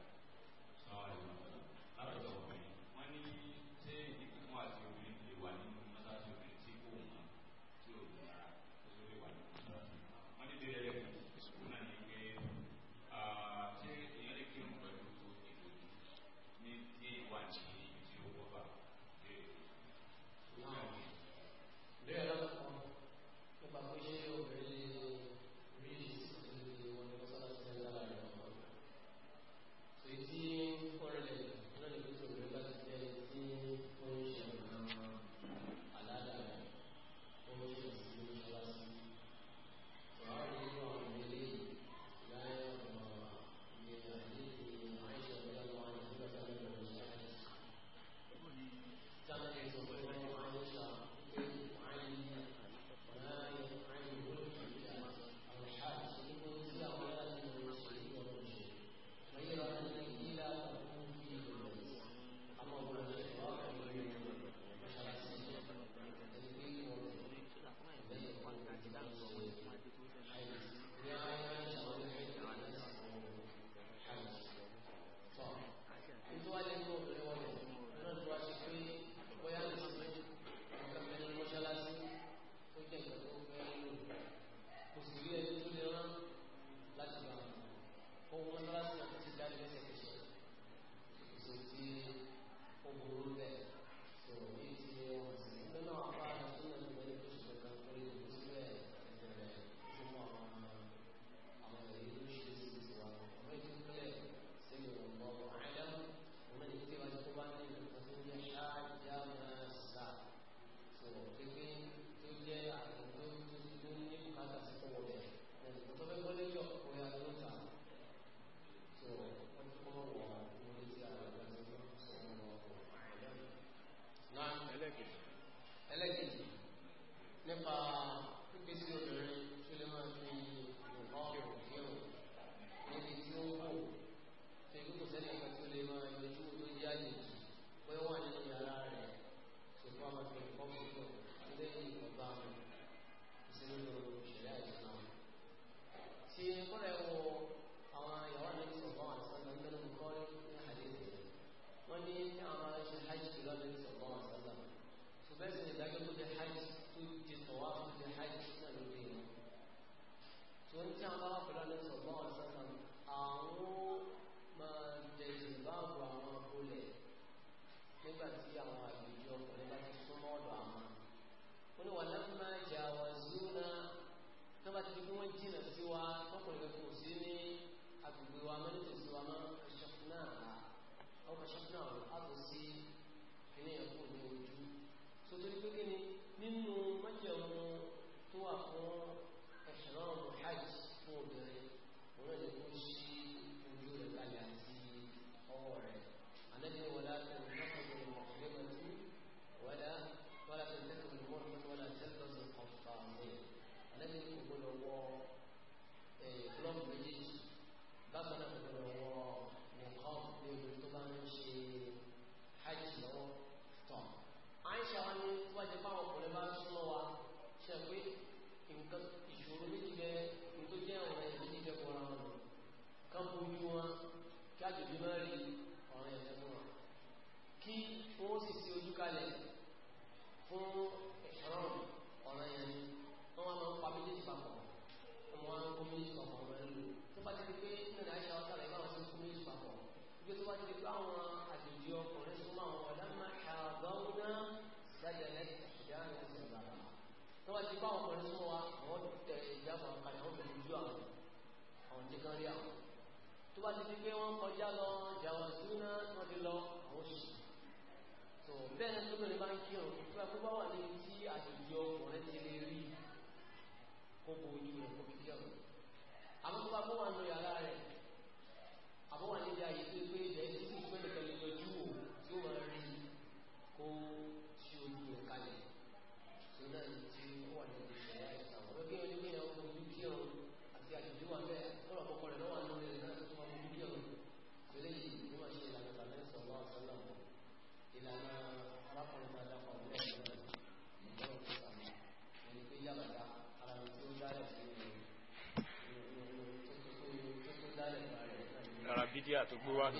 bu wax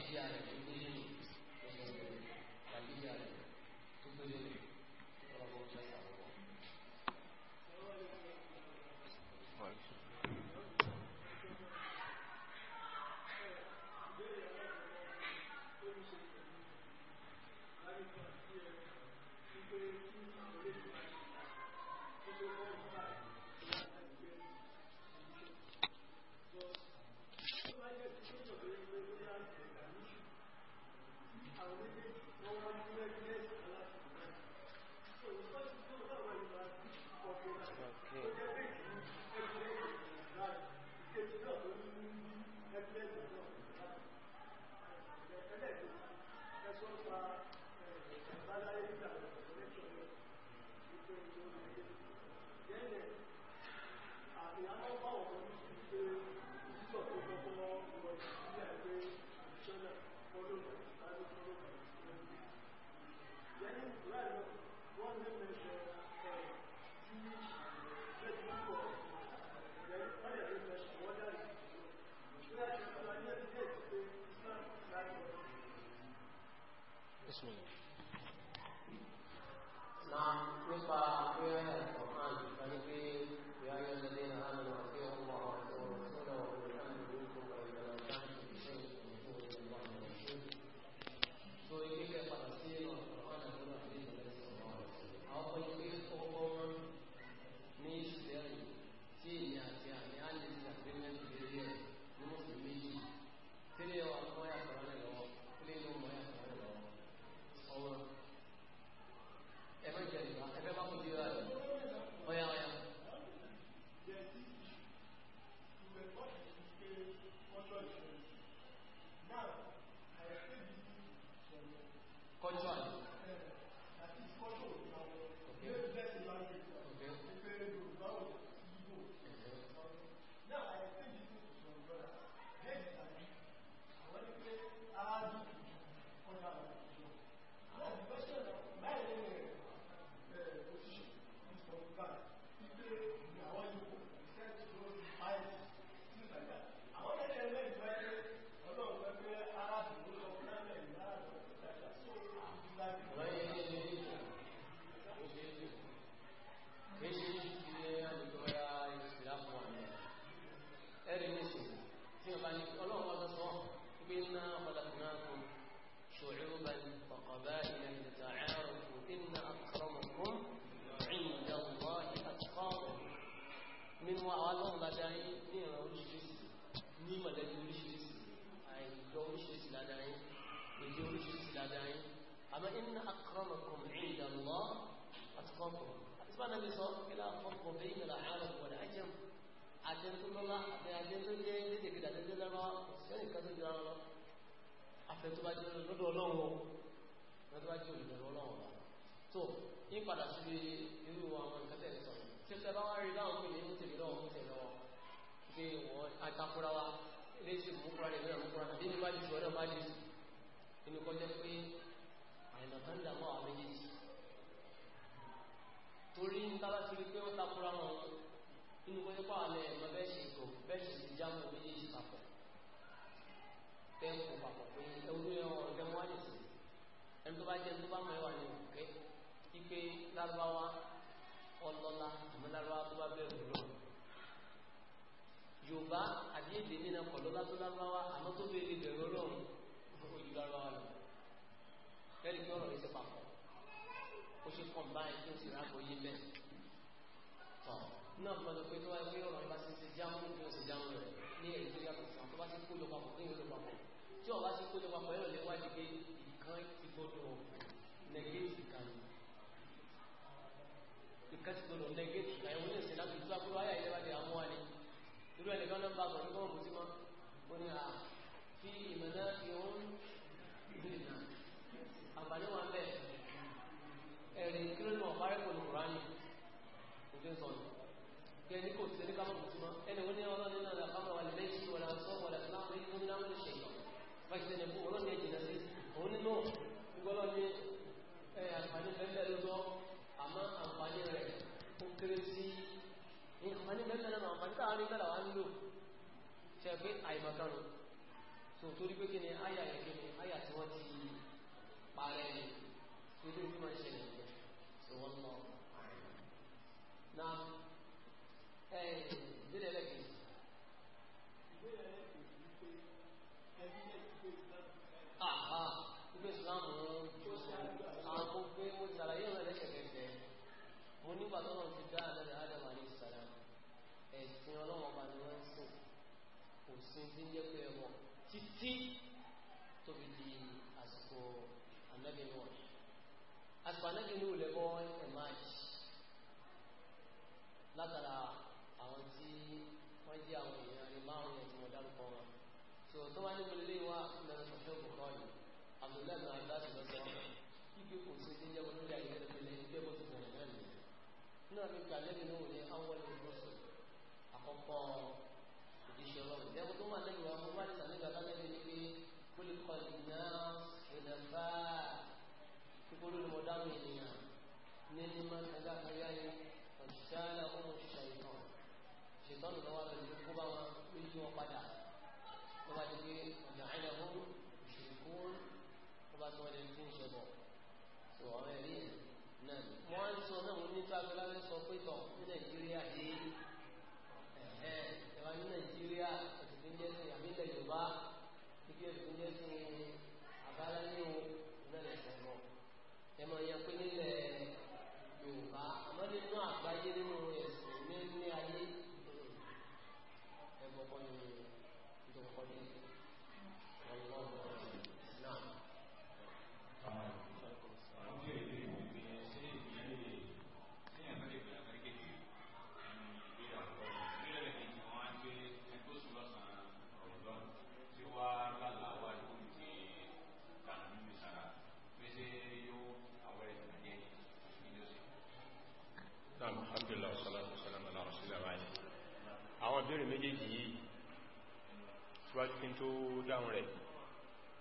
tó dáhùn rẹ̀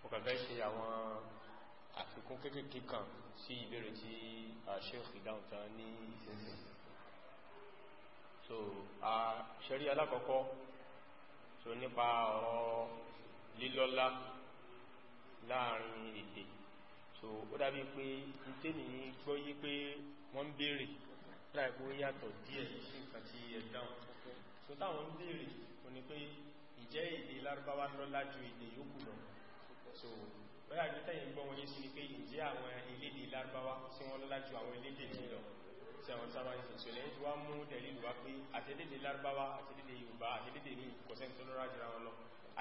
ọkàfẹ́ ṣe àwọn àfikún kékèké kan sí ìbéèrè tí a ṣéèkì dáhùn tán ní ìsinsin so a ṣẹ́rí alákọ̀ọ́kọ́ so nípa ọ̀rọ̀ lílọ́lá láàrin èdè so ó dábí pé ìtẹ́ni gbọ́ yí pé wọ́n ń béèrè láìpó yàtọ̀ díẹ̀ sí nǹkan tí ẹ̀dáhùn so táwọn ń béèrè ó ní pé ìjẹ́ èdè lárúbáwá lọ́lá ju èdè yòókù lọ so bóyá ní tẹ́yìn gbọ́ wọnyé sí ni pé ìjẹ́ àwọn elédè lárúbáwá sí wọn lọ́lá ju àwọn elédè mi lọ sí àwọn sábà ní ìṣẹ̀lẹ̀ tí wọ́n mú dẹ̀lì wá pé àtẹ́lédè lárúbáwá àtẹ́lédè yorùbá àtẹ́lédè mi kò sẹ́ni tó lọ́rọ̀ àjọra wọn lọ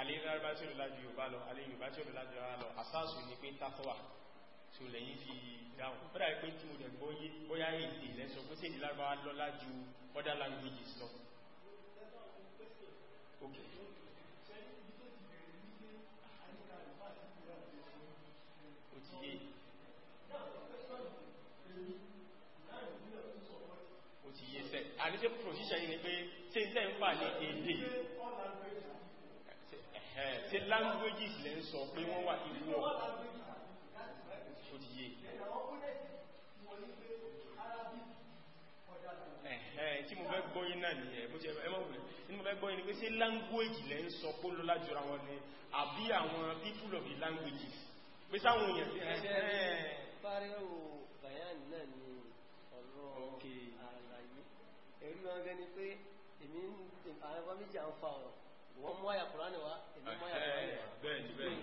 alẹ́ lárúbá tí ó lọ́lá ju yorùbá lọ alẹ́ yorùbá tí ó lọ́lá ju yorùbá lọ àsáàsù ni pé táfọ́wà tí ó lẹ́yìn fi dáhùn fẹ́rẹ̀ pé tí mo dẹ̀ gbọ́ okay ṣiṣẹ́ yìí ni pé ṣe ń tẹ́ǹfà ní èdè ṣe languages lẹ́ ń sọ pé wọ́n wà ìlú ọ̀ tí mo fẹ́ gbọ́ náà ni ẹ̀ bó ti ẹmọ́ tí mo fẹ́ gbọ́ ni pé ṣe language lẹ́ ń sọ pó lọ́lá jùra wọn ni àbí àwọn people of the languages pé sáwọn èèyàn sí ẹ̀rí máa ń bẹ ni pé èmi àwọn ẹgbẹ́ méjì à ń fa ọ̀rọ̀ wọ́n mú àyà kùránì wá èmi mú àyà kùránì wá bẹ́ẹ̀ni bẹ́ẹ̀ni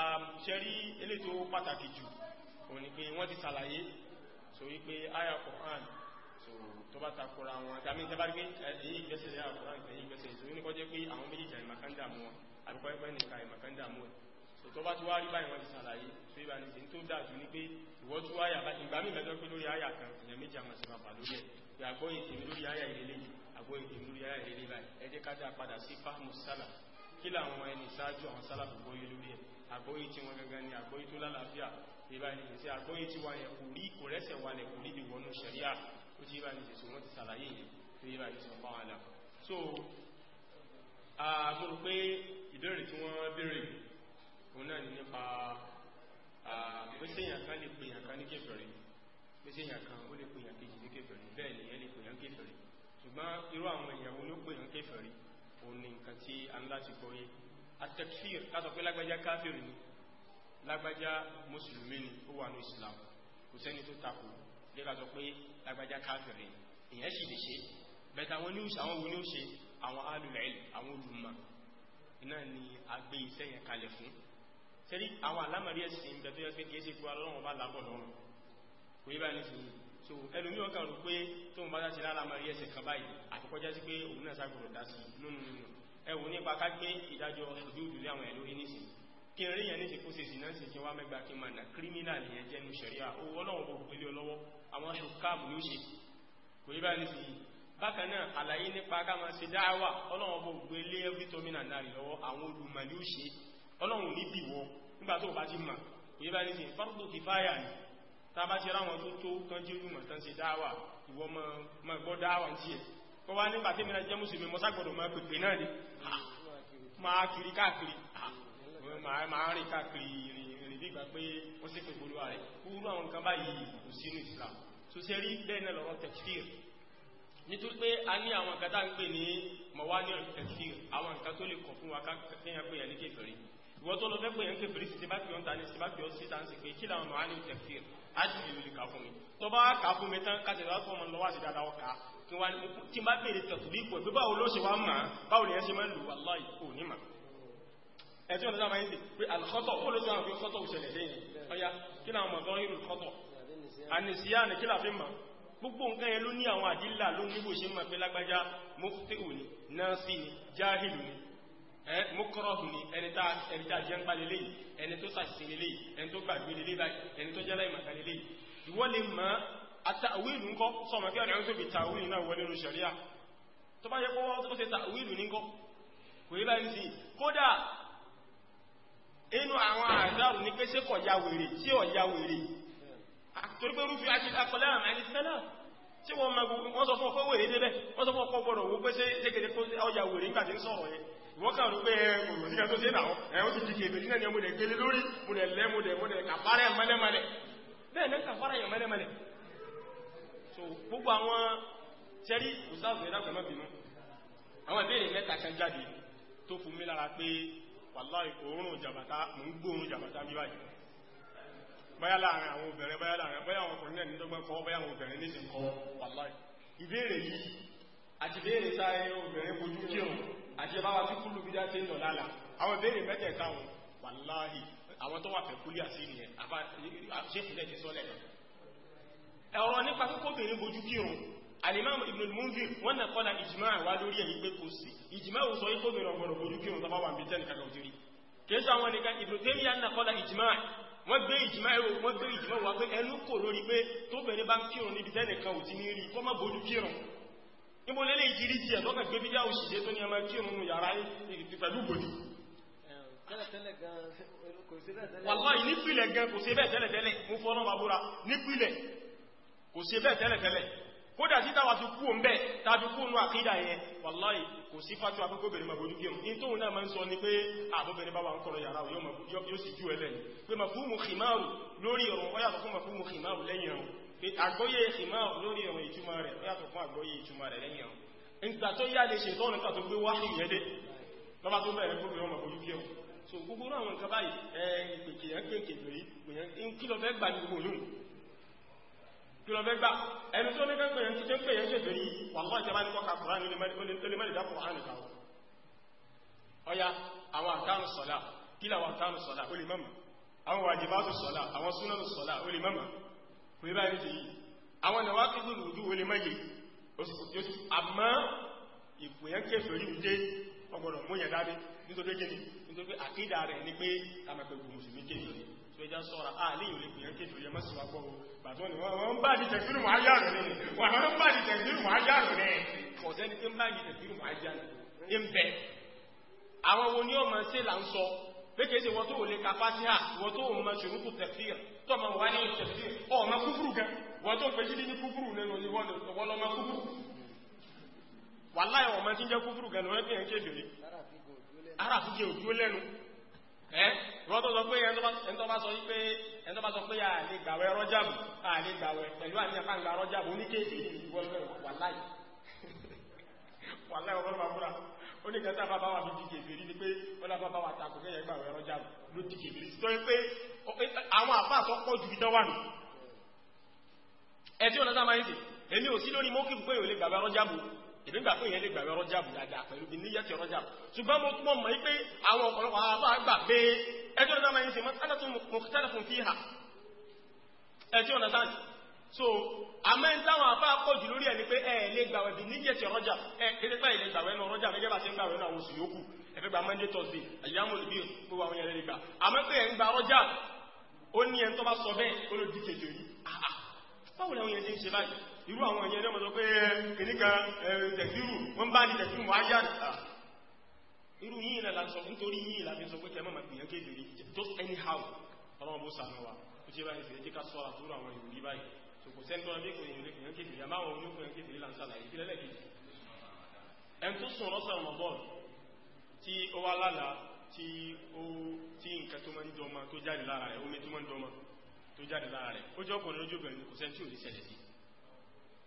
um, ṣe rí elétò pàtàkì jù òun ni pé wọ́n ti ṣàlàyé so wípé àyà kùránì so tó bá takora wọn àtàmì tẹ́ bá rí pé èyí ìgbésẹ̀ àyà kùránì tẹ̀yìn ìgbésẹ̀ ìṣòro ní kọjẹ́ pé àwọn méjì àìmàkánda mú tó bá tí wá rí báyìí wọ́n ti sàlàyé tó ìbá nìsí tó dájú ní pé ìwọ́n tó wáyà bá ìgbàmí ìgbàjọ́ pé lórí àyà kan ìyẹn méjì àmàṣẹ́bàbà lórí ẹ̀ pé àgbóyè tèmi padà sí fáhùn sálà kí làwọn ẹni ṣáájú àwọn sálà gbóyè lórí ẹ̀ àgbóyè tí wọn gangan sí àgbóyè tí wọn yẹn kò rí kò rẹ́sẹ̀ wà lẹ̀ kò rí lè wọnú ṣẹ̀ríà ó ti ìbáyìí sì wọ́n ti sàlàyé yẹn tó ìbáyìí sọ fún àlà so mo rò pé ìbéèrè tí wọ́n béèrè òun náà ní nípa pé séèyàn kan lè pè yàn kan ní pé sí èyàn kan ó lè ni ẹni pèyàn kéfèrí ṣùgbọ́n ni nǹkan tí a ń láti gbọ́yé atẹ́kfíìr kásọ pé lágbájá káfíìrì ni lágbájá mùsùlùmí Islam kò sẹ́ni tó takò lè kásọ pé lágbájá káfíìrì ni èèyàn sì lè ṣe bẹ̀tẹ̀ àwọn oníṣe àwọn wo ni ó ṣe àwọn alùlẹ̀ àwọn olùmọ̀ náà ni a gbé iṣẹ́ yẹn kalẹ̀ fún sẹ́rí àwọn alámọ̀rí ẹ̀sìn ìgbẹ̀tọ́ yẹ kò ní so ẹlòmí ọkà rò pé tó ń bá dáṣe lára mọ̀ rí ẹsẹ̀ kan báyìí àtikọjá sí pé òun náà sáàgbọ̀rọ̀ dá sí nínú nínú ẹwù nípa ká gbé ìdájọ́ ìdúdú lé àwọn ẹ̀lórí nísìn kí n rí yẹn níṣe kó ṣe sí náà sì kí wá mẹ́gbà kí mànà kírímínàlì yẹn jẹ́nu ṣẹ̀ríà owó ọlọ́run gbogbo ilé ọlọ́wọ́ àwọn ṣùkáàbù ló ṣe kò yí bá ní sí bákan náà àlàyé nípa ká máa ṣe dáwà ọlọ́run gbogbo ilé ẹbí tó mí nàná kìfáyà ni tàbá ti ráwọn tó tó tán jí rúmọ̀ tán sí dáwà ìwọ mọ̀ gbọ́ dáwà ń tiẹ̀ kọ́ wá nígbà tí mìíràn jẹ́ mùsùlùmí mọ́sá gbọ́dọ̀ máa pèpè náà ni máa kiri káàkiri máa rìn káàkiri rìn dígbà pé ó sì pè gbogbo rẹ̀ kúrú àwọn nǹkan báyìí kò sínú Islam tó ṣe rí bẹ́ẹ̀ náà lọ́rọ̀ tẹ̀fíìr nítorí pé a ní àwọn nǹkan tá ń pè ní mọ̀wá ní tẹ̀fíìr àwọn nǹkan tó lè kọ̀ fún wa ká kéèyàn pé ẹ̀ ní kéèkèrè wọ́n tó lọ fẹ́ pé yẹn kèfèrí sí ti bá fi ọ́n ta ní sí bá fi ọ́ sí ta ń sì pé kí làwọn màá ní tẹ̀fíìr á sì lè lè kà fún mi tó bá wá kà fún mi tán ká tẹ̀lé wá fún ọmọ lọ́wọ́ àti dáadáa wọ́n kà á kí wá tí n bá béèrè tẹ̀tùlí pọ̀ pé báwo ló ṣe wá mà á báwo lè yẹn ṣe máa ń lù wà láì kò ní mà. ẹ̀sìn ọ̀dọ́ sábà yín sì pé àlùkọ́tọ̀ ó ló sọ àwọn kọ́tọ̀ òṣèlẹ̀ lẹ́yìn gbogbo nǹkan yẹn ló ní àwọn àdílà ló ní bó ṣe ń mọ̀ pé lágbájá mufti ni nasi ni jahilu ni ẹ mokoro ni ẹni tá ẹni tá jẹ́ ń pa lélẹ́yìí ẹni tó sàṣìṣe lélẹ́yìí ẹni tó gbàgbé lélẹ́yìí báyìí ẹni tó jẹ́ láì màkà lélẹ́yìí ìwọ lè mọ àtàwílù ńkọ sọmọ kí ọ̀nà ìṣòbí tàwílù náà wọlé nu sẹ̀ríà tó bá yẹ kó wọ́n tó ṣe tàwílù ńkọ kò yẹ báyìí sí kódà inú àwọn àdáàrù ní pé ṣé kọ̀ ya wèrè tí ọ̀ ya wèrè torí pé rúfi akọlẹ́ àmì ẹni sẹ́lá tí wọ́n sọ fún ọkọ̀ wèrè débẹ̀ wọ́n sọ fún ọkọ̀ gbọ́dọ̀ wò pé ṣé ṣé kéde kó ọjà wọ́n kàrù pé ẹ̀rùn eh, nígbà tó ṣe náà ti jìkì ìbìnrin náà ni mo lè lórí mo lè lẹ́ mo mẹ́lẹ́mẹ́lẹ́ bẹ́ẹ̀ ní mẹ́lẹ́mẹ́lẹ́ so gbogbo àwọn ṣẹ́rí ìsáàfù ẹ̀dá pẹ̀lú bínú àwọn ìbéèrè mẹ́ta yìí àti ìbéèrè sáré obìnrin bojú kírun àti ọba wa tí kúlù bí dáṣe ń lọ lálà àwọn ìbéèrè mẹ́tẹ̀ẹ̀ta wọn wàláhì àwọn tó wà fẹ̀kúlì àti ìyẹn àbá ṣéfìlẹ̀ ti sọ́lẹ̀ ọ̀rọ̀ nípa kókóbìnrin bojú kírun alimami ibn al-munzir wọn nà kọ́lá ìjìmá wa lórí ẹ̀yìn pé kò sí ìjìmá ò sọ ikóbìnrin ọgbọ̀nà bojú kírun tọ́pá wà ń bí tẹ́lẹ̀ kàkà òjìrí kìí sọ àwọn nìkan ibn wà níbo lélẹ̀ ìjírí tí ẹ̀ lọ́kàn gbé bídá òṣìṣẹ́ tó ní ẹmọ kí òun yàrá yìí pẹ̀lú bòdì wàláì nípìlẹ̀ gan kò ṣe bẹ́ẹ̀ tẹ́lẹ̀tẹ́lẹ̀ mú fọ́nà babúra nípìlẹ̀ kò ṣe bẹ́ẹ̀ tẹ́lẹ̀tẹ́lẹ̀ kódà tí táwà ti kú òǹbẹ̀ tàbí kú òǹnú àkídà yẹn wàláì kò sí fàtíwà pé kóbìnrin ma bojú gẹ̀mù ní tóun náà ma ń sọ ní pé àbóbìnrin bá wà ń kọ̀rọ̀ yàrá yóò sì jú ẹlẹ́ni pé mafúmù kìmáàrù lórí ọ̀rọ̀ wáyàtọ̀ fún mafúmù kìmáàrù lẹ́yìn ẹ̀rùn àgbóyé ìmọ̀ lórí ọ̀rọ̀ ìtumọ̀ rẹ̀ yàtọ̀ fún àgbóyé ìtumọ̀ rẹ̀ lẹ́yìn ọ̀rọ̀ ìgbà tó yá lè ṣe tọ́nà tó gbé wáhì yẹ́dẹ́ lọ́bá tó bẹ̀rẹ̀ gbogbo ọmọ ojú kí ẹ̀wọ̀n so gbogbo náà wọn kaba ìpèkè yẹn pé kèbè yìí kí lọ fẹ́ gbà ní gbogbo yìí kí lọ fẹ́ gbà ẹni tó ní fẹ́ pè yẹn tó pè yẹn kèbè yìí wà lọ́wọ́ ìjọba ní kọ́ka kùrán nílé mẹ́rin dápọ̀ hàn nìkan ọya àwọn àkánù sọ̀lá kí làwọn àkánù sọ̀lá ó lè mọ́mọ́ àwọn wàjibátù sọ̀lá àwọn súnà sọ̀lá ó lè mọ́mọ́ kò yí báyìí nìyí àwọn ìnáwó akéwì lòdù wọlé mẹ́yẹ oṣù àmọ́ ìpòyàn kéfèé rí wùdé ọgbọ̀dọ̀ mú yẹn dání nítorí gíní nítorí àkídà rẹ̀ ní pé kàmẹ́pẹ̀ mùsùlùmí kéfèé tó ẹjá sọ́ra àlè ìwòlé pèyàn kéfèé yẹn mọ́sí wapọ̀ bàtọ́ ni wọ́n bá di tẹ̀fírù wọ́n ajá rẹ̀ ní wọ́n bá di tẹ̀fírù wọ́n ajá rẹ̀ kọ̀ọ̀sẹ́ni tí ń bá di tẹ̀fírù wọ́n ajá rẹ̀ ń bẹ̀ àwọn wo ni ọmọ ṣe là ń sọ pé kèéṣe wọ́n tó wọlé kapá sí à wọ́n tó wọ́n mọ ṣòro kù tẹ̀fírù tọ́mọ wà ní ìṣẹ̀sí ọmọ kúfúrú gan wọ́n tó ń pè jílí ní kúfúrú nínú ìwọ́n lọ́mọ kúfúrú wà láì ọmọ tí ń jẹ́ kúfúrú gan lọ́wọ́ fi hàn kéde ara àfúgé òdúó lẹ́nu ẹ́ wọ́n tó sọ pé ẹni tó bá sọ pé ẹni tó bá sọ pé à lè gbàwẹ̀ rọ́jàbù à lè gbàwẹ̀ pẹ̀lú àti ẹ̀fà ń gba rọ́jàbù oníkéde ó ní kẹta bàbá wa fi dìkè fèrí ni pé ọlá bàbá wa takò kẹyẹ gbà wẹrọ jà ló dìkè fèrí sí tọ́yí pé àwọn àbá àtọ́ pọ̀ ju idán wà nù ẹ tí ọ̀nà sáà máa ń sè èmi ò sí lórí mọ́kìfù pé ìwòlé gbàgbé ọrọ̀ jábù èmi gbà pé ìyẹn lè gbàgbé ọrọ̀ jábù dáadáa pẹ̀lú ìníyẹ ti ọrọ̀ jábù ṣùgbọ́n mo mọ̀ mọ́ so àmọ́ ẹni táwọn afá pọ̀ jù lórí ẹ̀ ni pé ẹ lè gbàwẹ̀ bí níjẹ̀ tí ọ̀rọ̀jà ẹ kéde pẹ́ ilẹ̀ gbàwẹ̀ náà ọ̀rọ̀jà gẹ́gẹ́ bá ṣe ń gbàwẹ̀ náà oṣù yòókù ẹ̀fẹ́ gba monday thursday àyàmú ìbí gbogbo àwọn ẹ̀rẹ́ gbà àmọ́ pé ẹ̀ ń gba ọ̀rọ̀jà ó ní ẹni tó bá sọ bẹ́ẹ̀ ó ló di kejì rí báwo làwọn yẹn ti ń ṣe báyìí irú àwọn yẹn náà mọ̀ sọ pé kìnnìkan tẹ̀síwù wọ́n bá ní tẹ̀síwù wọ́n á yá irú yìí náà la sọ nítorí yìí la fi sọ pé kẹ́ mọ̀ màgbìyàn kéde rí just anyhow ọlọ́run bó sànù wa ó ti báyìí sí ẹjẹ́ ká sọ́ra tó rà àwọn ìròyìn báyìí kò sẹ́ńtọ́ ní kò yìí lẹ́kùn kéfì yà máa wọ̀ ní kò yìí kéfì lílà ń sàlàyé kí lẹ́lẹ́kì ẹn tó sùn lọ́sàn ọmọbọ́n tí ó wá lálà tí ó tí nǹkan tó máa ń dọ́mà tó jáde lára rẹ̀ omi tó máa ń dọ́mà tó jáde lára rẹ̀ ó jẹ́ ọkùnrin lójú obìnrin kò sẹ́ńtì òní ṣẹlẹ̀ sí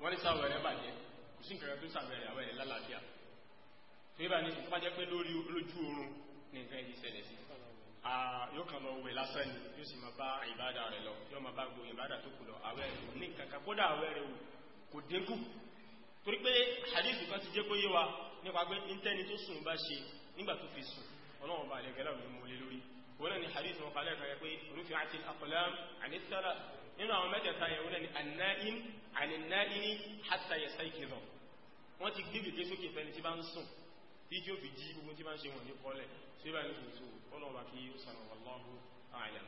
wọ́n ní sáwọ̀ rẹ̀ bàjẹ́ kò sí nǹkan tó sàbẹ̀rẹ̀ àwẹ̀ rẹ̀ lálàáfíà tó yẹ bá ní ìfipá jẹ́ pé lórí lójú oorun ní nǹkan yóò kàn máa wẹ̀ lásán ni yóò sì máa bá ìbádà rẹ̀ lọ yóò máa bá gbogbo ìbádà tó kù lọ àwẹ̀ rẹ̀ ní kankan kódà àwẹ̀ rẹ̀ kò dínkù torí pé hadithu kan ti jẹ́ kó yé wa nípa pé ntẹ́ni tó sùn bá ṣe nígbà tó fi sùn ọlọ́run bá àlẹ́gẹ́lá mi mú lé lórí wọ́n ní hadithu wọn falẹ̀ kan yẹ pé rufi àti akọlẹ́m àní sára nínú àwọn mẹ́tẹ̀ẹ̀ta yẹn wọ́n ní anáín àní náíní hàtà yẹ sáìkìlọ̀ wọ́n ti gbé gègé sókè fẹ́ni tí bá ń sùn tí tí fi jí gbogbo tí bá ń ṣe wọ̀n ní kọ́lẹ̀ tí bá ní ṣùgbọ́n ọlọ́wà kí ó sàrọ̀wà lọ́rùn ààyàn